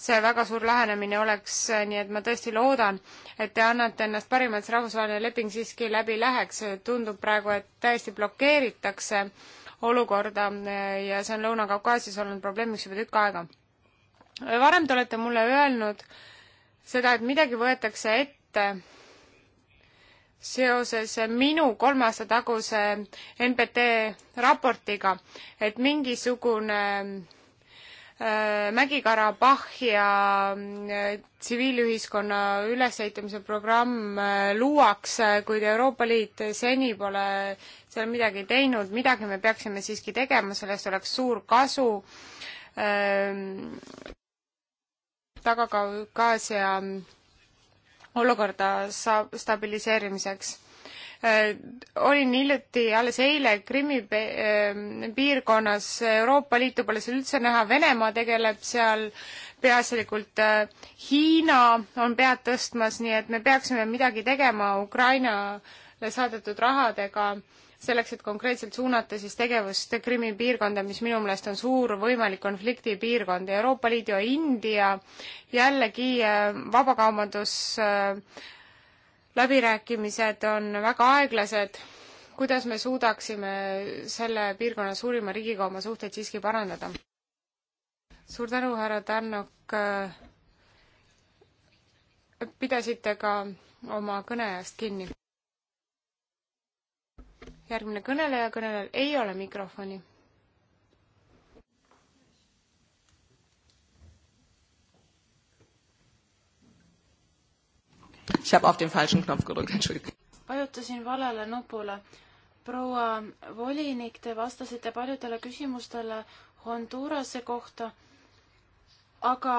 see väga suur lähenemine oleks, nii et ma tõesti loodan, et te annate ennast parima, et see rahvusvaheline leping siiski läbi läheks, tundub praegu, et täiesti blokeeritakse olukorda ja see on Lõuna-Kaukaasias olnud probleemiks juba tükk aega varem te olete mulle öelnud seda, et midagi võetakse ette seoses minu kolme aasta taguse NPT raportiga, et mingisugune äh, Mägi-Karabahhi ja äh, tsiviilühiskonna äh, ülesehitamise programm äh, luuakse, kuid Euroopa Liit seni pole seal midagi teinud, midagi me peaksime siiski tegema, sellest oleks suur kasu äh, Taga-Kaukaasia ähm, olukorda saab stabiliseerimiseks äh, olin hiljuti, alles eile Krimmi ähm, piirkonnas, Euroopa Liitu pole seal üldse näha, Venemaa tegeleb seal peaasjalikult, äh, Hiina on pead tõstmas, nii et me peaksime midagi tegema Ukrainale saadetud rahadega selleks, et konkreetselt suunata siis tegevust Krimmi piirkonda, mis minu meelest on suur võimalik konfliktipiirkond. Euroopa Liidu ja India jällegi äh, vabakaubandus äh, läbirääkimised on väga aeglased. kuidas me suudaksime selle piirkonna suurima riigiga oma suhteid siiski parandada? suur tänu, härra Tarnok. Äh, pidasite ka oma kõne ajast kinni järgmine kõneleja, kõnelejal ei ole mikrofoni.
vajutasin valele nupule. proua volinik, te vastasite paljudele küsimustele Hondurase kohta, aga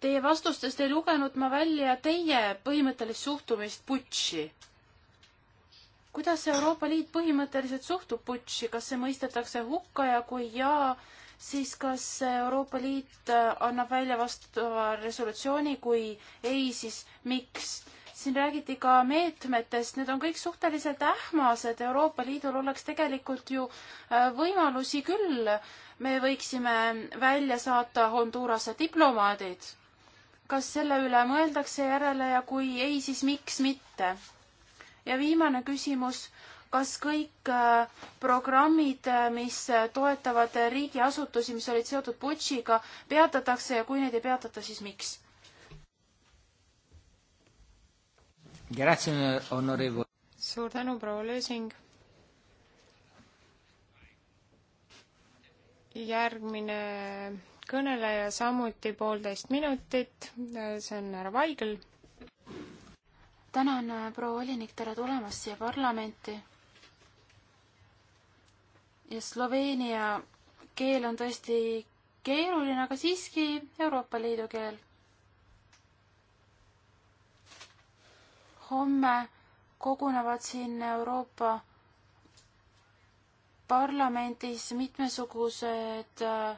teie vastustest ei lugenud ma välja teie põhimõttelist suhtumist putši kuidas Euroopa Liit põhimõtteliselt suhtub putši, kas see mõistetakse hukka ja kui jaa, siis kas Euroopa Liit äh, annab välja vastava resolutsiooni, kui ei, siis miks? siin räägiti ka meetmetest, need on kõik suhteliselt ähmased, Euroopa Liidul oleks tegelikult ju äh, võimalusi küll, me võiksime välja saata Hondurase diplomaadid. kas selle üle mõeldakse järele ja kui ei, siis miks mitte? ja viimane küsimus, kas kõik äh, programmid, äh, mis äh, toetavad riigiasutusi, mis olid seotud Butšiga, peatatakse ja kui neid ei peatata, siis miks?
suur tänu, proua Lösing. järgmine kõneleja samuti poolteist minutit, see on härra Vaigel tänan, äh, proua volinik, tere tulemast siia parlamenti.
ja Sloveenia keel on tõesti keeruline, aga siiski Euroopa Liidu keel. homme kogunevad siin Euroopa Parlamendis mitmesugused äh,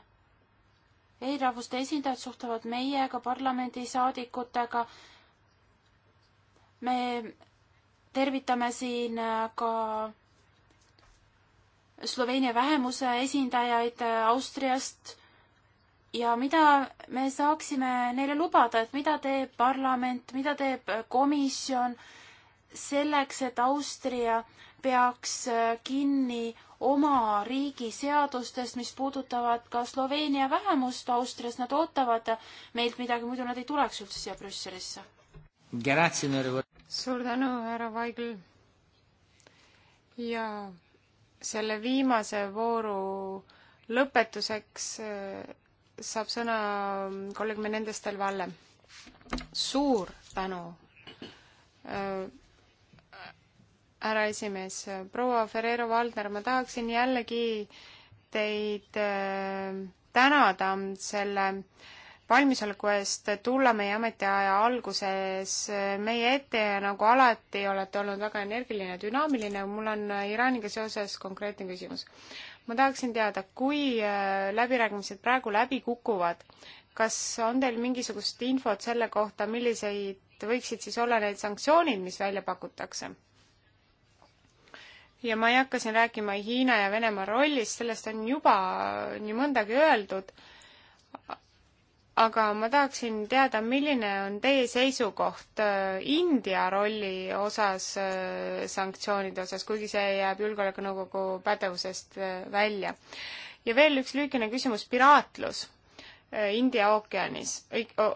ei-rahvuste esindajad suhtlevad meiega, parlamendisaadikutega me tervitame siin ka Sloveenia vähemuse esindajaid Austriast ja mida me saaksime neile lubada, et mida teeb parlament, mida teeb komisjon selleks, et Austria peaks kinni oma riigi seadustest, mis puudutavad ka Sloveenia vähemust Austrias, nad ootavad meilt midagi, muidu nad ei tuleks üldse siia Brüsselisse
suur tänu, härra Vaigel. ja selle viimase vooru lõpetuseks äh, saab sõna kolleeg Menendez del Valle. suur tänu, äh, härra esimees. proua Ferrero-Valdner, ma tahaksin jällegi teid äh, tänada selle äh, valmisoleku eest tulla meie ametiaja alguses meie ette ja nagu alati olete olnud väga energiline ja dünaamiline. mul on Iraaniga seoses konkreetne küsimus. ma tahaksin teada, kui äh, läbirääkimised praegu läbi kukuvad, kas on teil mingisugust infot selle kohta, millised võiksid siis olla need sanktsioonid, mis välja pakutakse? ja ma ei hakka siin rääkima Hiina ja Venemaa rollist, sellest on juba nii mõndagi öeldud aga ma tahaksin teada, milline on teie seisukoht äh, India rolli osas, äh, sanktsioonide osas, kuigi see jääb Julgeolekunõukogu pädevusest äh, välja. ja veel üks lühikene küsimus, piraatlus India ookeanis,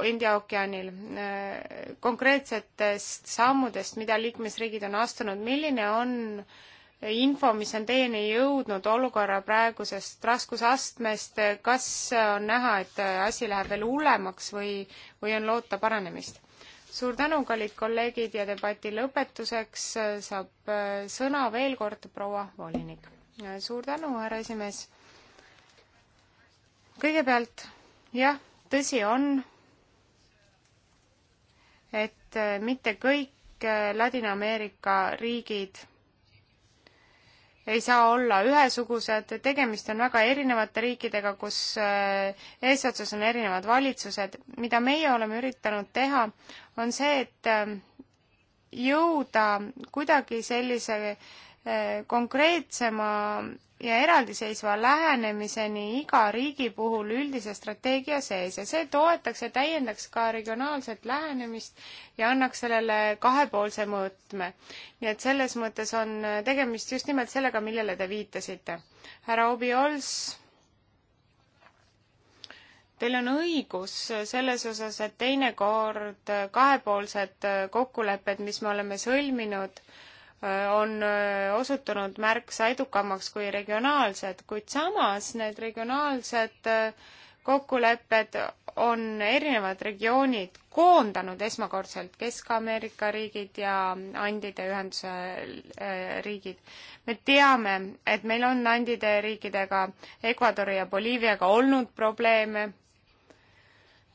India ookeanil konkreetsetest sammudest, mida liikmesriigid on astunud, milline on äh, info, mis on teieni jõudnud olukorra praegusest raskusastmest, kas on näha, et asi läheb veel hullemaks või, või on loota paranemist? suur tänu, kallid kolleegid ja debati lõpetuseks saab äh, sõna veel kord proua volinik. Äh, suur tänu, härra esimees. kõigepealt jah, tõsi on, et äh, mitte kõik Ladina-Ameerika riigid ei saa olla ühesugused, tegemist on väga erinevate riikidega, kus äh, eesotsas on erinevad valitsused. mida meie oleme üritanud teha, on see, et äh, jõuda kuidagi sellise äh, konkreetsema ja eraldiseisva lähenemiseni iga riigi puhul üldise strateegia sees ja see toetaks ja täiendaks ka regionaalset lähenemist ja annaks sellele kahepoolse mõõtme. nii et selles mõttes on tegemist just nimelt sellega, millele te viitasite. härra Obiols, teil on õigus selles osas, et teinekord kahepoolsed kokkulepped, mis me oleme sõlminud, Äh, on äh, osutunud märksa edukamaks kui regionaalsed, kuid samas need regionaalsed äh, kokkulepped on erinevad regioonid koondanud esmakordselt Kesk-Ameerika riigid ja Andide ühenduse riigid. me teame, et meil on Andide riikidega, Ecuadori ja Boliiviaga olnud probleeme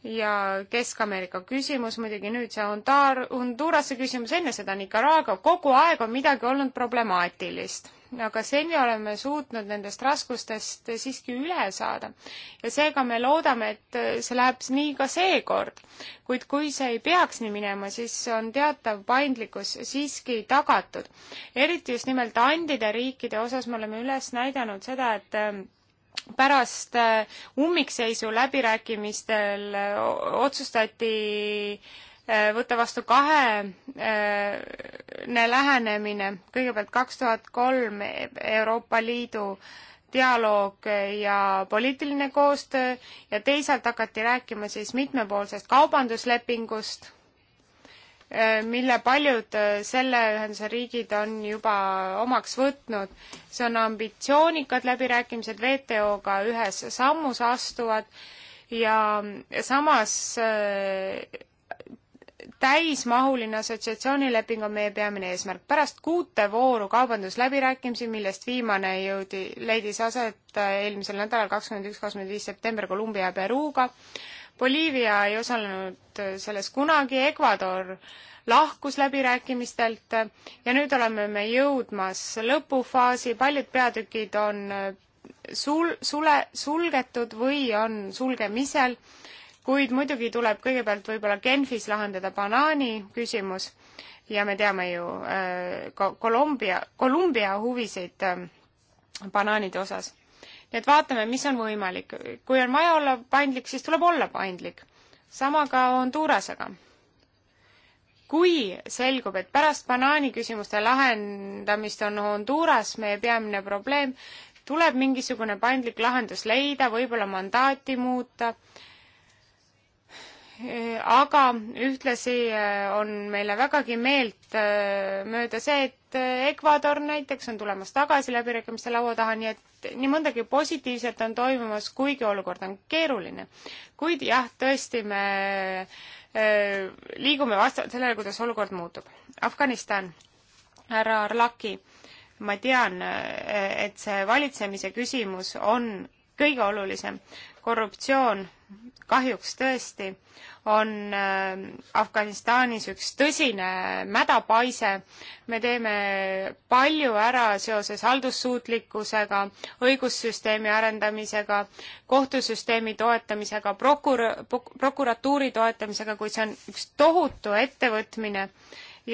ja Kesk-Ameerika küsimus muidugi nüüd see Hontar-, Hondurase küsimus, enne seda Nicaragua, kogu aeg on midagi olnud problemaatilist. aga seni oleme suutnud nendest raskustest siiski üle saada. ja seega me loodame, et see läheb nii ka seekord. kuid kui see ei peaks nii minema, siis on teatav paindlikkus siiski tagatud. eriti just nimelt andide riikide osas me oleme üles näidanud seda, et pärast äh, ummikseisu läbirääkimistel äh, otsustati äh, võtta vastu kahene lähenemine, kõigepealt kaks tuhat kolm Euroopa Liidu dialoog ja poliitiline koostöö ja teisalt hakati rääkima siis mitmepoolsest kaubanduslepingust Äh, mille paljud äh, selle ühenduse riigid on juba omaks võtnud. see on ambitsioonikad läbirääkimised WTO-ga ühes sammus astuvad ja samas äh, täismahuline assotsiatsioonileping on meie peamine eesmärk. pärast kuute vooru kaubandusläbirääkimisi, millest viimane jõudi, leidis aset eelmisel nädalal kakskümmend üks, kakskümmend viis september Kolumbia ja Peruga, Boliivia ei osalenud äh, selles kunagi, Ecuador lahkus läbirääkimistelt äh, ja nüüd oleme me jõudmas lõpufaasi, paljud peatükid on äh, sul-, sule, sulgetud või on sulgemisel, kuid muidugi tuleb kõigepealt võib-olla Genfis lahendada banaani küsimus ja me teame ju Kolumbia, Kolumbia huvisid banaanide osas et vaatame, mis on võimalik. kui on vaja olla paindlik, siis tuleb olla paindlik. sama ka Hondurasega. kui selgub, et pärast banaaniküsimuste lahendamist on Honduras meie peamine probleem, tuleb mingisugune paindlik lahendus leida, võib-olla mandaati muuta, aga ühtlasi eh, on meile vägagi meelt eh, mööda see, et et äh, Ecuador näiteks on tulemas tagasi läbirääkimiste laua taha, nii et nii mõndagi positiivset on toimumas, kuigi olukord on keeruline. kuid jah, tõesti, me öö, äh, liigume vastavalt sellele, kuidas olukord muutub. Afganistan, härra Arlaki, ma tean, äh, et see valitsemise küsimus on kõige olulisem. korruptsioon kahjuks tõesti on äh, Afganistanis üks tõsine mädapaise. me teeme palju ära seoses haldussuutlikkusega, õigussüsteemi arendamisega, kohtusüsteemi toetamisega, prokur-, prokuratuuri toetamisega, kuid see on üks tohutu ettevõtmine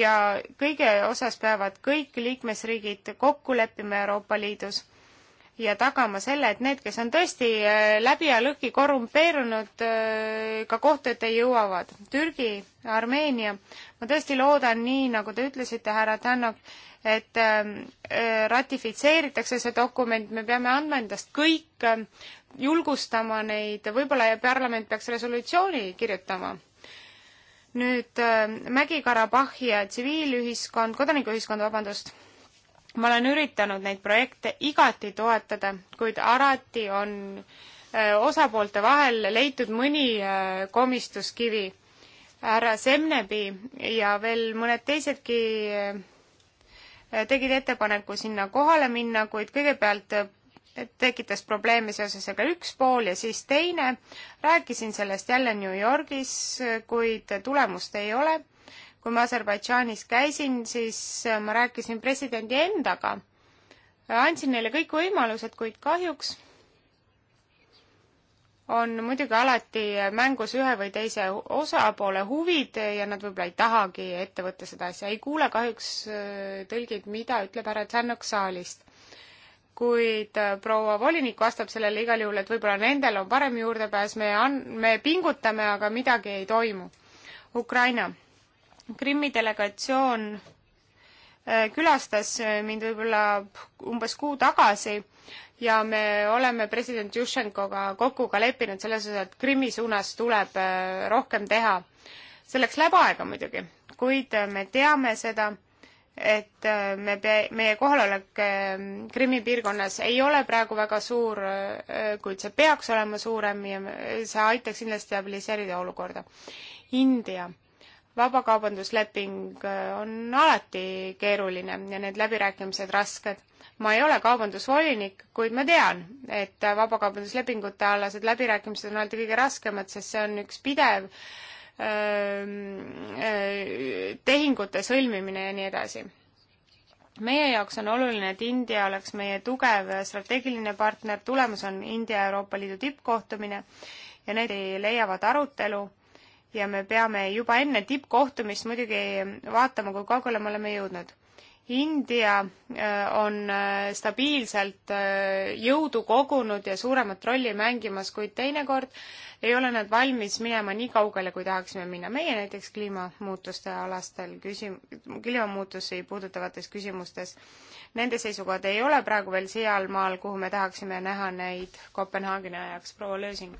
ja kõige osas peavad kõik liikmesriigid kokku leppima Euroopa Liidus ja tagama selle, et need, kes on tõesti äh, läbi ja lõhki korrumpeerunud, äh, ka kohtu ette jõuavad. Türgi, Armeenia, ma tõesti loodan, nii nagu te ütlesite, härra Tänak, et ähm, äh, ratifitseeritakse see dokument, me peame andma endast kõik, ähm, julgustama neid, võib-olla parlament peaks resolutsiooni kirjutama nüüd ähm, Mägi-Karabahhi ja tsiviilühiskond, kodanikuühiskond, vabandust ma olen üritanud neid projekte igati toetada, kuid alati on äh, osapoolte vahel leitud mõni äh, komistuskivi. härra Semnebi ja veel mõned teisedki äh, tegid ettepaneku sinna kohale minna, kuid kõigepealt tekitas probleeme seoses aga üks pool ja siis teine. rääkisin sellest jälle New Yorgis, kuid tulemust ei ole kui ma Aserbaidžaanis käisin, siis äh, ma rääkisin presidendi endaga. andsin neile kõik võimalused, kuid kahjuks on muidugi alati mängus ühe või teise osapoole huvid ja nad võib-olla ei tahagi ette võtta seda asja. ei kuule kahjuks äh, tõlgid, mida ütleb härra Tšernok saalist. kuid äh, proua volinik vastab sellele igal juhul, et võib-olla nendel on parem juurdepääs, me an-, me pingutame, aga midagi ei toimu. Ukraina Krimmi delegatsioon äh, külastas mind võib-olla umbes kuu tagasi ja me oleme president Jušenkoga kokku ka leppinud selles osas, et Krimmi suunas tuleb äh, rohkem teha. Selleks läheb aega muidugi, kuid äh, me teame seda, et me, meie kohalolek Krimmi piirkonnas ei ole praegu väga suur, kuid see peaks olema suurem ja see aitaks kindlasti stabiliseerida olukorda. India vabakaubandusleping äh, on alati keeruline ja need läbirääkimised rasked. ma ei ole kaubandusvolinik, kuid ma tean, et vabakaubanduslepingute alased läbirääkimised on alati kõige raskemad, sest see on üks pidev öö, ähm, äh, tehingute sõlmimine ja nii edasi. meie jaoks on oluline, et India oleks meie tugev strateegiline partner, tulemus on India Euroopa Liidu tippkohtumine ja need leiavad arutelu ja me peame juba enne tippkohtumist muidugi vaatama, kui kaugele me oleme jõudnud. India äh, on äh, stabiilselt äh, jõudu kogunud ja suuremat rolli mängimas, kuid teinekord ei ole nad valmis minema nii kaugele, kui tahaksime minna. meie näiteks kliimamuutuste alastel küsim-, kliimamuutusi puudutavates küsimustes, nende seisukohad ei ole praegu veel sealmaal, kuhu me tahaksime näha neid Kopenhaageni ajaks. proua Lösing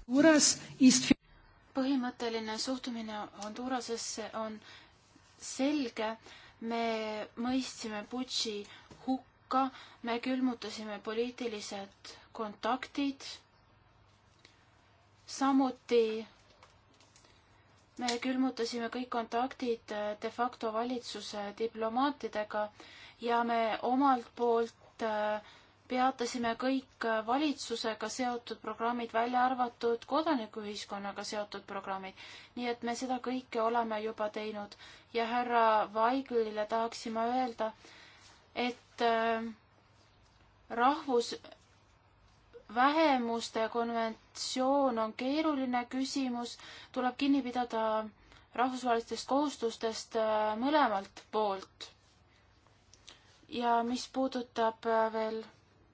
põhimõtteline suhtumine Hondurasesse on selge. me mõistsime Butši hukka, me külmutasime poliitilised kontaktid. samuti me külmutasime kõik kontaktid de facto valitsuse diplomaatidega ja me omalt poolt äh, peatasime kõik valitsusega seotud programmid, välja arvatud kodanikuühiskonnaga seotud programmid. nii et me seda kõike oleme juba teinud ja härra Vaiglile tahaksime öelda, et äh, rahvusvähemuste konventsioon on keeruline küsimus, tuleb kinni pidada rahvusvahelistest kohustustest äh, mõlemalt poolt ja mis puudutab äh, veel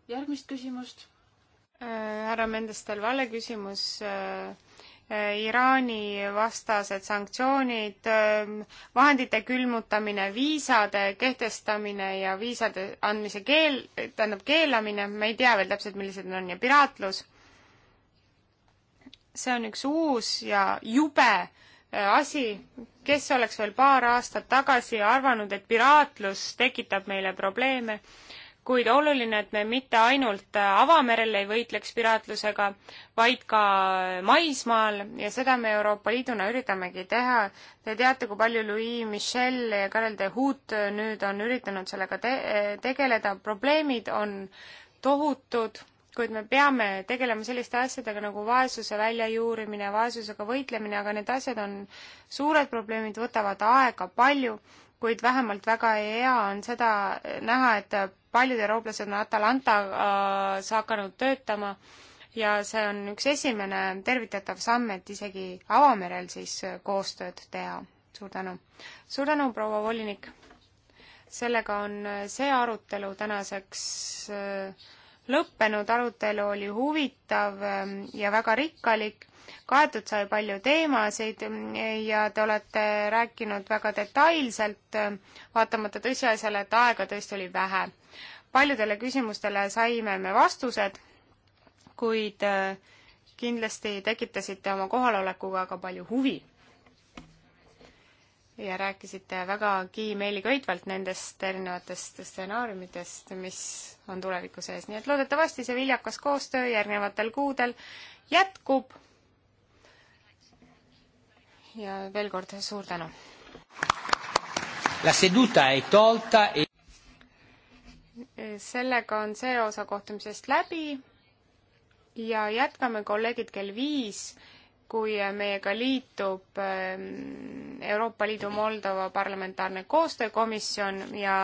järgmist küsimust. Äh, härra Mendestel, vale küsimus äh, äh,. Iraani vastased sanktsioonid, ähm, vahendite külmutamine, viisade kehtestamine ja viisade andmise keel, tähendab keelamine, me ei tea veel täpselt, millised need on, ja piraatlus. see on üks uus ja jube äh, asi, kes oleks veel paar aastat tagasi arvanud, et piraatlus tekitab meile probleeme kuid oluline, et me mitte ainult äh, avamerel ei võitleks piraatlusega, vaid ka maismaal ja seda me Euroopa Liiduna üritamegi teha. Te teate, kui palju Louis Michel ja Karel de Hout äh, nüüd on üritanud sellega te äh, tegeleda, probleemid on tohutud, kuid me peame tegelema selliste asjadega nagu vaesuse väljajuurimine, vaesusega võitlemine, aga need asjad on suured probleemid, võtavad aega palju kuid vähemalt väga hea on seda näha, et paljud eurooplased on Atalantas äh, hakanud töötama ja see on üks esimene tervitatav samm, et isegi avamerel siis äh, koostööd teha. suur tänu. suur tänu, proua volinik. sellega on äh, see arutelu tänaseks lõppenud, arutelu oli huvitav ähm, ja väga rikkalik kaetud sai palju teemasid mm, ja te olete rääkinud väga detailselt, mm, vaatamata tõsiasjale, et aega tõesti oli vähe. paljudele küsimustele saime me vastused, kuid mm, kindlasti tekitasite oma kohalolekuga ka palju huvi ja rääkisite vägagi meeliköitvalt nendest erinevatest stsenaariumitest, mis on tuleviku sees, nii et loodetavasti see viljakas koostöö järgnevatel kuudel jätkub ja veel kord suur tänu.
La seduta è tolta e
sellega on see osa kohtumisest läbi ja jätkame kolleegid kell viis, kui meiega liitub ähm, Euroopa Liidu Moldova parlamentaarne koostöökomisjon ja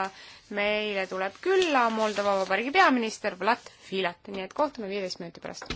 meile tuleb külla Moldova Vabariigi peaminister Vlad Filat, nii et kohtume viieteist minuti pärast.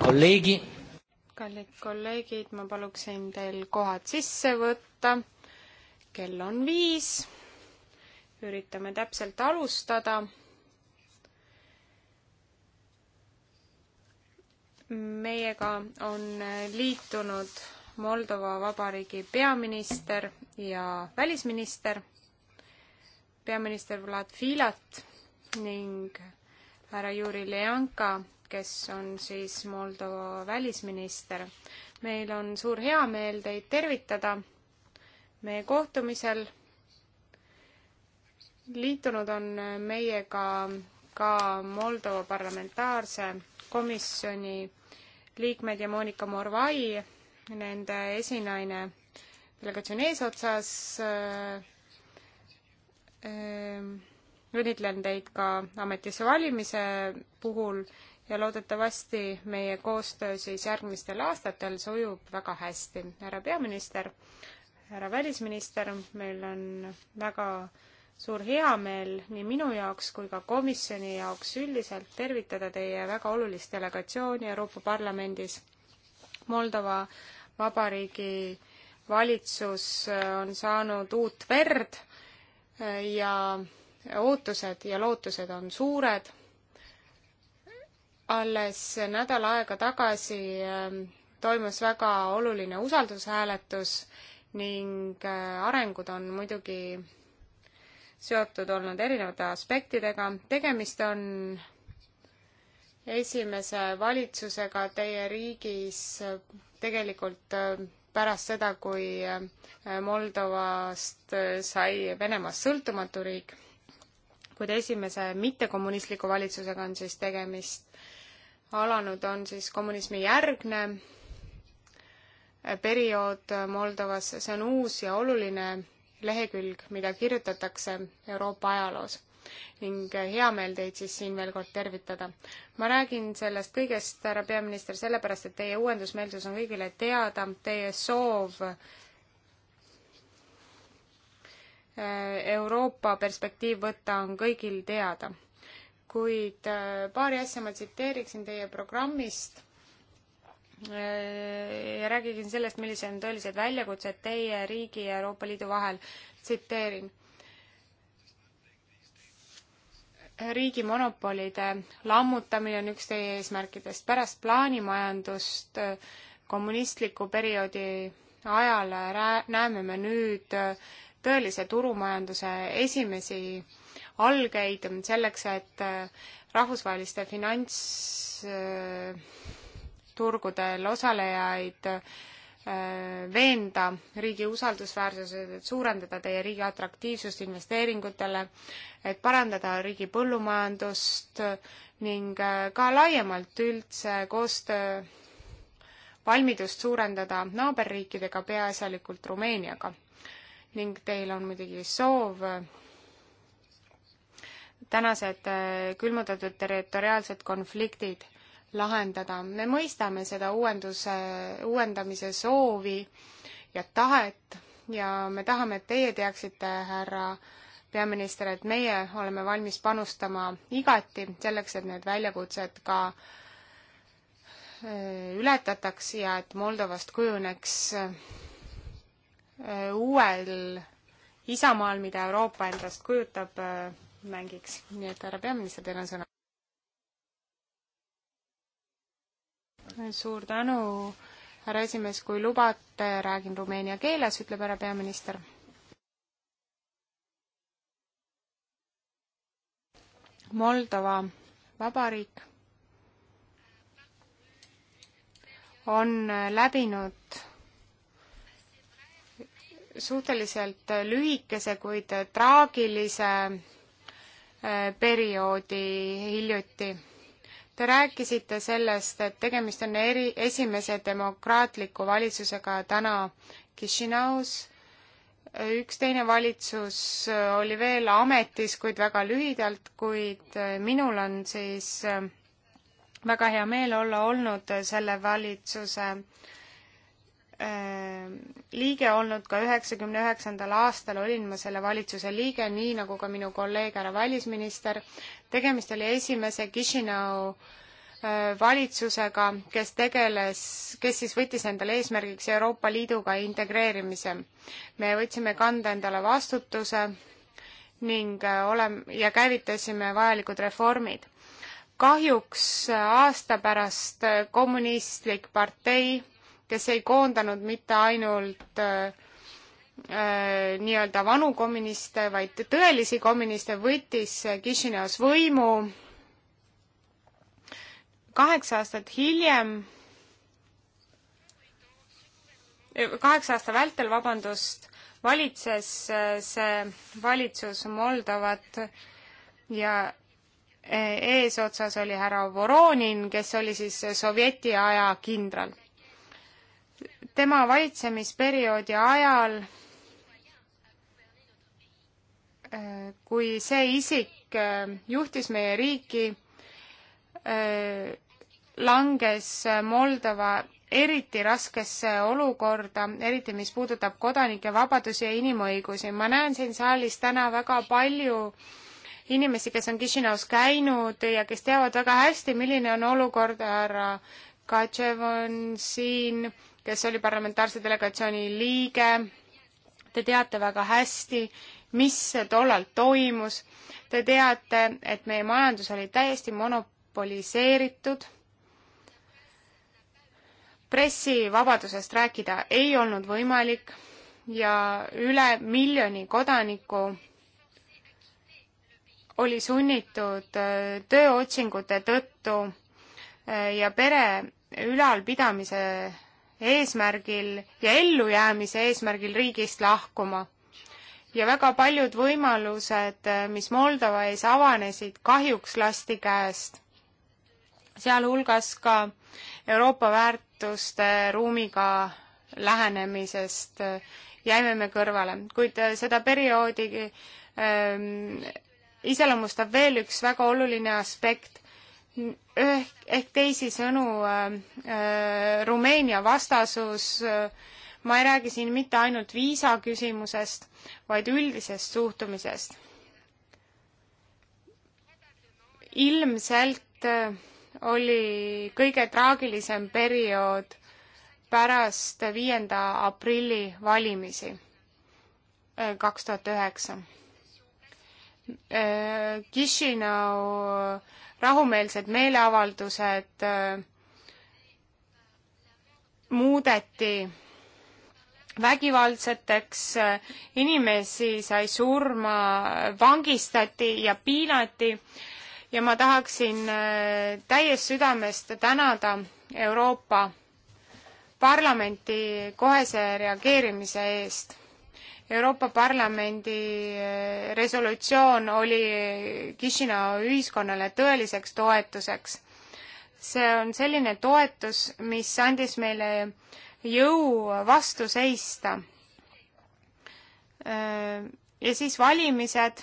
kolleegi. kallid kolleegid, ma paluksin teil kohad sisse võtta. kell on viis. üritame täpselt alustada. meiega on liitunud Moldova Vabariigi peaminister ja välisminister, peaminister Vlad Filat ning härra Juri Leanka, kes on siis Moldova välisminister. meil on suur heameel teid tervitada meie kohtumisel. liitunud on meiega ka Moldova parlamentaarse komisjoni liikmed ja Monika Morvai, nende esinaine delegatsiooni eesotsas äh,. Äh, õnnitlen teid ka ametisse valimise puhul ja loodetavasti meie koostöö siis järgmistel aastatel sujub väga hästi. härra peaminister, härra välisminister, meil on väga suur heameel nii minu jaoks kui ka komisjoni jaoks üldiselt tervitada teie väga olulist delegatsiooni Euroopa Parlamendis. Moldova Vabariigi valitsus äh, on saanud uut verd äh, ja ootused ja lootused on suured. alles nädal aega tagasi ähm, toimus väga oluline usaldushääletus ning äh, arengud on muidugi seotud olnud erinevate aspektidega. tegemist on esimese valitsusega teie riigis äh, tegelikult äh, pärast seda, kui Moldovast sai Venemaast sõltumatu riik kuid esimese mittekommunistliku valitsusega on siis tegemist. alanud on siis kommunismi järgne periood Moldovas, see on uus ja oluline lehekülg, mida kirjutatakse Euroopa ajaloos ning hea meel teid siis siin veel kord tervitada. ma räägin sellest kõigest, härra peaminister, sellepärast, et teie uuendusmeelsus on kõigile teada, teie soov äh, Euroopa perspektiiv võtta on kõigil teada. kuid äh, paari asja ma tsiteeriksin teie programmist äh, ja räägiksin sellest, millised on tõelised väljakutsed teie riigi ja Euroopa Liidu vahel. tsiteerin. riigi monopolide lammutamine on üks teie eesmärkidest. pärast plaanimajandust äh, kommunistliku perioodi ajal näeme me nüüd tõelise turumajanduse esimesi algeid selleks, et äh, rahvusvaheliste finantsturgudel äh, osalejaid äh, veenda riigi usaldusväärsuses, et suurendada teie riigi atraktiivsust investeeringutele, et parandada riigi põllumajandust ning ka laiemalt üldse koostöö valmidust suurendada naaberriikidega, peaasjalikult Rumeeniaga ning teil on muidugi soov tänased äh, külmutatud territoriaalsed konfliktid lahendada. me mõistame seda uuenduse, uuendamise soovi ja tahet ja me tahame, et teie teaksite, härra peaminister, et meie oleme valmis panustama igati selleks, et need väljakutsed ka äh, ületataks ja et Moldovast kujuneks Äh, uuel Isamaal, mida Euroopa endast kujutab, äh, mängiks. nii et härra peaminister, teil on sõna. suur tänu, härra esimees, kui lubate, räägin rumeenia keeles, ütleb härra peaminister Moldova vabariik on läbinud suhteliselt lühikese, kuid traagilise äh, perioodi hiljuti. Te rääkisite sellest, et tegemist on eri, esimese demokraatliku valitsusega täna Kišinaus. üks teine valitsus oli veel ametis, kuid väga lühidalt, kuid äh, minul on siis äh, väga hea meel olla olnud selle valitsuse äh, Ehm, liige olnud ka üheksakümne üheksandal aastal olin ma selle valitsuse liige, nii nagu ka minu kolleeg härra välisminister. tegemist oli esimese Chisinau ehm, valitsusega, kes tegeles, kes siis võttis endale eesmärgiks Euroopa Liiduga integreerimise. me võtsime kanda endale vastutuse ning ehm, olem- ja käivitasime vajalikud reformid. kahjuks aasta pärast kommunistlik partei kes ei koondanud mitte ainult äh, äh, nii-öelda vanu kommuniste, vaid tõelisi kommuniste, võttis äh, Kišineos võimu. kaheksa aastat hiljem, äh, kaheksa aasta vältel, vabandust, valitses see valitsus Moldovat ja eesotsas oli härra Voronin, kes oli siis Sovjeti aja kindral tema valitsemisperioodi ajal, äh, kui see isik äh, juhtis meie riiki, äh, langes Moldova eriti raskesse olukorda, eriti mis puudutab kodanike vabadusi ja inimõigusi. ma näen siin saalis täna väga palju inimesi, kes on Kišinõus käinud ja kes teavad väga hästi, milline on olukord, härra Katšev on siin, kes oli parlamentaarse delegatsiooni liige. Te teate väga hästi, mis tollal toimus. Te teate, et meie majandus oli täiesti monopoliseeritud. pressivabadusest rääkida ei olnud võimalik ja üle miljoni kodaniku oli sunnitud äh, tööotsingute tõttu äh, ja pere ülalpidamise eesmärgil ja ellujäämise eesmärgil riigist lahkuma. ja väga paljud võimalused, eh, mis Moldova ees avanesid, kahjuks lasti käest. sealhulgas ka Euroopa väärtuste ruumiga lähenemisest eh, jäime me kõrvale, kuid eh, seda perioodi ähm, iseloomustab veel üks väga oluline aspekt ehk, ehk teisisõnu äh, äh, Rumeenia vastasus äh, ma ei räägi siin mitte ainult viisaküsimusest, vaid üldisest suhtumisest. ilmselt äh, oli kõige traagilisem periood pärast viienda aprilli valimisi äh, kaks tuhat üheksa. Kišinau rahumeelsed meeleavaldused äh, muudeti vägivaldseteks, äh, inimesi sai surma, vangistati ja piinati ja ma tahaksin äh, täiest südamest tänada Euroopa Parlamenti kohese reageerimise eest Euroopa Parlamendi eh, resolutsioon oli Kišinau ühiskonnale tõeliseks toetuseks. see on selline toetus, mis andis meile jõu vastu seista. Eh, ja siis valimised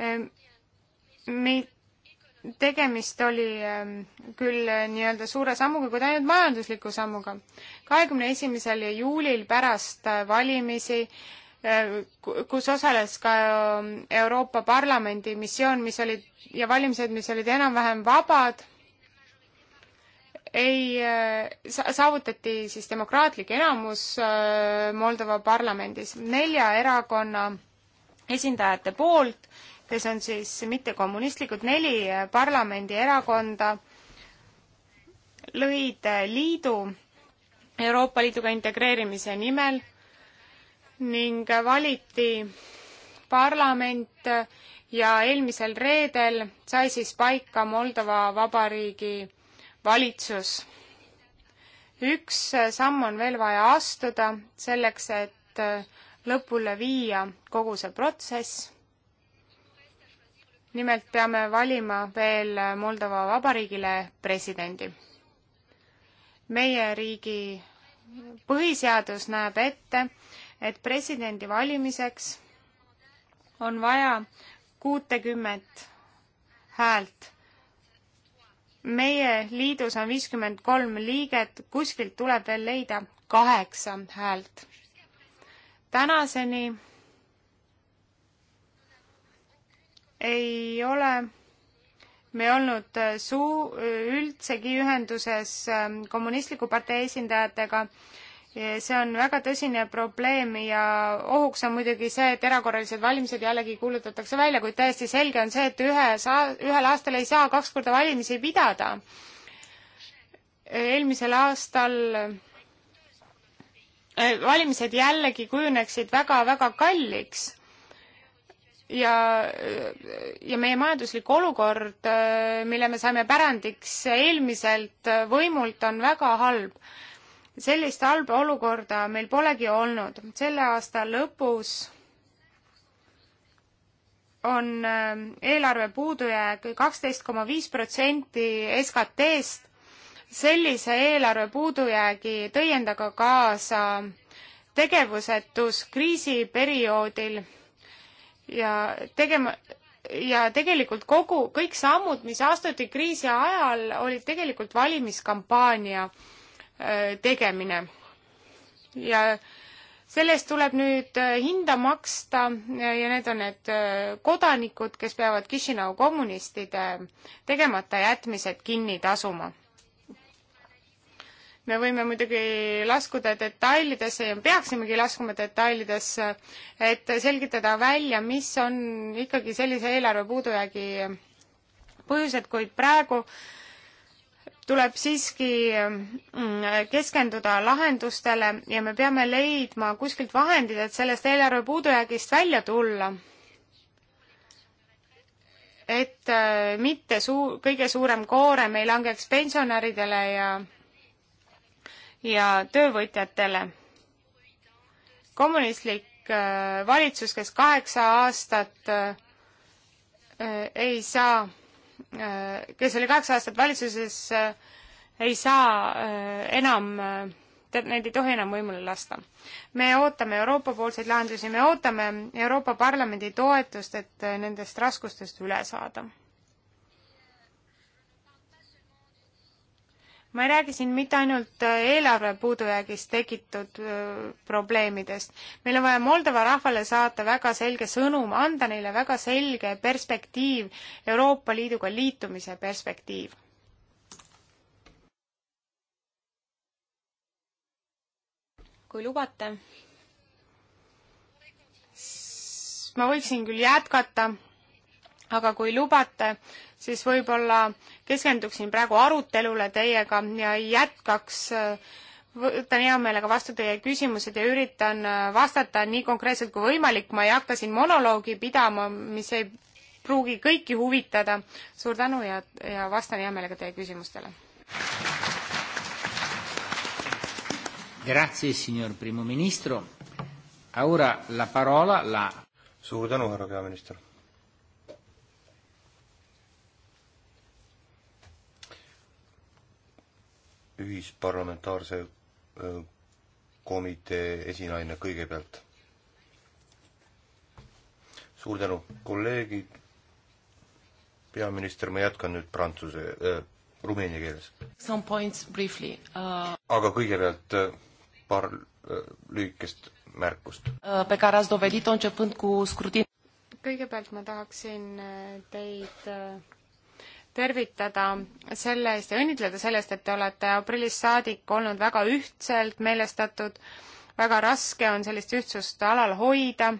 eh, mi-, tegemist oli ähm, küll äh, nii-öelda suure sammuga, kuid ainult majandusliku sammuga. kahekümne esimesel juulil pärast äh, valimisi äh, kus osales ka ähm, Euroopa Parlamendi missioon, mis olid ja valimised, mis olid enam-vähem vabad, ei, saavutati siis demokraatlik enamus Moldova parlamendis nelja erakonna esindajate poolt kes on siis mittekommunistlikud, neli parlamendierakonda lõid liidu Euroopa Liiduga integreerimise nimel ning valiti parlament ja eelmisel reedel sai siis paika Moldova Vabariigi valitsus. üks samm on veel vaja astuda selleks, et lõpule viia kogu see protsess nimelt peame valima veel Moldova Vabariigile presidendi. meie riigi põhiseadus näeb ette, et presidendi valimiseks on vaja kuutekümmet häält. meie liidus on viiskümmend kolm liiget, kuskilt tuleb veel leida kaheksa häält. tänaseni ei ole me olnud äh, suu-, üldsegi ühenduses ähm, kommunistliku partei esindajatega. see on väga tõsine probleem ja ohuks on muidugi see, et erakorralised valimised jällegi kuulutatakse välja, kuid täiesti selge on see, et ühe saa-, ühel aastal ei saa kaks korda valimisi pidada. eelmisel aastal äh, valimised jällegi kujuneksid väga-väga kalliks ja, ja meie majanduslik olukord, mille me saime pärandiks eelmiselt võimult, on väga halb. sellist halba olukorda meil polegi olnud. selle aasta lõpus on äh, eelarve puudujääk kaksteist koma viis protsenti SKT-st. sellise eelarve puudujäägi tõi endaga kaasa tegevusetus kriisiperioodil ja tegema ja tegelikult kogu, kõik sammud, mis astuti kriisi ajal, olid tegelikult valimiskampaania äh, tegemine. ja sellest tuleb nüüd äh, hinda maksta äh, ja need on need kodanikud, kes peavad Kišinev kommunistide tegemata jätmised kinni tasuma me võime muidugi laskuda detailidesse ja peaksimegi laskuma detailidesse, et selgitada välja, mis on ikkagi sellise eelarve puudujäägi põhjused, kuid praegu tuleb siiski mm, keskenduda lahendustele ja me peame leidma kuskilt vahendid, et sellest eelarve puudujäägist välja tulla et äh, mitte suu-, kõige suurem koorem ei langeks pensionäridele ja ja töövõtjatele. kommunistlik äh, valitsus, kes kaheksa aastat äh, ei saa, äh, kes oli kaheksa aastat valitsuses, ei saa enam, neid ei tohi enam võimule lasta. me ootame Euroopa-poolseid lahendusi, me ootame Euroopa Parlamendi toetust, et nendest raskustest üle saada ma ei räägi siin mitte ainult äh, eelarve puudujäägist tekitud äh, probleemidest. meil on vaja Moldova rahvale saata väga selge sõnum, anda neile väga selge perspektiiv, Euroopa Liiduga liitumise perspektiiv. kui lubate, ma võiksin küll jätkata, aga kui lubate, siis võib-olla keskenduksin praegu arutelule teiega ja jätkaks võtan hea meelega vastu teie küsimused ja üritan äh, vastata nii konkreetselt kui võimalik, ma ei hakka siin monoloogi pidama, mis ei pruugi kõiki huvitada. suur tänu ja, ja vastan hea meelega teie küsimustele.
Grazie, signor primo ministro. Ora la parola la. suur tänu, härra peaminister.
ühisparlamentaarse komitee esinaine kõigepealt. suur tänu, kolleegid. peaminister, ma jätkan nüüd prantsuse äh,, rumeenia keeles.
Some points
briefly uh....
aga kõigepealt paar äh, lühikest märkust
uh,. Pe care ați dovedit-o începând cu scrutin.
kõigepealt ma tahaksin äh, teid äh, tervitada selle eest ja õnnitleda selle eest, et te olete aprillist saadik olnud väga ühtselt meelestatud. väga raske on sellist ühtsust alal hoida.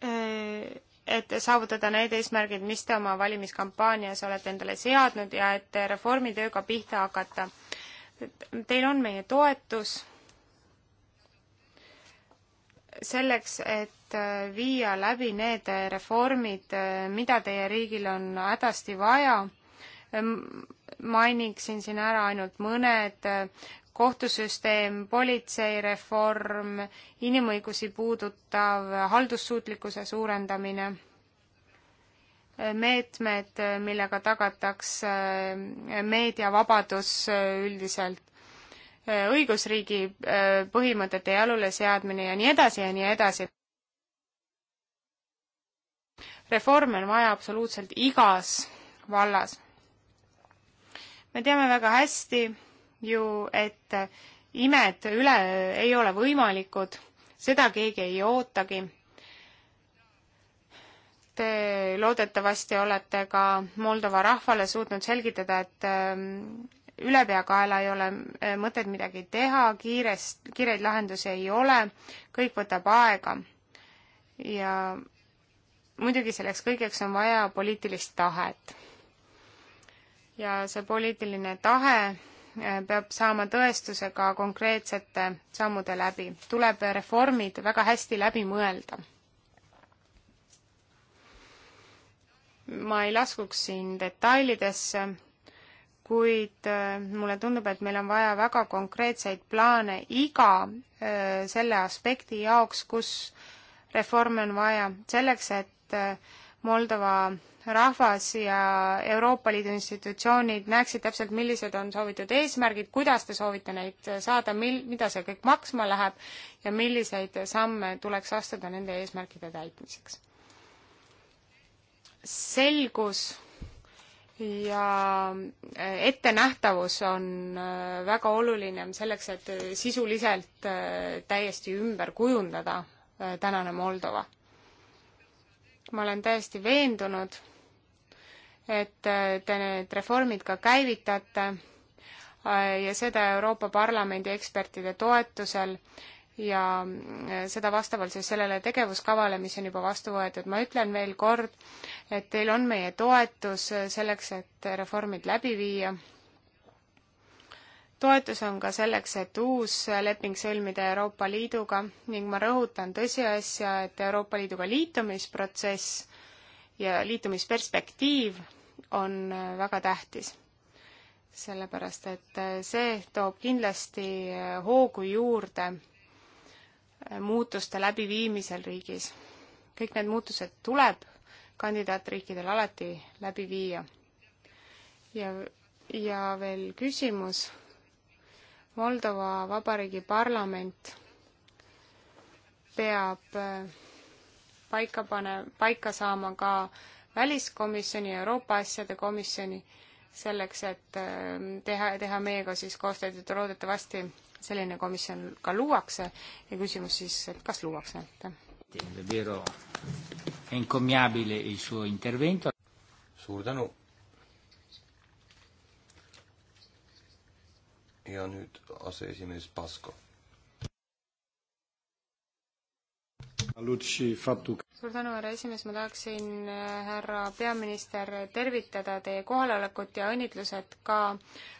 E, et saavutada need eesmärgid, mis te oma valimiskampaanias olete endale seadnud ja et reformitööga pihta hakata. Teil on meie toetus selleks, et et äh, viia läbi need äh, reformid, äh, mida teie riigil on hädasti vaja. mainiksin siin ära ainult mõned, kohtusüsteem, politseireform, inimõigusi puudutav haldussuutlikkuse suurendamine meetmed, millega tagatakse meediavabadus üldiselt, õigusriigi põhimõtete jaluleseadmine ja nii edasi ja nii edasi reforme on vaja absoluutselt igas vallas. me teame väga hästi ju, et imed üle ei ole võimalikud, seda keegi ei ootagi. Te loodetavasti olete ka Moldova rahvale suutnud selgitada, et ähm, ülepeakaela ei ole äh, mõtet midagi teha, kiirest, kiireid lahendusi ei ole, kõik võtab aega ja muidugi selleks kõigeks on vaja poliitilist tahet. ja see poliitiline tahe eh, peab saama tõestuse ka konkreetsete sammude läbi. tuleb reformid väga hästi läbi mõelda. ma ei laskuks siin detailidesse, kuid eh, mulle tundub, et meil on vaja väga konkreetseid plaane iga eh, selle aspekti jaoks, kus reforme on vaja, selleks et et äh, Moldova rahvas ja Euroopa Liidu institutsioonid näeksid täpselt, millised on soovitud eesmärgid, kuidas te soovite neid äh, saada, mil-, mida see kõik maksma läheb ja milliseid samme tuleks astuda nende eesmärkide täitmiseks. selgus ja äh, ettenähtavus on väga oluline selleks, et sisuliselt täiesti ümber kujundada tänane Moldova ma olen täiesti veendunud, et te need reformid ka käivitate äh, ja seda Euroopa Parlamendi ekspertide toetusel ja äh, seda vastavalt siis sellele tegevuskavale, mis on juba vastu võetud. ma ütlen veel kord, et teil on meie toetus selleks, et reformid läbi viia toetus on ka selleks, et uus leping sõlmida Euroopa Liiduga ning ma rõhutan tõsiasja, et Euroopa Liiduga liitumisprotsess ja liitumisperspektiiv on väga tähtis. sellepärast, et see toob kindlasti hoogu juurde muutuste läbiviimisel riigis. kõik need muutused tuleb kandidaatriikidel alati läbi viia. ja, ja veel küsimus Moldova Vabariigi parlament peab äh, paika pane, paika saama ka väliskomisjoni ja Euroopa asjade komisjoni selleks, et äh, teha, teha meiega siis koostööd, et loodetavasti selline komisjon ka luuakse ja küsimus siis, et kas luuakse, aitäh.
suur tänu ja nüüd aseesimees Pasko.
suur tänu, härra esimees, ma tahaksin, eh, härra peaminister, tervitada teie kohalolekut ja õnnitlused ka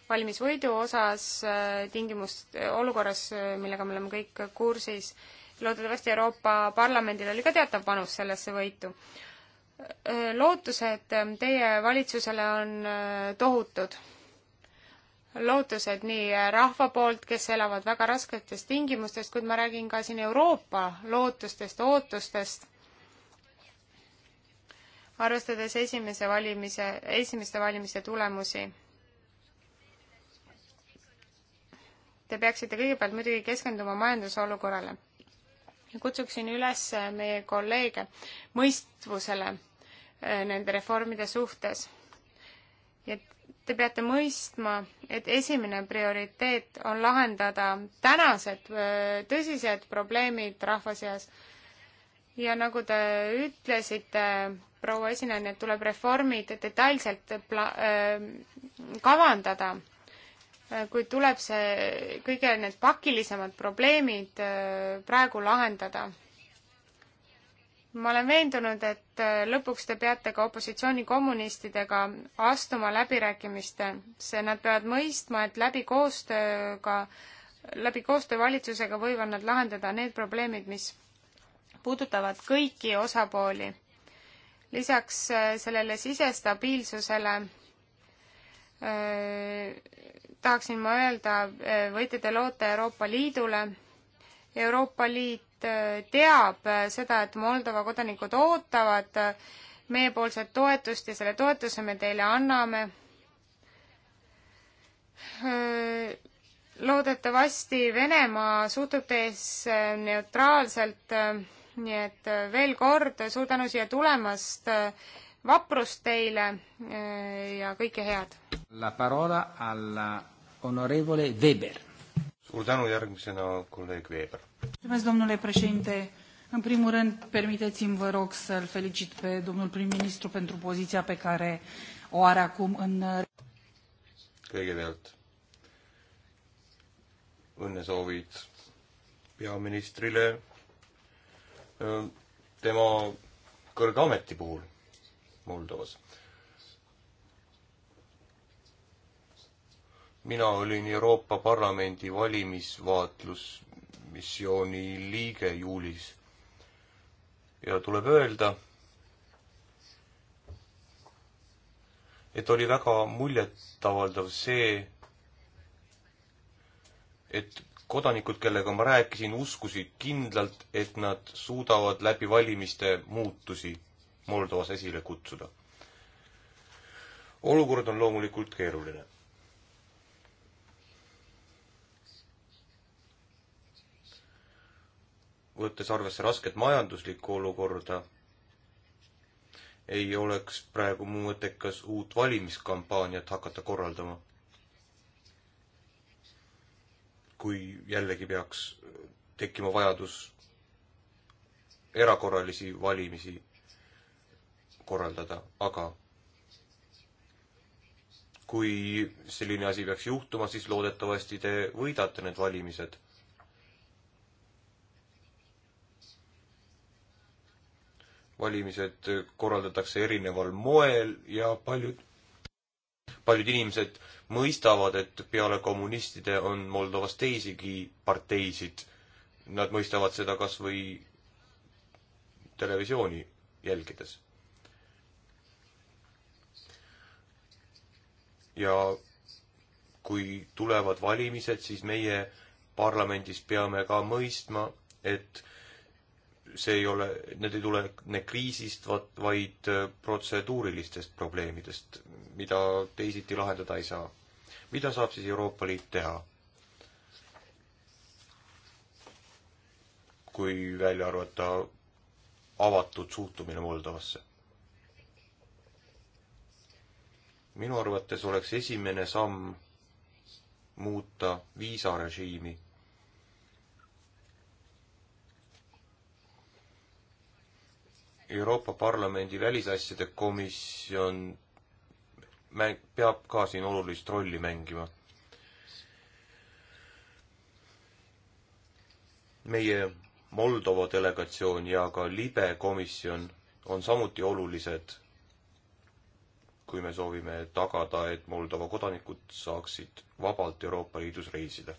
valimisvõidu osas eh, tingimust, eh, olukorras, millega me oleme kõik kursis. loodetavasti Euroopa Parlamendil oli ka teatav panus sellesse võitu lootused teie valitsusele on tohutud lootused nii rahva poolt, kes elavad väga rasketes tingimustes, kuid ma räägin ka siin Euroopa lootustest, ootustest. arvestades esimese valimise, esimeste valimiste tulemusi. Te peaksite kõigepealt muidugi keskenduma majanduse olukorrale. kutsuksin üles meie kolleege mõistvusele eh, nende reformide suhtes. ja Te peate mõistma, et esimene prioriteet on lahendada tänased äh, tõsised probleemid rahva seas. ja nagu te ütlesite, proua esinejana, et tuleb reformid detailselt pla-, äh, kavandada, äh, kuid tuleb see, kõige need pakilisemad probleemid praegu lahendada ma olen veendunud, et äh, lõpuks te peate ka opositsioonikommunistidega astuma läbirääkimistesse, nad peavad mõistma, et läbi koostööga, läbi koostöö valitsusega võivad nad lahendada need probleemid, mis puudutavad kõiki osapooli. lisaks äh, sellele sisestabiilsusele äh, tahaksin ma öelda, äh, võite te loota Euroopa Liidule. Euroopa Liit Äh, teab äh, seda, et Moldova kodanikud ootavad äh, meiepoolset toetust ja selle toetuse me teile anname. loodetavasti Venemaa suhtub teisse neutraalselt, nii et veel kord suur tänu siia tulemast, vaprust teile ja kõike head!
La parola alla onorevole Weber. suur tänu, järgmisena kolleeg Weber
Mulțumesc, domnule
președinte. În primul rând, permiteți-mi, vă rog, să-l felicit pe domnul prim-ministru pentru poziția pe care o are acum în...
Kõigepealt õnnesoovid peaministrile tema kõrge ameti puhul Moldovas. mina olin Euroopa Parlamendi valimisvaatlus missiooni liige juulis. ja tuleb öelda, et oli väga muljetavaldav see, et kodanikud, kellega ma rääkisin, uskusid kindlalt, et nad suudavad läbi valimiste muutusi Moldovas esile kutsuda. olukord on loomulikult keeruline võttes arvesse rasket majanduslikku olukorda, ei oleks praegu mu mõttekas uut valimiskampaaniat hakata korraldama. kui jällegi peaks tekkima vajadus erakorralisi valimisi korraldada, aga kui selline asi peaks juhtuma, siis loodetavasti te võidate need valimised valimised korraldatakse erineval moel ja paljud, paljud inimesed mõistavad, et peale kommunistide on Moldovas teisigi parteisid. Nad mõistavad seda kas või televisiooni jälgides. ja kui tulevad valimised, siis meie parlamendis peame ka mõistma, et äh, see ei ole, need ei tule ne kriisist, vaid äh, protseduurilistest probleemidest, mida teisiti lahendada ei saa. mida saab siis Euroopa Liit teha? kui välja arvata avatud suhtumine Moldovasse. minu arvates oleks esimene samm muuta viisarežiimi Euroopa Parlamendi välisasjade komisjon mäng-, peab ka siin olulist rolli mängima. meie Moldova delegatsioon ja ka libe komisjon on samuti olulised, kui me soovime tagada, et Moldova kodanikud saaksid vabalt Euroopa Liidus reisida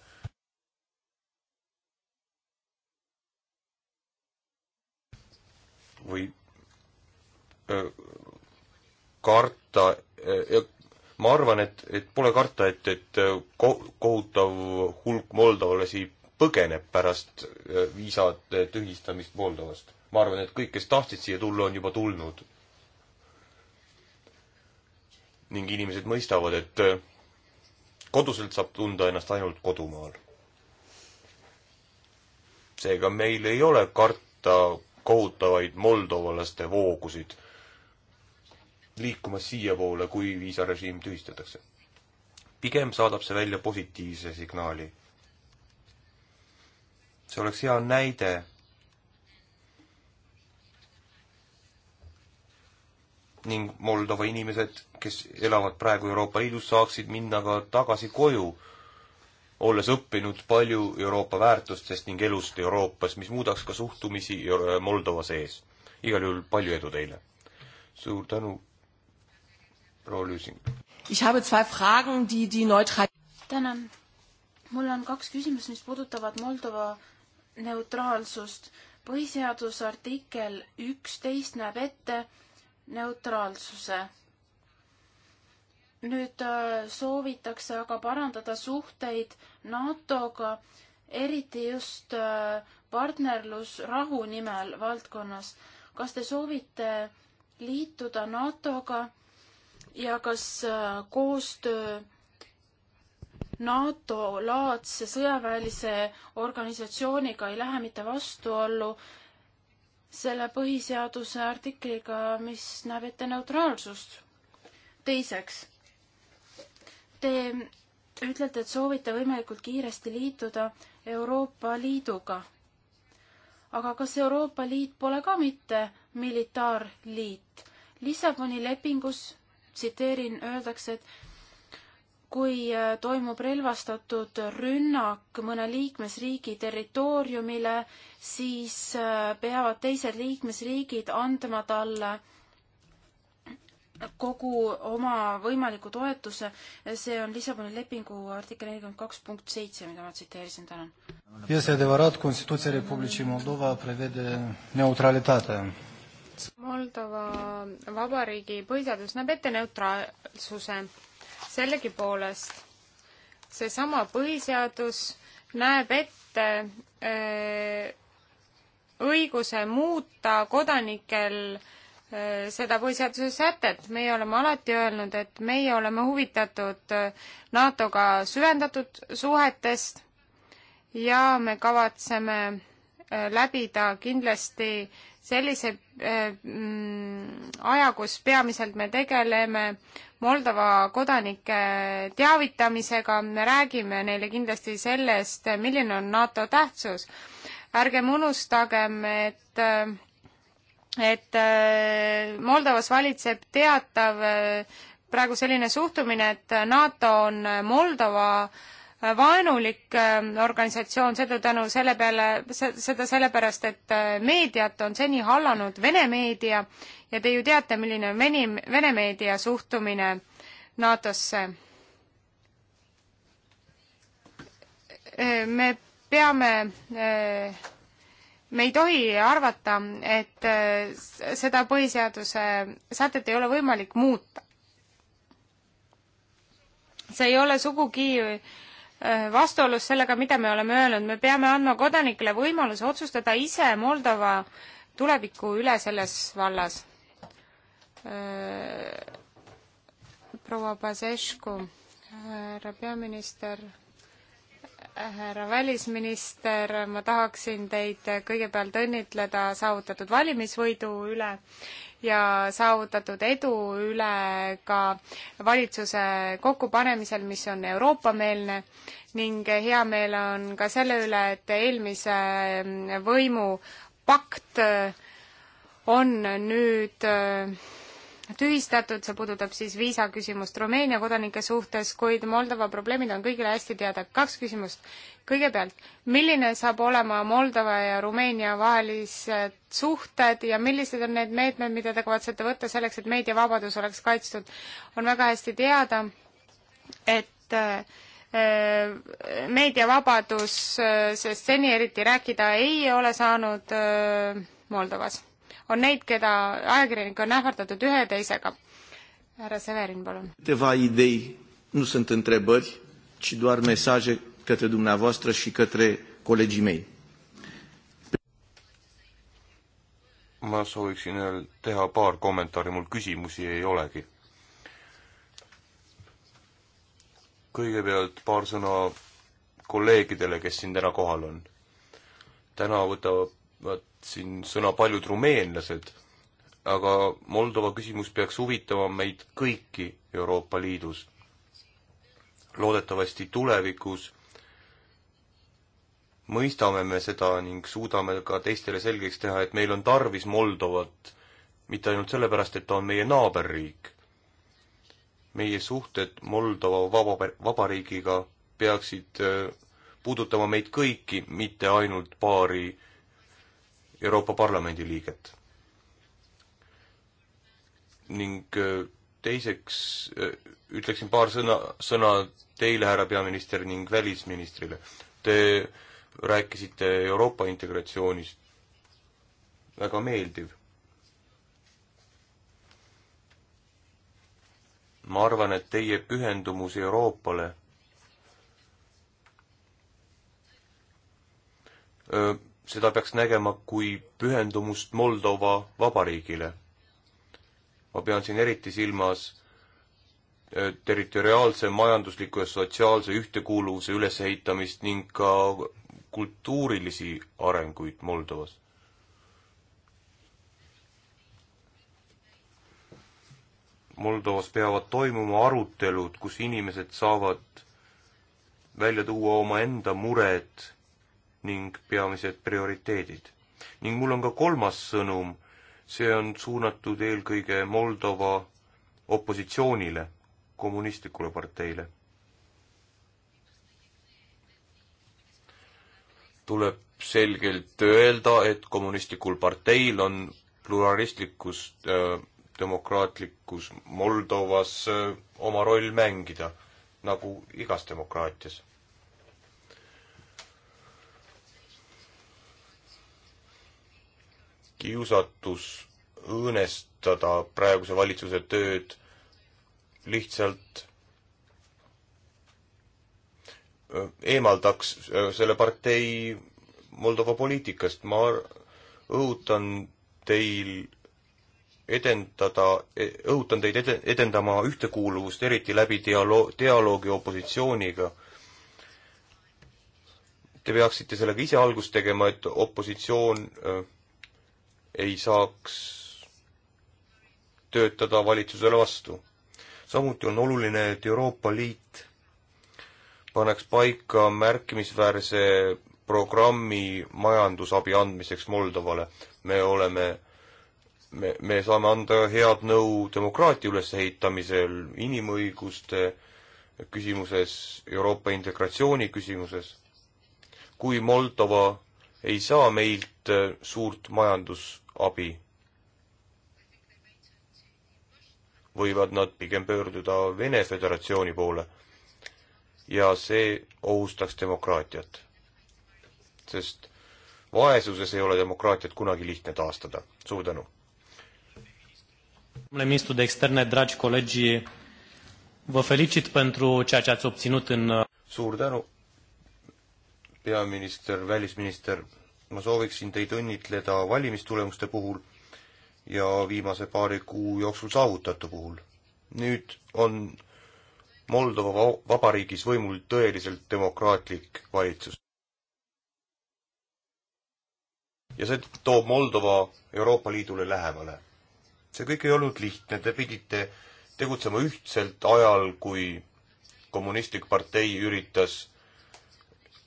või öö, karta, ma arvan, et, et pole karta, et, et kohutav hulk moldovlasi põgeneb pärast viisade tühistamist Moldovast. ma arvan, et kõik, kes tahtsid siia tulla, on juba tulnud. ning inimesed mõistavad, et koduselt saab tunda ennast ainult kodumaal. seega meil ei ole karta kohutavaid moldovalaste voogusid liikumas siiapoole, kui viisarežiim tühistatakse. pigem saadab see välja positiivse signaali. see oleks hea näide ning Moldova inimesed, kes elavad praegu Euroopa Liidus, saaksid minna ka tagasi koju olles õppinud palju Euroopa väärtustest ning elust Euroopas, mis muudaks ka suhtumisi äh, Moldova sees. igal juhul palju edu teile! suur tänu, proua Lüüsing!
tänan! mul on kaks küsimust, mis puudutavad Moldova neutraalsust. põhiseaduse artikkel üksteist näeb ette neutraalsuse nüüd äh, soovitakse aga parandada suhteid NATO-ga, eriti just äh, partnerlus rahu nimel valdkonnas. kas te soovite liituda NATO-ga ja kas äh, koostöö NATO-laadse sõjaväelise organisatsiooniga ei lähe mitte vastuollu selle põhiseaduse artikliga, mis näeb ette neutraalsust? teiseks Te ütlete, et soovite võimalikult kiiresti liituda Euroopa Liiduga. aga kas Euroopa Liit pole ka mitte militaarliit? Lissaboni lepingus, tsiteerin, öeldakse, et kui äh, toimub relvastatud rünnak mõne liikmesriigi territooriumile, siis äh, peavad teised liikmesriigid andma talle äh, kogu oma võimaliku toetuse, see on Lissaboni lepingu artikkel nelikümmend kaks punkt seitse, mida ma tsiteerisin, tänan.
Este adevărat, Constituția Republicii Moldova prevede neutralitatea.
Moldova Vabariigi põhiseadus näeb ette neutraalsuse. sellegipoolest seesama põhiseadus näeb ette öö, äh, õiguse muuta kodanikel öö, Äh, seda põhiseaduse sätet, meie oleme alati öelnud, et meie oleme huvitatud äh, NATO-ga süvendatud suhetest ja me kavatseme äh, läbida kindlasti sellise mm, aja, kus peamiselt me tegeleme Moldova kodanike teavitamisega, me räägime neile kindlasti sellest, milline on NATO tähtsus. ärgem unustagem, et et äh, Moldovas valitseb teatav äh, praegu selline suhtumine, et NATO on äh, Moldova vaenulik organisatsioon, seda tänu selle peale, seda sellepärast, et meediat on seni hallanud Vene meedia ja te ju teate, milline on Vene, Vene meedia suhtumine NATO-sse. me peame me ei tohi arvata, et äh, seda põhiseaduse sätet ei ole võimalik muuta. see ei ole sugugi äh, vastuolus sellega, mida me oleme öelnud, me peame andma kodanikele võimaluse otsustada ise Moldova tuleviku üle selles vallas. Äh, proua Pazesku, härra peaminister härra välisminister, ma tahaksin teid kõigepealt õnnitleda saavutatud valimisvõidu üle ja saavutatud edu üle ka valitsuse kokkupanemisel, mis on Euroopa-meelne ning hea meel on ka selle üle, et eelmise võimu pakt on nüüd tühistatud, see puudutab siis viisaküsimust Rumeenia kodanike suhtes, kuid Moldova probleemid on kõigile hästi teada. kaks küsimust. kõigepealt, milline saab olema Moldova ja Rumeenia vahelised suhted ja millised on need meetmed, mida te kavatsete võtta selleks, et meediavabadus oleks kaitstud? on väga hästi teada, et äh, äh meediavabadus, äh, sest seni eriti rääkida ei ole saanud äh, Moldovas on neid, keda ajakirjanikke on ähvardatud ühe ja teisega. härra Severin, palun.
Teva idei, nu sunt întrebări, ci doar mesaje către dumneavoastră și către colegii mei. ma sooviksin teha paar kommentaari, mul küsimusi ei olegi. kõigepealt paar sõna kolleegidele, kes siin täna kohal on. täna võtavad siin sõna paljud rumeenlased, aga Moldova küsimus peaks huvitama meid kõiki Euroopa Liidus. loodetavasti tulevikus mõistame me seda ning suudame ka teistele selgeks teha, et meil on tarvis Moldovat mitte ainult sellepärast, et ta on meie naaberriik. meie suhted Moldova vaba, vabariigiga peaksid äh, puudutama meid kõiki, mitte ainult paari äh, Euroopa Parlamendi liiget. ning äh, teiseks äh, ütleksin paar sõna, sõna teile, härra peaminister, ning välisministrile. Te rääkisite Euroopa integratsioonist, väga meeldiv. ma arvan, et teie pühendumus Euroopale öö, äh, seda peaks nägema kui pühendumust Moldova vabariigile. ma pean siin eriti silmas äh, territoriaalse, majandusliku ja sotsiaalse ühtekuuluvuse ülesehitamist ning ka kultuurilisi arenguid Moldovas. Moldovas peavad toimuma arutelud, kus inimesed saavad välja tuua omaenda mured ning peamised prioriteedid. ning mul on ka kolmas sõnum, see on suunatud eelkõige Moldova opositsioonile, kommunistlikule parteile. tuleb selgelt öelda, et kommunistlikul parteil on pluralistlikus äh, demokraatlikus Moldovas äh, oma roll mängida, nagu igas demokraatias kiusatus õõnestada praeguse valitsuse tööd lihtsalt eemaldaks selle partei Moldova poliitikast, ma õhutan teil edendada, e, õhutan teid ede-, edendama ühtekuuluvust, eriti läbi dialoog, dialoogi opositsiooniga. Te peaksite sellega ise algust tegema, et opositsioon öö, ei saaks töötada valitsusele vastu. samuti on oluline, et Euroopa Liit paneks paika märkimisväärse programmi majandusabi andmiseks Moldovale. me oleme, me, me saame anda head nõu demokraatia ülesehitamisel, inimõiguste küsimuses, Euroopa integratsiooni küsimuses. kui Moldova ei saa meilt äh, suurt majandusabi. võivad nad pigem pöörduda Vene Föderatsiooni poole ja see ohustaks demokraatiat. sest vaesuses ei ole demokraatiat kunagi lihtne taastada. suur tänu! Domnule ministru de externe, dragi colegi, vă felicit pentru ceea ce ați obținut în... Suur tänu! peaminister, välisminister, ma sooviksin teid õnnitleda valimistulemuste puhul ja viimase paari kuu jooksul saavutatu puhul. nüüd on Moldova Vabariigis võimul tõeliselt demokraatlik valitsus. ja see toob Moldova Euroopa Liidule lähemale. see kõik ei olnud lihtne, te pidite tegutsema ühtselt ajal, kui kommunistlik partei üritas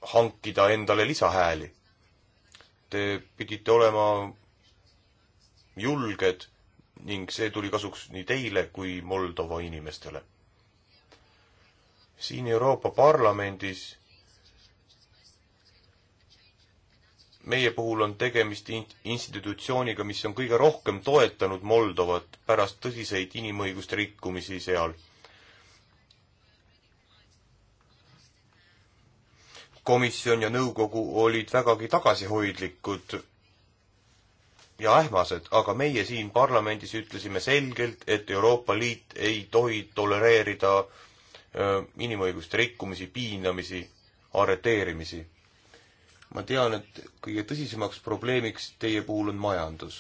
hankida endale lisahääli. Te pidite olema julged ning see tuli kasuks nii teile kui Moldova inimestele. siin Euroopa Parlamendis meie puhul on tegemist institutsiooniga, mis on kõige rohkem toetanud Moldovat pärast tõsiseid inimõiguste rikkumisi seal komisjon ja nõukogu olid vägagi tagasihoidlikud ja ähmased, aga meie siin parlamendis ütlesime selgelt, et Euroopa Liit ei tohi tolereerida inimõiguste rikkumisi, piinamisi, arreteerimisi. ma tean, et kõige tõsisemaks probleemiks teie puhul on majandus.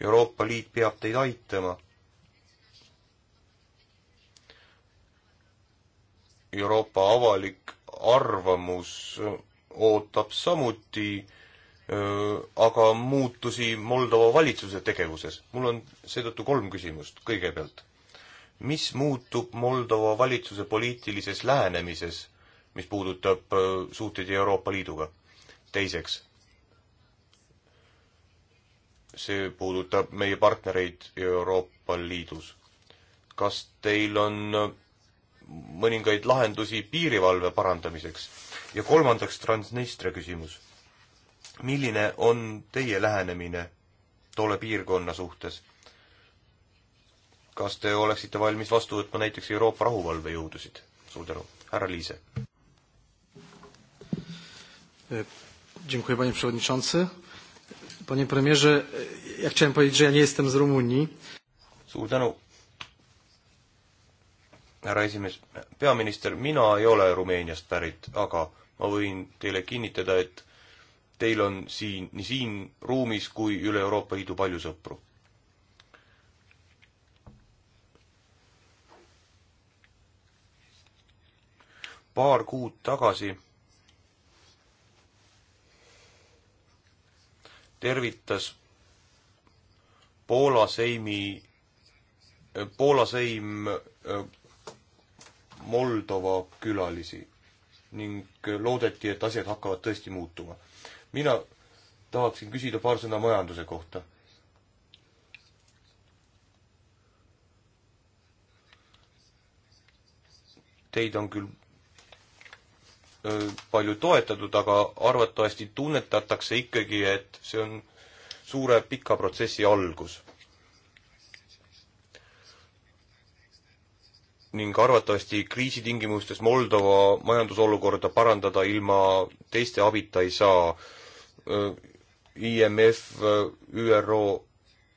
Euroopa Liit peab teid aitama Euroopa avalik arvamus ootab samuti aga muutusi Moldova valitsuse tegevuses. mul on seetõttu kolm küsimust. kõigepealt, mis muutub Moldova valitsuse poliitilises lähenemises, mis puudutab suhteid Euroopa Liiduga? teiseks, see puudutab meie partnereid Euroopa Liidus. kas teil on mõningaid lahendusi piirivalve parandamiseks? ja kolmandaks Transnistria küsimus. milline on teie lähenemine tolle piirkonna suhtes? kas te oleksite valmis vastu võtma näiteks Euroopa rahuvalvejõudusid? suur tänu, härra Liise. Dziękuję panie przewodniczący. Panie premierze, ja chciałem powiedzieć, że ja nie jestem z Rumunii. Suur tänu, härra esimees, peaminister, mina ei ole Rumeeniast pärit, aga ma võin teile kinnitada, et teil on siin, nii siin ruumis kui üle Euroopa Liidu palju sõpru. paar kuud tagasi tervitas Poola seimi, Poola seim Moldova külalisi ning loodeti, et asjad hakkavad tõesti muutuma. mina tahaksin küsida paar sõna majanduse kohta. Teid on küll öö, palju toetatud, aga arvatavasti tunnetatakse ikkagi, et see on suure pika protsessi algus ning arvatavasti kriisitingimustes Moldova majandusolukorda parandada ilma teiste abita ei saa. IMF, ÜRO,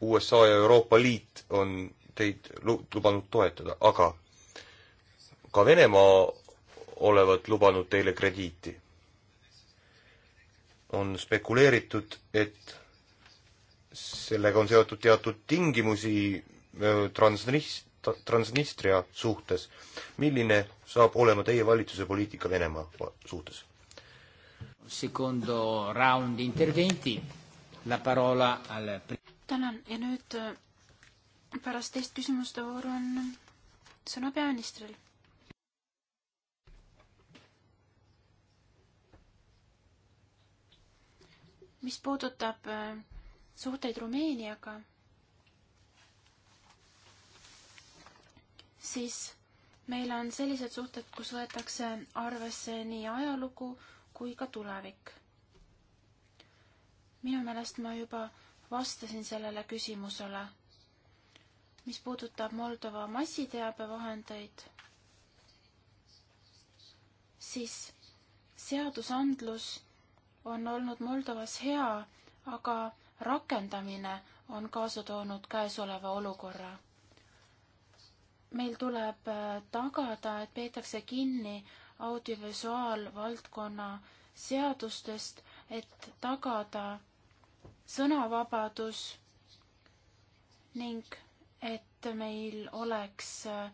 USA ja Euroopa Liit on teid lubanud toetada, aga ka Venemaa olevat lubanud teile krediiti. on spekuleeritud, et sellega on seotud teatud tingimusi äh, Transnist-, Transnistria suhtes. milline saab olema teie valitsuse poliitika Venemaa suhtes?
Secondo round interventi, la parola al
tänan ja nüüd äh, pärast teist küsimuste vooru on sõna peaministril. mis puudutab äh, suhteid Rumeeniaga siis meil on sellised suhted, kus võetakse arvesse nii ajalugu kui ka tulevik. minu meelest ma juba vastasin sellele küsimusele, mis puudutab Moldova massiteabevahendeid, siis seadusandlus on olnud Moldovas hea, aga rakendamine on kaasa toonud käesoleva olukorra meil tuleb äh, tagada, et peetakse kinni audiovisuaalvaldkonna seadustest, et tagada sõnavabadus ning et meil oleks äh,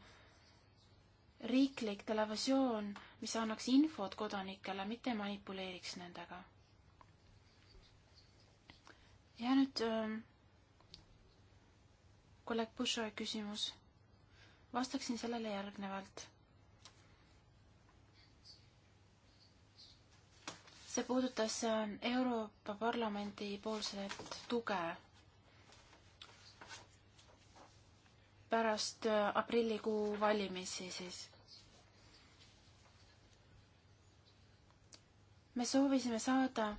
riiklik televisioon, mis annaks infot kodanikele, mitte manipuleeriks nendega. ja nüüd ähm, kolleeg Bushoi küsimus vastaksin sellele järgnevalt. see puudutas Euroopa Parlamendi poolset tuge pärast äh, aprillikuu valimisi siis. me soovisime saada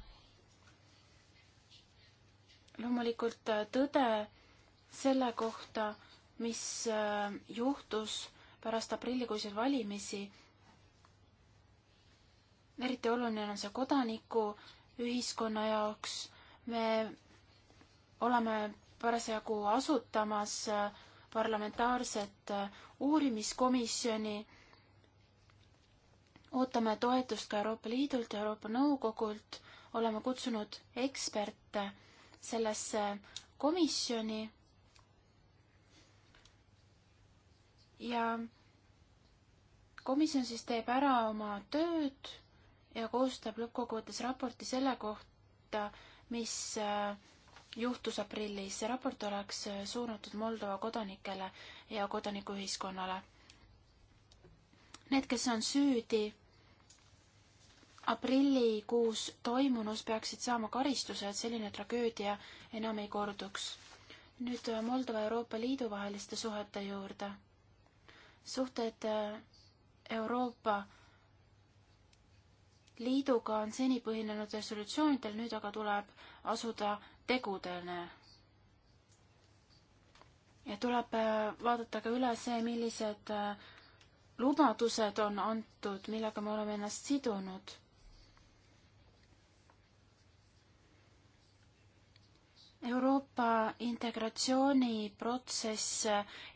loomulikult äh, tõde selle kohta mis äh, juhtus pärast aprillikuiseid valimisi. eriti oluline on see kodaniku ühiskonna jaoks. me oleme parasjagu asutamas äh, parlamentaarset äh, uurimiskomisjoni. ootame toetust ka Euroopa Liidult ja Euroopa Nõukogult. oleme kutsunud eksperte sellesse komisjoni ja komisjon siis teeb ära oma tööd ja koostab lõppkokkuvõttes raporti selle kohta, mis äh, juhtus aprillis. see raport oleks äh, suunatud Moldova kodanikele ja kodanikuühiskonnale. Need, kes on süüdi aprillikuus toimunus, peaksid saama karistuse, et selline tragöödia enam ei korduks. nüüd äh, Moldova Euroopa Liidu vaheliste suhete juurde suhted äh, Euroopa Liiduga on seni põhinenud resolutsioonidel, nüüd aga tuleb asuda tegudele. ja tuleb äh, vaadata ka üle see, millised äh, lubadused on antud, millega me oleme ennast sidunud Euroopa integratsiooniprotsess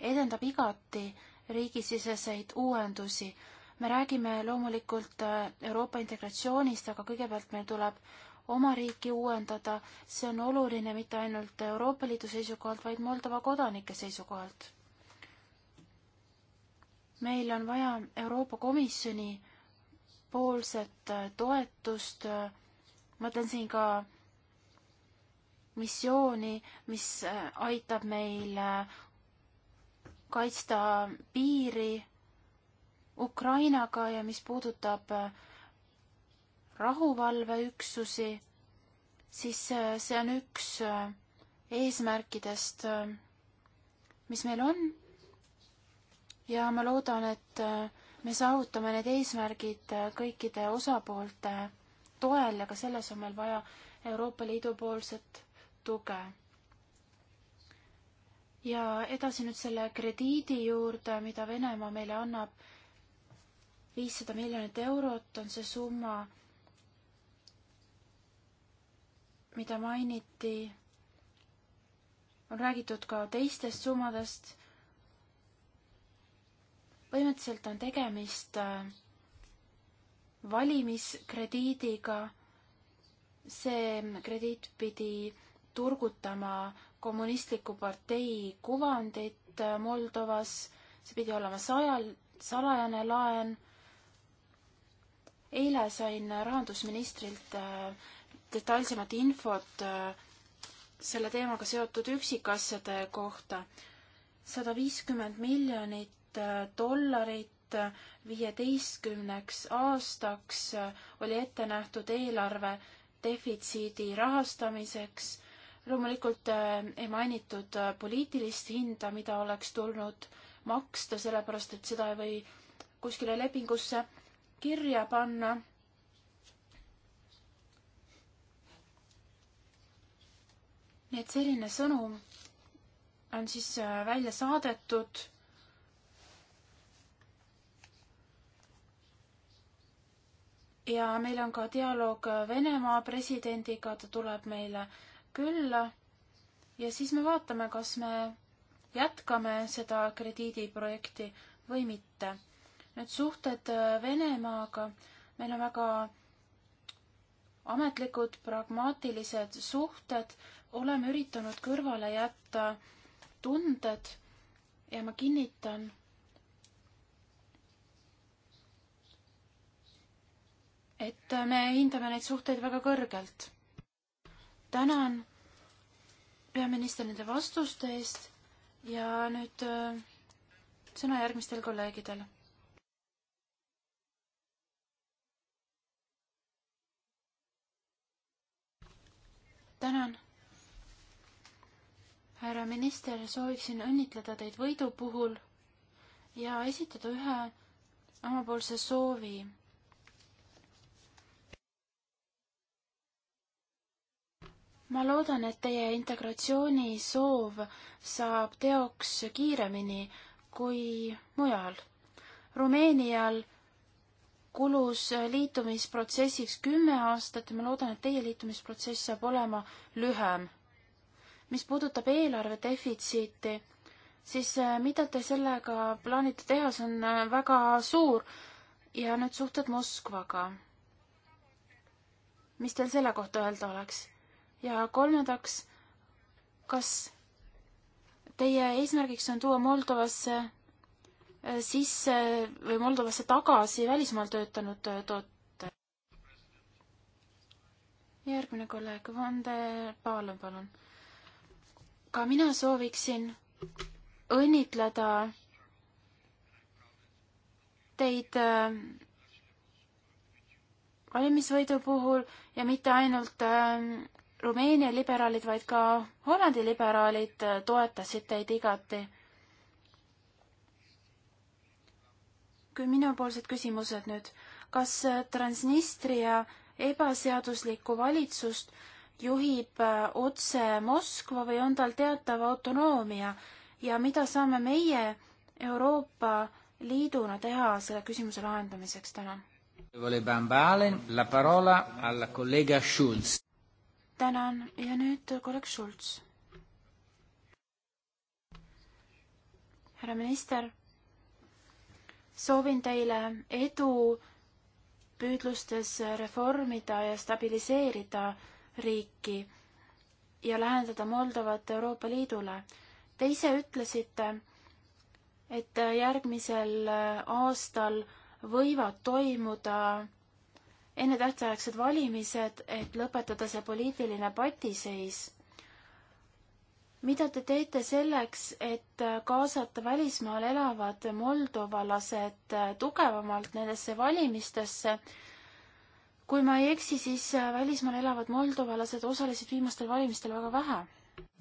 edendab igati riigisiseseid uuendusi. me räägime loomulikult äh, Euroopa integratsioonist, aga kõigepealt meil tuleb oma riiki uuendada, see on oluline mitte ainult Euroopa Liidu seisukohalt, vaid Moldova kodanike seisukohalt. meil on vaja Euroopa Komisjoni poolset äh, toetust, mõtlen siin ka missiooni, mis äh, aitab meil kaitsta piiri Ukrainaga ja mis puudutab äh, rahuvalveüksusi, siis äh, see on üks äh, eesmärkidest, mis meil on. ja ma loodan, et me saavutame need eesmärgid kõikide osapoolte toel ja ka selles on meil vaja Euroopa Liidu poolset tuge ja edasi nüüd selle krediidi juurde, mida Venemaa meile annab, viissada miljonit eurot on see summa, mida mainiti, on räägitud ka teistest summadest. põhimõtteliselt on tegemist äh, valimiskrediidiga. see krediit pidi turgutama kommunistliku partei kuvandit Moldovas, see pidi olema sajal, salajane laen. eile sain rahandusministrilt äh, detailsemat infot äh, selle teemaga seotud üksikasjade kohta. sada viiskümmend miljonit äh, dollarit viieteistkümneks aastaks oli ette nähtud eelarve defitsiidi rahastamiseks loomulikult äh, ei mainitud äh, poliitilist hinda, mida oleks tulnud maksta, sellepärast et seda ei või kuskile lepingusse kirja panna. nii et selline sõnum on siis äh, välja saadetud. ja meil on ka dialoog Venemaa presidendiga, ta tuleb meile külla ja siis me vaatame, kas me jätkame seda krediidiprojekti või mitte. nüüd suhted äh, Venemaaga, meil on väga ametlikud pragmaatilised suhted, oleme üritanud kõrvale jätta tunded ja ma kinnitan, et me hindame neid suhteid väga kõrgelt tänan peaminister nende vastuste eest ja nüüd äh, sõna järgmistel kolleegidel. tänan. härra minister, sooviksin õnnitleda teid võidu puhul ja esitada ühe omapoolse soovi ma loodan, et teie integratsiooni soov saab teoks kiiremini kui mujal. Rumeenial kulus liitumisprotsessiks kümme aastat ja ma loodan, et teie liitumisprotsess saab olema lühem. mis puudutab eelarve defitsiiti, siis äh, mida te sellega plaanite teha, see on äh, väga suur ja nüüd suhted Moskvaga. mis teil selle kohta öelda oleks? ja kolmandaks, kas teie eesmärgiks on tuua Moldovasse äh, sisse või Moldovasse tagasi välismaal töötanud äh, toote? järgmine kolleeg, Vande Paalon, palun. ka mina sooviksin õnnitleda teid äh, valimisvõidu puhul ja mitte ainult Rumeenia liberaalid, vaid ka Hollandi liberaalid äh, toetasid teid igati. kui minupoolsed küsimused nüüd, kas äh, Transnistria ebaseaduslikku valitsust juhib äh, otse Moskva või on tal teatav autonoomia ja mida saame meie Euroopa Liiduna teha selle küsimuse lahendamiseks täna? tänan ja nüüd kolleeg Schulz. härra minister, soovin teile edu püüdlustes reformida ja stabiliseerida riiki ja lähendada Moldovat Euroopa Liidule. Te ise ütlesite, et järgmisel aastal võivad toimuda ennetähtaegsed valimised, et lõpetada see poliitiline patiseis. mida te teete selleks, et kaasata välismaal elavad moldovalased tugevamalt nendesse valimistesse? kui ma ei eksi, siis välismaal elavad moldovalased osalesid viimastel valimistel väga vähe.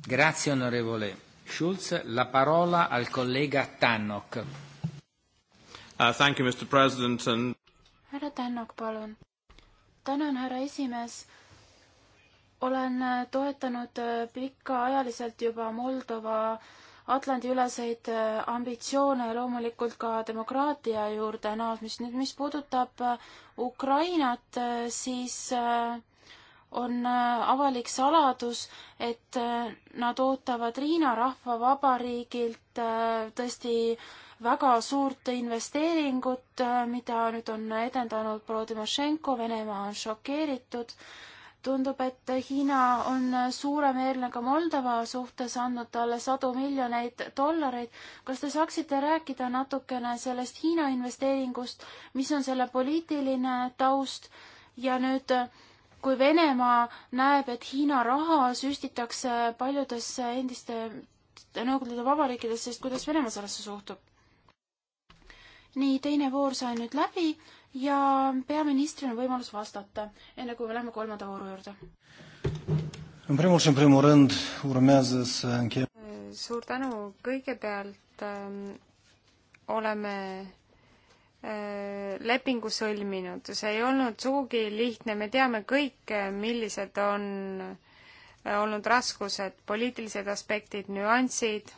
Grazie, onorevole Schulz, la parola al kolleega Tannok uh,.
Thank you, Mr President and
härra Tännok, palun tänan, härra esimees. olen äh, toetanud äh, pikaajaliselt juba Moldova Atlandi-üleseid äh, ambitsioone ja loomulikult ka demokraatia juurde naasmist. nüüd, mis puudutab Ukrainat, siis on avalik saladus, et nad ootavad Riina rahvavabariigilt tõesti väga suurt investeeringut, äh, mida nüüd on edendanud Volodõmošenko, Venemaa on šokeeritud. tundub, et Hiina on suuremeelne ka Moldova suhtes, andnud talle sadu miljoneid dollareid. kas te saaksite rääkida natukene sellest Hiina investeeringust, mis on selle poliitiline taust ja nüüd kui Venemaa näeb, et Hiina raha süstitakse paljudesse endiste Nõukogude Liidu vabariikidesse, siis kuidas Venemaa sellesse suhtub? nii, teine voor sai nüüd läbi ja peaministril on võimalus vastata,
enne kui me läheme kolmanda vooru juurde. suur tänu, kõigepealt öö, ähm, oleme äh, lepingu sõlminud, see ei olnud sugugi lihtne, me teame kõik, äh, millised on äh, olnud raskused, poliitilised aspektid, nüansid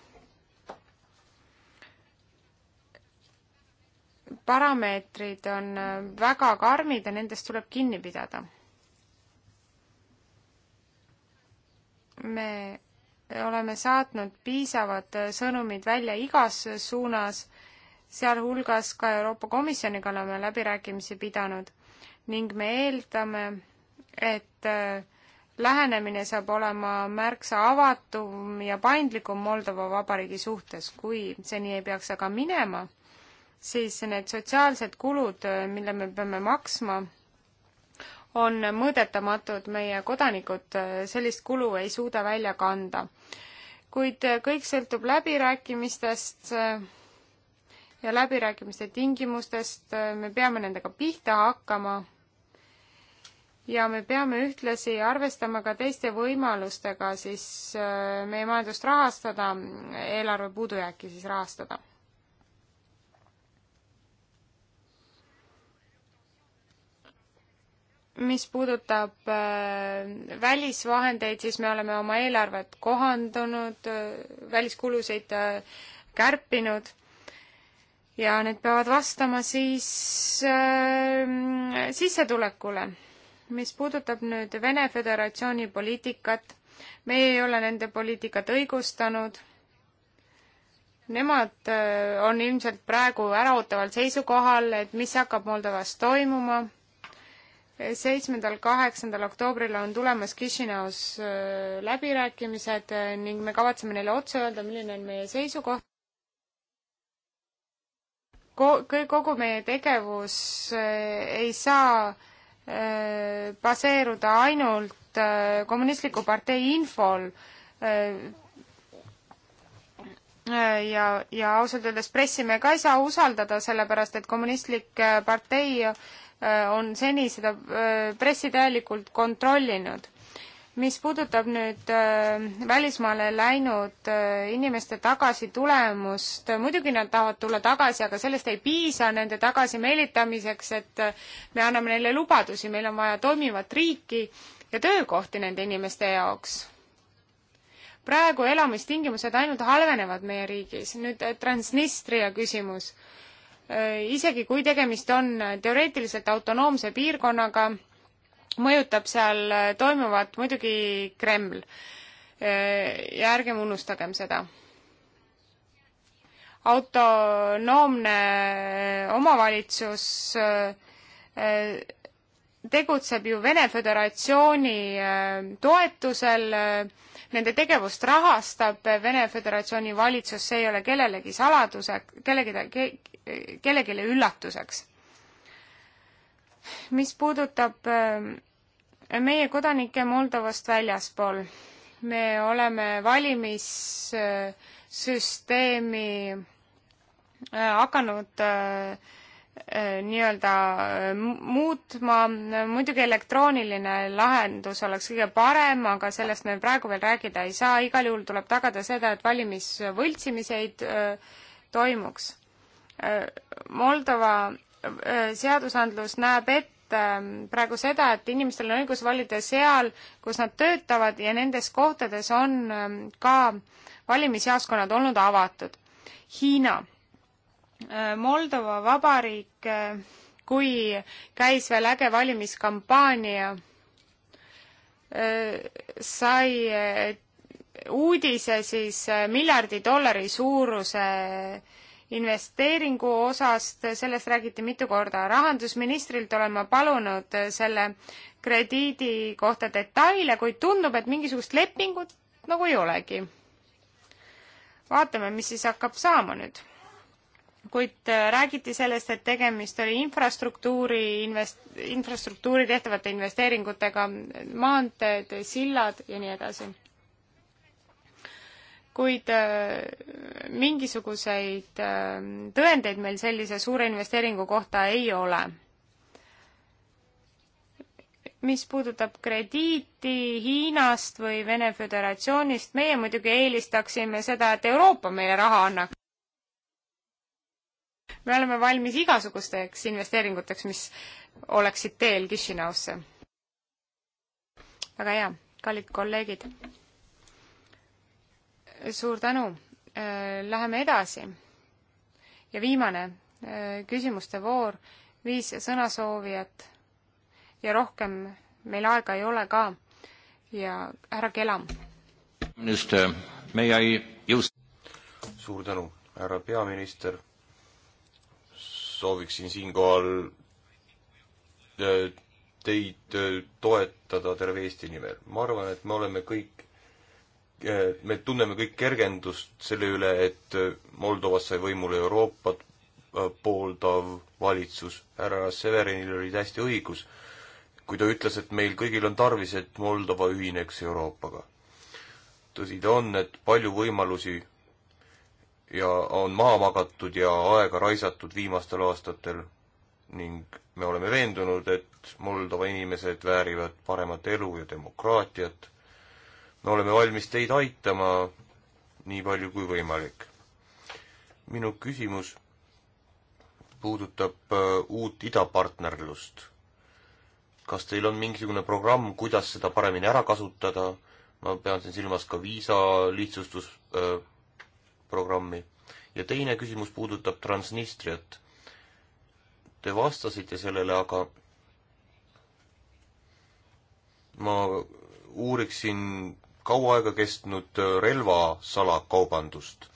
parameetrid on äh, väga karmid ja nendest tuleb kinni pidada. me oleme saatnud piisavad äh, sõnumid välja igas suunas, sealhulgas ka Euroopa Komisjoniga oleme läbirääkimisi pidanud ning me eeldame, et äh, lähenemine saab olema märksa avatum ja paindlikum Moldova Vabariigi suhtes, kui see nii ei peaks aga minema siis need sotsiaalsed kulud, mille me peame maksma, on mõõdetamatud, meie kodanikud äh, sellist kulu ei suuda välja kanda. kuid äh, kõik sõltub läbirääkimistest äh, ja läbirääkimiste tingimustest, me peame nendega pihta hakkama ja me peame ühtlasi arvestama ka teiste võimalustega siis meie majandust rahastada, eelarve puudujääki siis rahastada mis puudutab äh, välisvahendeid, siis me oleme oma eelarvet kohandanud, äh, väliskulusid äh, kärpinud ja need peavad vastama siis sissetulekule. mis puudutab nüüd Vene Föderatsiooni poliitikat, meie ei ole nende poliitikat õigustanud Nemad on ilmselt praegu äraootaval seisukohal, et mis hakkab Moldovas toimuma seitsmendal, kaheksandal oktoobril on tulemas Kišineos äh, läbirääkimised äh, ning me kavatseme neile otse öelda, milline on meie seisukoht. kogu meie tegevus äh, ei saa baseeruda ainult kommunistliku partei infol ja, ja ausalt öeldes pressi me ka ei saa usaldada, sellepärast et kommunistlik partei Äh, on seni seda äh, pressitäielikult kontrollinud. mis puudutab nüüd äh, välismaale läinud inimeste tagasitulemust, muidugi nad tahavad tulla tagasi, aga sellest ei piisa nende tagasimeelitamiseks, et me anname neile lubadusi, meil on vaja toimivat riiki ja töökohti nende inimeste jaoks praegu elamistingimused ainult halvenevad meie riigis. nüüd Transnistria küsimus Äh, isegi kui tegemist on teoreetiliselt autonoomse piirkonnaga, mõjutab seal äh, toimuvat muidugi Kreml. Äh, ja ärgem unustagem seda. autonoomne omavalitsus tegutseb ju Vene Föderatsiooni äh, toetusel, äh, nende tegevust rahastab äh, Vene Föderatsiooni valitsus, see ei ole kellelegi saladuse, kellelegi, kellelegi üllatuseks. mis puudutab meie kodanikke Moldovast väljaspool, me oleme valimissüsteemi hakanud äh, Äh, nii-öelda äh, muutma, muidugi elektrooniline lahendus oleks kõige parem, aga sellest me praegu veel rääkida ei saa, igal juhul tuleb tagada seda, et valimisvõltsimiseid äh, toimuks. Moldova seadusandlus näeb ette ähm, praegu seda, et inimestel on õigus valida seal, kus nad töötavad ja nendes kohtades on ähm, ka valimisjaoskonnad olnud avatud. Hiina Äh, Moldova Vabariik, äh, kui käis veel äge valimiskampaania, äh, sai uudise siis miljardi dollari suuruse investeeringu osast, sellest räägiti mitu korda. rahandusministrilt olen ma palunud selle krediidi kohta detaile, kuid tundub, et mingisugust lepingut nagu ei olegi. vaatame, mis siis hakkab saama nüüd kuid äh, räägiti sellest, et tegemist oli infrastruktuuri invest-, infrastruktuuri tehtavate investeeringutega, maanteed, sillad ja nii edasi. kuid äh, mingisuguseid äh, tõendeid meil sellise suure investeeringu kohta ei ole mis puudutab krediiti Hiinast või Vene Föderatsioonist, meie muidugi eelistaksime seda, et Euroopa meile raha annaks me oleme valmis igasugusteks investeeringuteks, mis oleksid teel Kišinausse. väga hea, kallid kolleegid. suur tänu. Äh, läheme edasi. ja viimane äh, küsimuste voor, viis sõnasoovijat ja rohkem meil aega ei ole ka. ja härra Kelam.
minister, meie ei jõust-. suur tänu, härra peaminister sooviksin siinkohal äh, teid äh, toetada terve Eesti nimel. ma arvan, et me oleme kõik, äh, me tunneme kõik kergendust selle üle, et Moldovas sai võimule Euroopat pooldav valitsus. härra Severinil oli täiesti õigus, kui ta ütles, et meil kõigil on tarvis, et Moldova ühineks Euroopaga. tõsi ta on, et palju võimalusi ja on maha magatud ja aega raisatud viimastel aastatel ning me oleme veendunud, et Moldova inimesed väärivad paremat elu ja demokraatiat. me oleme valmis teid aitama nii palju kui võimalik. minu küsimus puudutab äh, uut idapartnerlust. kas teil on mingisugune programm, kuidas seda paremini ära kasutada? ma pean siin silmas ka viisa lihtsustus äh, programmi. ja teine küsimus puudutab Transnistriat. Te vastasite sellele, aga ma uuriksin kaua aega kestnud äh, relvasalakaubandust.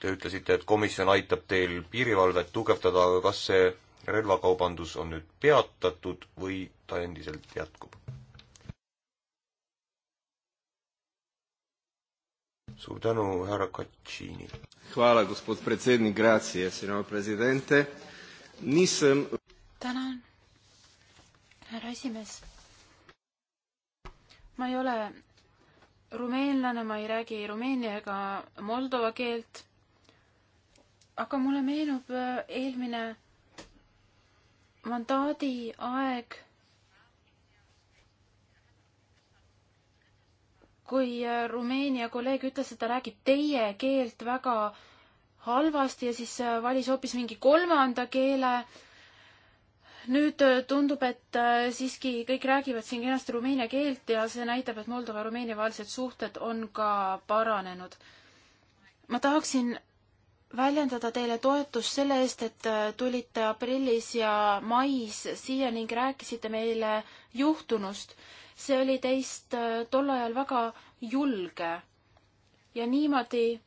Te ütlesite, et komisjon aitab teil piirivalvet tugevdada, aga kas see relvakaubandus on nüüd peatatud või ta endiselt jätkub? suur tänu, härra Katšiini.
tänan, härra esimees. ma ei ole rumeenlane, ma ei räägi rumeenia ega moldova keelt. aga mulle meenub äh, eelmine mandaadi aeg kui äh, Rumeenia kolleeg ütles, et ta räägib teie keelt väga halvasti ja siis äh, valis hoopis mingi kolmanda keele. nüüd äh, tundub, et siiski kõik räägivad siin kenasti rumeenia keelt ja see näitab, et Moldova ja Rumeenia vahelised suhted on ka paranenud. ma tahaksin väljendada teile toetust selle eest, et tulite aprillis ja mais siia ning rääkisite meile juhtunust see oli teist äh, tol ajal väga julge ja niimoodi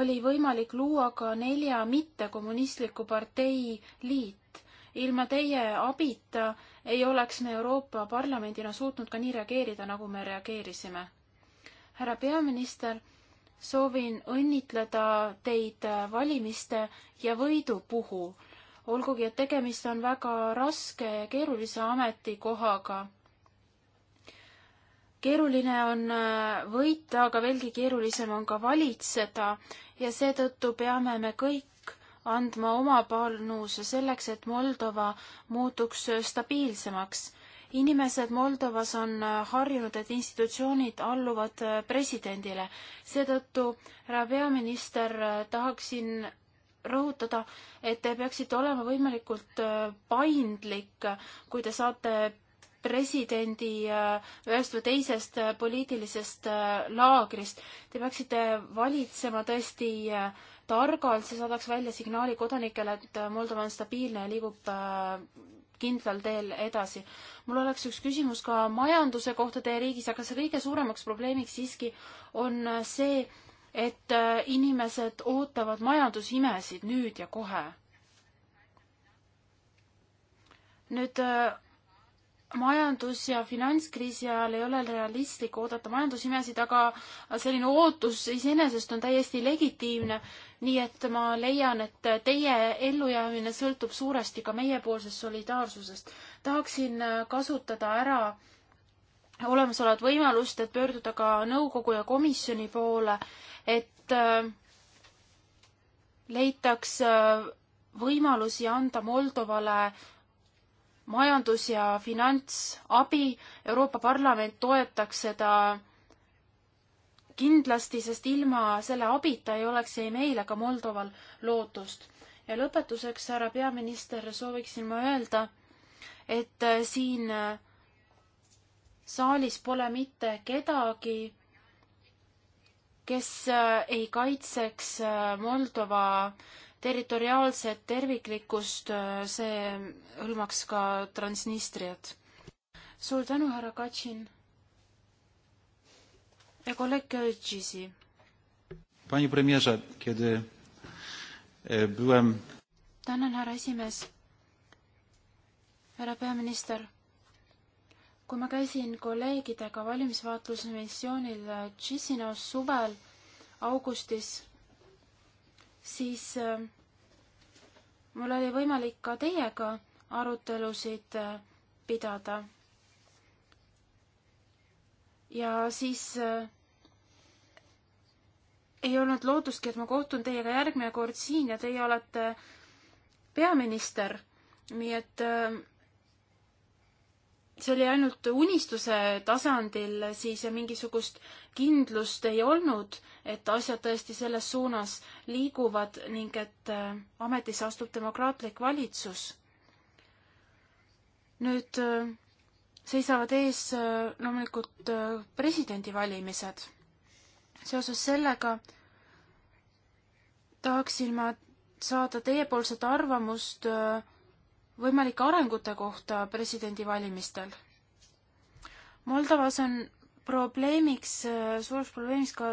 oli võimalik luua ka nelja mittekommunistliku partei liit. ilma teie abita ei oleks me Euroopa Parlamendina suutnud ka nii reageerida, nagu me reageerisime. härra peaminister, soovin õnnitleda teid äh, valimiste ja võidu puhul olgugi, et tegemist on väga raske ja keerulise ametikohaga keeruline on äh, võita, aga veelgi keerulisem on ka valitseda ja seetõttu peame me kõik andma oma panuse selleks, et Moldova muutuks stabiilsemaks. inimesed Moldovas on äh, harjunud, et institutsioonid alluvad äh, presidendile. seetõttu, härra peaminister, tahaksin rõhutada, et te peaksite olema võimalikult paindlik, kui te saate presidendi äh, ühest või teisest äh, poliitilisest äh, laagrist. Te peaksite valitsema tõesti targalt, see saadaks välja signaali kodanikele, et Moldova on stabiilne ja liigub kindlal teel edasi. mul oleks üks küsimus ka majanduse kohta teie riigis, aga see kõige suuremaks probleemiks siiski on see, et inimesed ootavad majandusimesid nüüd ja kohe. nüüd majandus- ja finantskriisi ajal ei ole realistlik oodata majandusimesid, aga selline ootus iseenesest on täiesti legitiimne. nii et ma leian, et teie ellujäämine sõltub suuresti ka meiepoolsest solidaarsusest. tahaksin kasutada ära olemasolevat võimalust, et pöörduda ka nõukogu ja komisjoni poole, et äh, leitaks äh, võimalusi anda Moldovale majandus- ja finantsabi. Euroopa Parlament toetaks seda kindlasti, sest ilma selle abita ei oleks ei meil ega Moldoval lootust. ja lõpetuseks, härra peaminister, sooviksin ma öelda, et äh, siin äh, saalis pole mitte kedagi, kes äh, ei kaitseks Moldova territoriaalset terviklikkust, äh, see hõlmaks ka Transnistriat. suur tänu, härra Katšin. ja kolleeg Költšisi.
Panie premierze, kiedy e, byłem...
Tänan, härra esimees. härra peaminister kui ma käisin kolleegidega valimisvaatlusmissioonil Tšisinos suvel augustis, siis äh, mul oli võimalik ka teiega arutelusid äh, pidada. ja siis äh, ei olnud lootustki, et ma kohtun teiega järgmine kord siin ja teie olete peaminister, nii et äh, see oli ainult unistuse tasandil, siis mingisugust kindlust ei olnud, et asjad tõesti selles suunas liiguvad ning et äh, ametisse astub demokraatlik valitsus. nüüd äh, seisavad ees äh, loomulikult presidendivalimised. seoses sellega tahaksin ma saada teiepoolset arvamust äh, võimalike arengute kohta presidendivalimistel. Moldovas on probleemiks, suureks probleemiks ka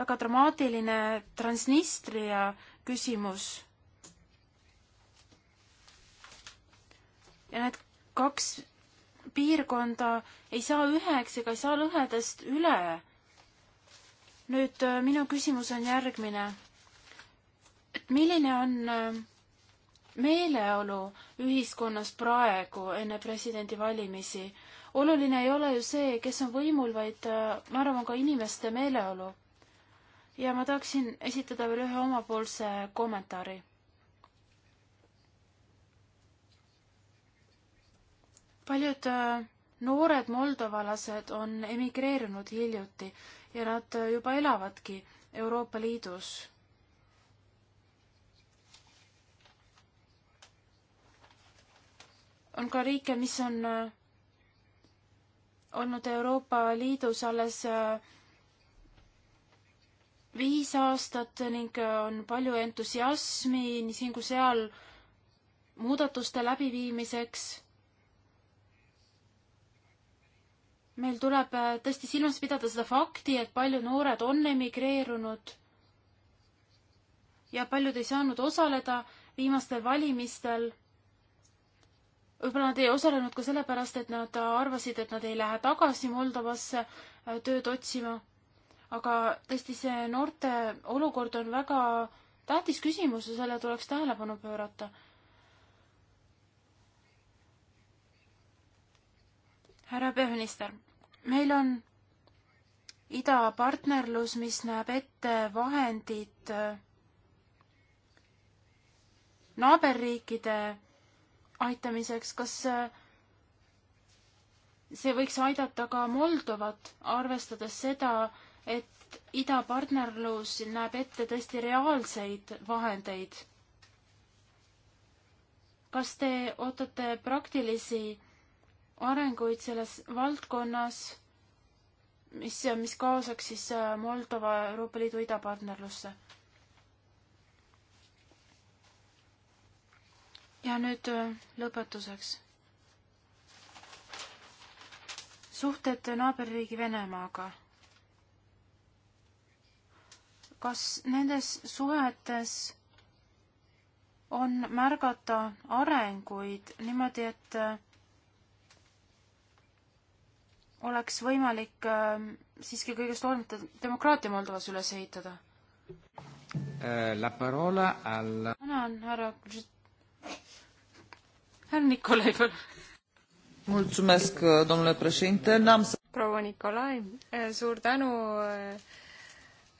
väga dramaatiline Transnistria küsimus. ja need kaks piirkonda ei saa üheks ega ei saa lõhedest üle. nüüd minu küsimus on järgmine. et milline on äh, meeleolu ühiskonnas praegu enne presidendivalimisi. oluline ei ole ju see, kes on võimul, vaid äh, ma arvan ka inimeste meeleolu. ja ma tahaksin esitada veel ühe omapoolse kommentaari. paljud äh, noored moldovalased on emigreerunud hiljuti ja nad äh, juba elavadki Euroopa Liidus on ka riike, mis on äh, olnud Euroopa Liidus alles äh, viis aastat ning äh, on palju entusiasmi nii siin kui seal muudatuste läbiviimiseks. meil tuleb tõesti silmas pidada seda fakti, et paljud noored on emigreerunud ja paljud ei saanud osaleda viimastel valimistel võib-olla nad ei osalenud ka sellepärast, et nad arvasid, et nad ei lähe tagasi Moldovasse äh, tööd otsima. aga tõesti, see noorte olukord on väga tähtis küsimus ja sellele tuleks tähelepanu pöörata. härra peaminister, meil on idapartnerlus, mis näeb ette vahendid äh, naaberriikide aitamiseks, kas äh, see võiks aidata ka Moldovat, arvestades seda, et idapartnerlus näeb ette tõesti reaalseid vahendeid. kas te ootate praktilisi arenguid selles valdkonnas, mis, mis kaasaks siis äh, Moldova Euroopa Liidu idapartnerlusse? ja nüüd äh, lõpetuseks. suhted naaberriigi Venemaaga. kas nendes suhetes on märgata arenguid niimoodi, et äh, oleks võimalik äh, siiski kõigest hoolimata demokraatia Moldovas üles ehitada?
tänan, härra härra Nikolai, palun.
mulțumesc, domnule președinte, n-am să...
proua Nikolai, suur tänu,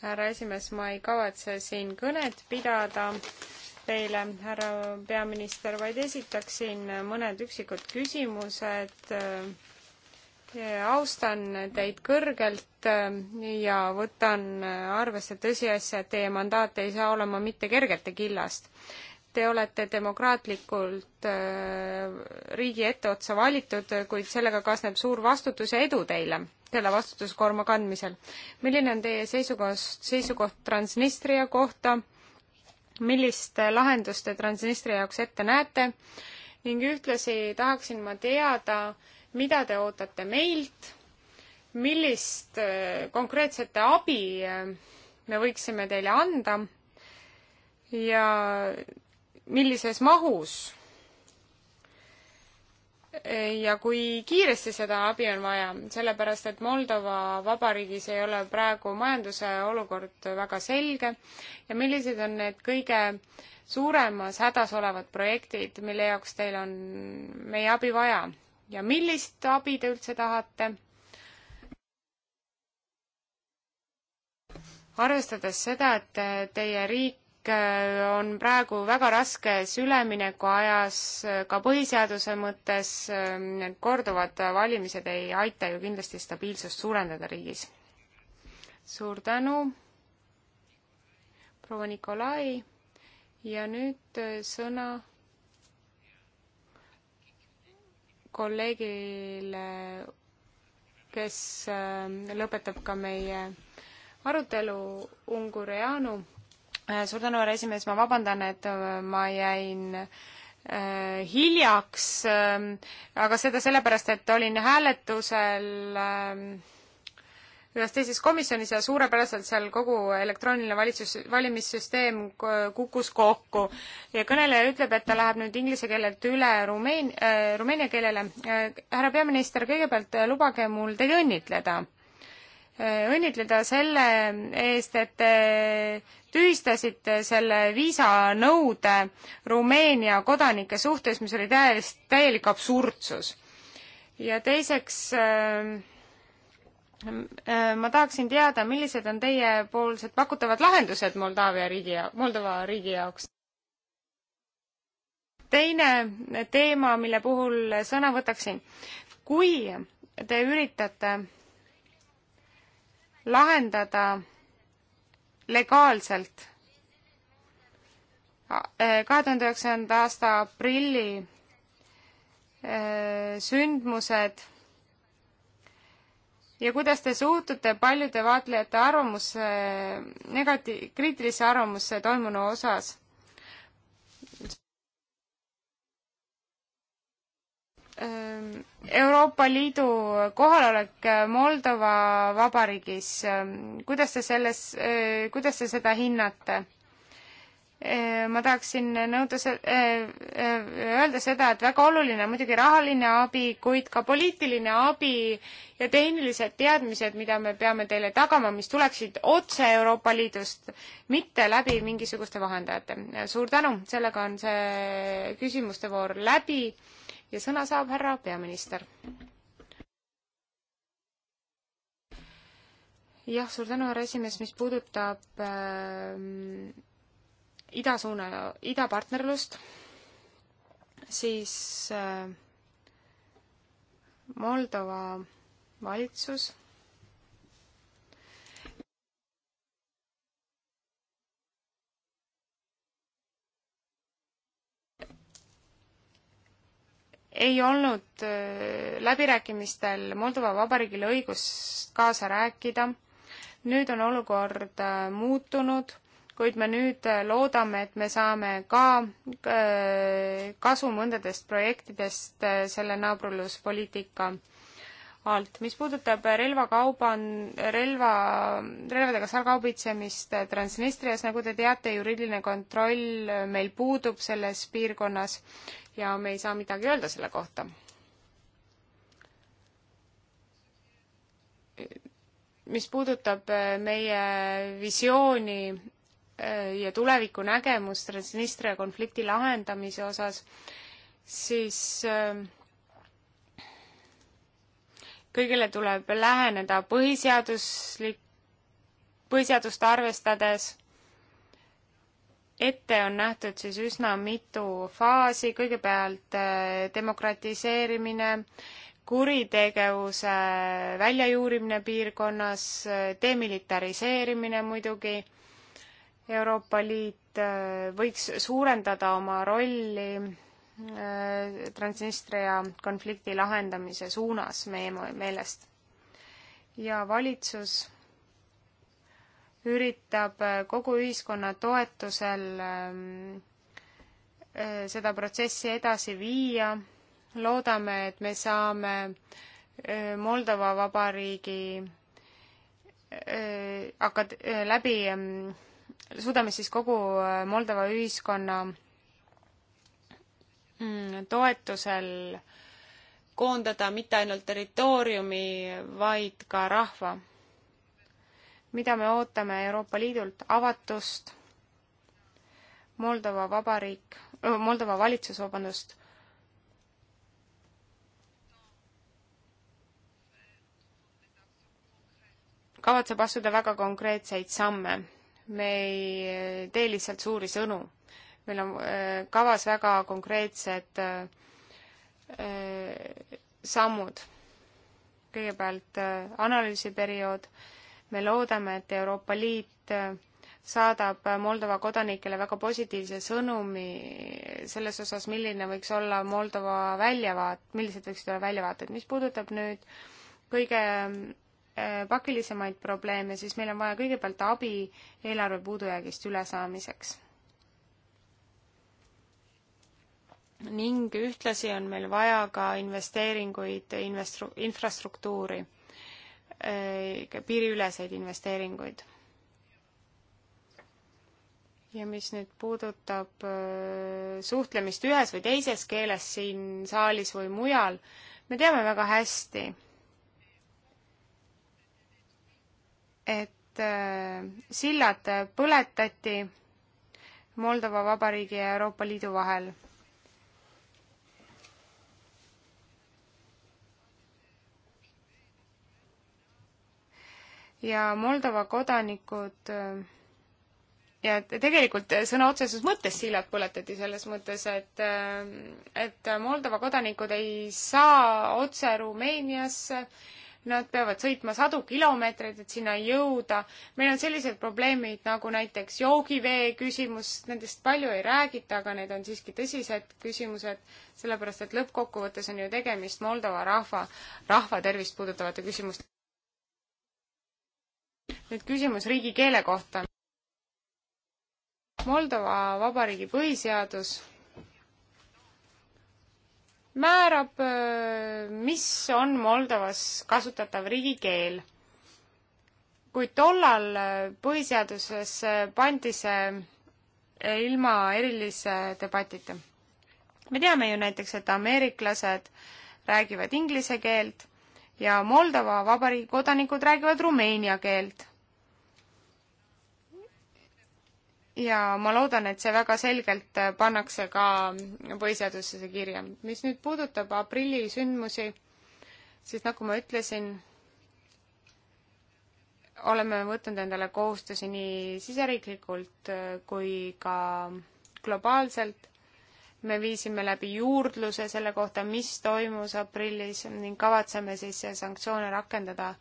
härra esimees, ma ei kavatse siin kõnet pidada teile, härra peaminister, vaid esitaksin mõned üksikud küsimused. austan teid kõrgelt ja võtan arvesse tõsiasja, et teie mandaat ei saa olema mitte kergete killast. Te olete demokraatlikult äh, riigi etteotsa valitud, kuid sellega kaasneb suur vastutus ja edu teile selle vastutuskoorma kandmisel. milline on teie seisukoht, seisukoht Transnistria kohta? millist lahendust te Transnistria jaoks ette näete? ning ühtlasi tahaksin ma teada, mida te ootate meilt, millist äh, konkreetset abi äh, me võiksime teile anda ja millises mahus ja kui kiiresti seda abi on vaja, sellepärast et Moldova Vabariigis ei ole praegu majanduse olukord väga selge ja millised on need kõige suuremas hädas olevad projektid, mille jaoks teil on meie abi vaja ja millist abi te üldse tahate? arvestades seda, et teie riik Äh, on praegu väga raskes üleminekuajas äh, ka põhiseaduse mõttes, äh, need korduvad valimised ei aita ju kindlasti stabiilsust suurendada riigis. suur tänu, proua Nikolai ja nüüd sõna kolleegile, kes lõpetab ka meie arutelu, Ungureanu Äh, suur tänu, härra esimees, ma vabandan, et äh, ma jäin äh, hiljaks, ähm, aga seda sellepärast, et olin hääletusel ähm, ühes teises komisjonis ja suurepäraselt seal kogu elektrooniline valitsus, valimissüsteem kukkus kokku. ja kõneleja ütleb, et ta läheb nüüd inglise keelelt üle rumeen- äh,, rumeenia keelele. härra peaminister, kõigepealt lubage mul teid õnnitleda. õnnitleda selle eest, et te tühistasite selle viisanõude Rumeenia kodanike suhtes, mis oli täielik, täielik absurdsus. ja teiseks ähm, äh, ma tahaksin teada, millised on teiepoolsed pakutavad lahendused Moldaavia riigi ja Moldova riigi jaoks? teine teema, mille puhul sõna võtaksin. kui te üritate lahendada legaalselt. kahe tuhande üheksanda aasta aprilli äh, sündmused ja kuidas te suhtute paljude vaatlejate arvamusse, negati-, kriitilisse arvamusse toimunu osas? Euroopa Liidu kohalolek Moldova Vabariigis, ähm, kuidas te selles, äh, kuidas te seda hinnate? Äh, ma tahaksin nõuda se-, äh, öelda seda, et väga oluline on muidugi rahaline abi, kuid ka poliitiline abi ja tehnilised teadmised, mida me peame teile tagama, mis tuleksid otse Euroopa Liidust, mitte läbi mingisuguste vahendajate. suur tänu, sellega on see küsimuste voor läbi ja sõna saab härra peaminister. jah, suur tänu, härra esimees, mis puudutab äh, idasuuna, idapartnerlust, siis äh, Moldova valitsus ei olnud äh, läbirääkimistel Moldova Vabariigil õigust kaasa rääkida. nüüd on olukord äh, muutunud, kuid me nüüd äh, loodame, et me saame ka kasu mõndadest projektidest selle naabruspoliitika alt. mis puudutab relvakauban-, relva, relvadega salkaubitsemist Transnistrias, nagu te teate, juriidiline kontroll meil puudub selles piirkonnas ja me ei saa midagi öelda selle kohta. mis puudutab meie visiooni ja tulevikunägemust Transnistria konflikti lahendamise osas, siis äh, kõigile tuleb läheneda põhiseaduslik, põhiseadust arvestades. ette on nähtud siis üsna mitu faasi, kõigepealt äh, demokratiseerimine, kuritegevuse väljajuurimine piirkonnas, äh, demilitariseerimine muidugi, Euroopa Liit äh, võiks suurendada oma rolli Transnistria konflikti lahendamise suunas meie meelest. ja valitsus üritab äh, kogu ühiskonna toetusel ähm, äh, seda protsessi edasi viia. loodame, et me saame äh, Moldova Vabariigi hakka- äh,, läbi, ähm, suudame siis kogu Moldova ühiskonna Mm, toetusel koondada mitte ainult territooriumi, vaid ka rahva. mida me ootame Euroopa Liidult? avatust. Moldova Vabariik, Moldova valitsus, vabandust, kavatseb astuda väga konkreetseid samme. me ei tee lihtsalt suuri sõnu meil on äh, kavas väga konkreetsed äh, sammud. kõigepealt äh, analüüsiperiood, me loodame, et Euroopa Liit saadab Moldova kodanikele väga positiivse sõnumi selles osas, milline võiks olla Moldova väljavaat, millised võiksid olla väljavaated. mis puudutab nüüd kõige pakilisemaid probleeme, siis meil on vaja kõigepealt abi eelarve puudujäägist ülesaamiseks. ning ühtlasi on meil vaja ka investeeringuid investru-, infrastruktuuri, eh, piiriüleseid investeeringuid. ja mis nüüd puudutab eh, suhtlemist ühes või teises keeles siin saalis või mujal, me teame väga hästi, et eh, sillad põletati Moldova Vabariigi ja Euroopa Liidu vahel ja Moldova kodanikud äh, ja tegelikult sõna otseses mõttes sillad põletati selles mõttes, et, äh, et Moldova kodanikud ei saa otse Rumeeniasse, nad peavad sõitma sadu kilomeetreid, et sinna jõuda. meil on sellised probleemid nagu näiteks joogivee küsimus, nendest palju ei räägita, aga need on siiski tõsised küsimused, sellepärast et lõppkokkuvõttes on ju tegemist Moldova rahva, rahva tervist puudutavate küsimustega nüüd küsimus riigikeele kohta. Moldova Vabariigi põhiseadus määrab, äh, mis on Moldovas kasutatav riigikeel. kuid tollal äh, põhiseaduses äh, pandi see ilma erilise debatita. me teame ju näiteks, et ameeriklased räägivad inglise keelt ja Moldova Vabariigi kodanikud räägivad rumeenia keelt ja ma loodan, et see väga selgelt äh, pannakse ka põhiseadusesse kirja. mis nüüd puudutab aprilli sündmusi, siis nagu ma ütlesin, oleme võtnud endale kohustusi nii siseriiklikult äh, kui ka globaalselt. me viisime läbi juurdluse selle kohta, mis toimus aprillis ning kavatseme siis äh, sanktsioone rakendada,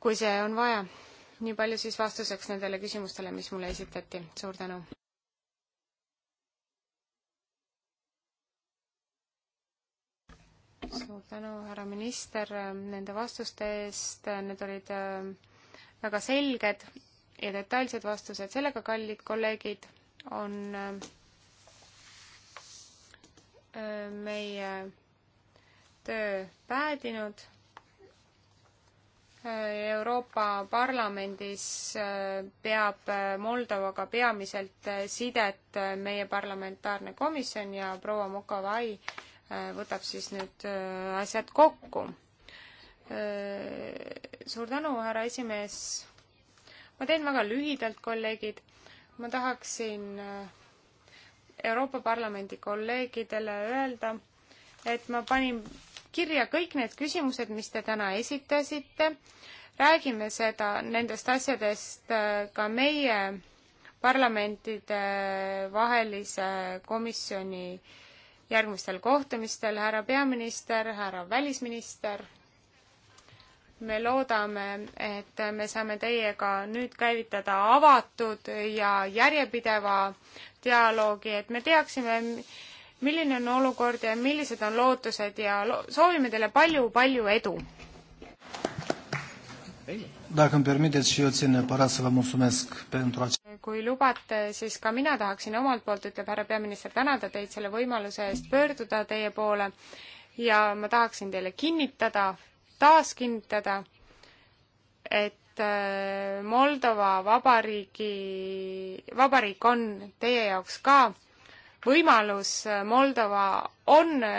kui see on vaja nii palju siis vastuseks nendele küsimustele, mis mulle esitati. suur tänu! suur tänu, härra minister, nende vastuste eest, need olid äh, väga selged ja detailsed vastused, sellega, kallid kolleegid, on äh, meie töö päädinud Euroopa Parlamendis äh, peab äh, Moldovaga peamiselt äh, sidet meie parlamentaarne komisjon ja proua Mukovai võtab siis nüüd asjad kokku. suur tänu, härra esimees. ma teen väga lühidalt, kolleegid. ma tahaksin Euroopa Parlamendi kolleegidele öelda, et ma panin kirja kõik need küsimused, mis te täna esitasite. räägime seda, nendest asjadest äh, ka meie parlamentide vahelise komisjoni järgmistel kohtumistel, härra peaminister, härra välisminister. me loodame, et me saame teiega nüüd käivitada avatud ja järjepideva dialoogi, et me teaksime, milline on olukord ja millised on lootused ja lo soovime teile palju-palju edu! kui lubate, siis ka mina tahaksin omalt poolt, ütleb härra peaminister, tänada teid selle võimaluse eest pöörduda teie poole ja ma tahaksin teile kinnitada, taas kinnitada, et äh, Moldova vabariigi, vabariik on teie jaoks ka võimalus äh, Moldova on äh,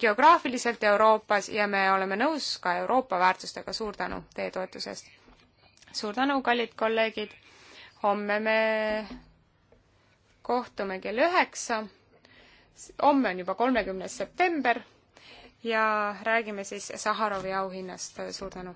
geograafiliselt Euroopas ja me oleme nõus ka Euroopa väärtustega. suur tänu teie toetuse eest! suur tänu, kallid kolleegid! homme me kohtume kell üheksa. homme on juba kolmekümnes september ja räägime siis Saharovi auhinnast. suur tänu!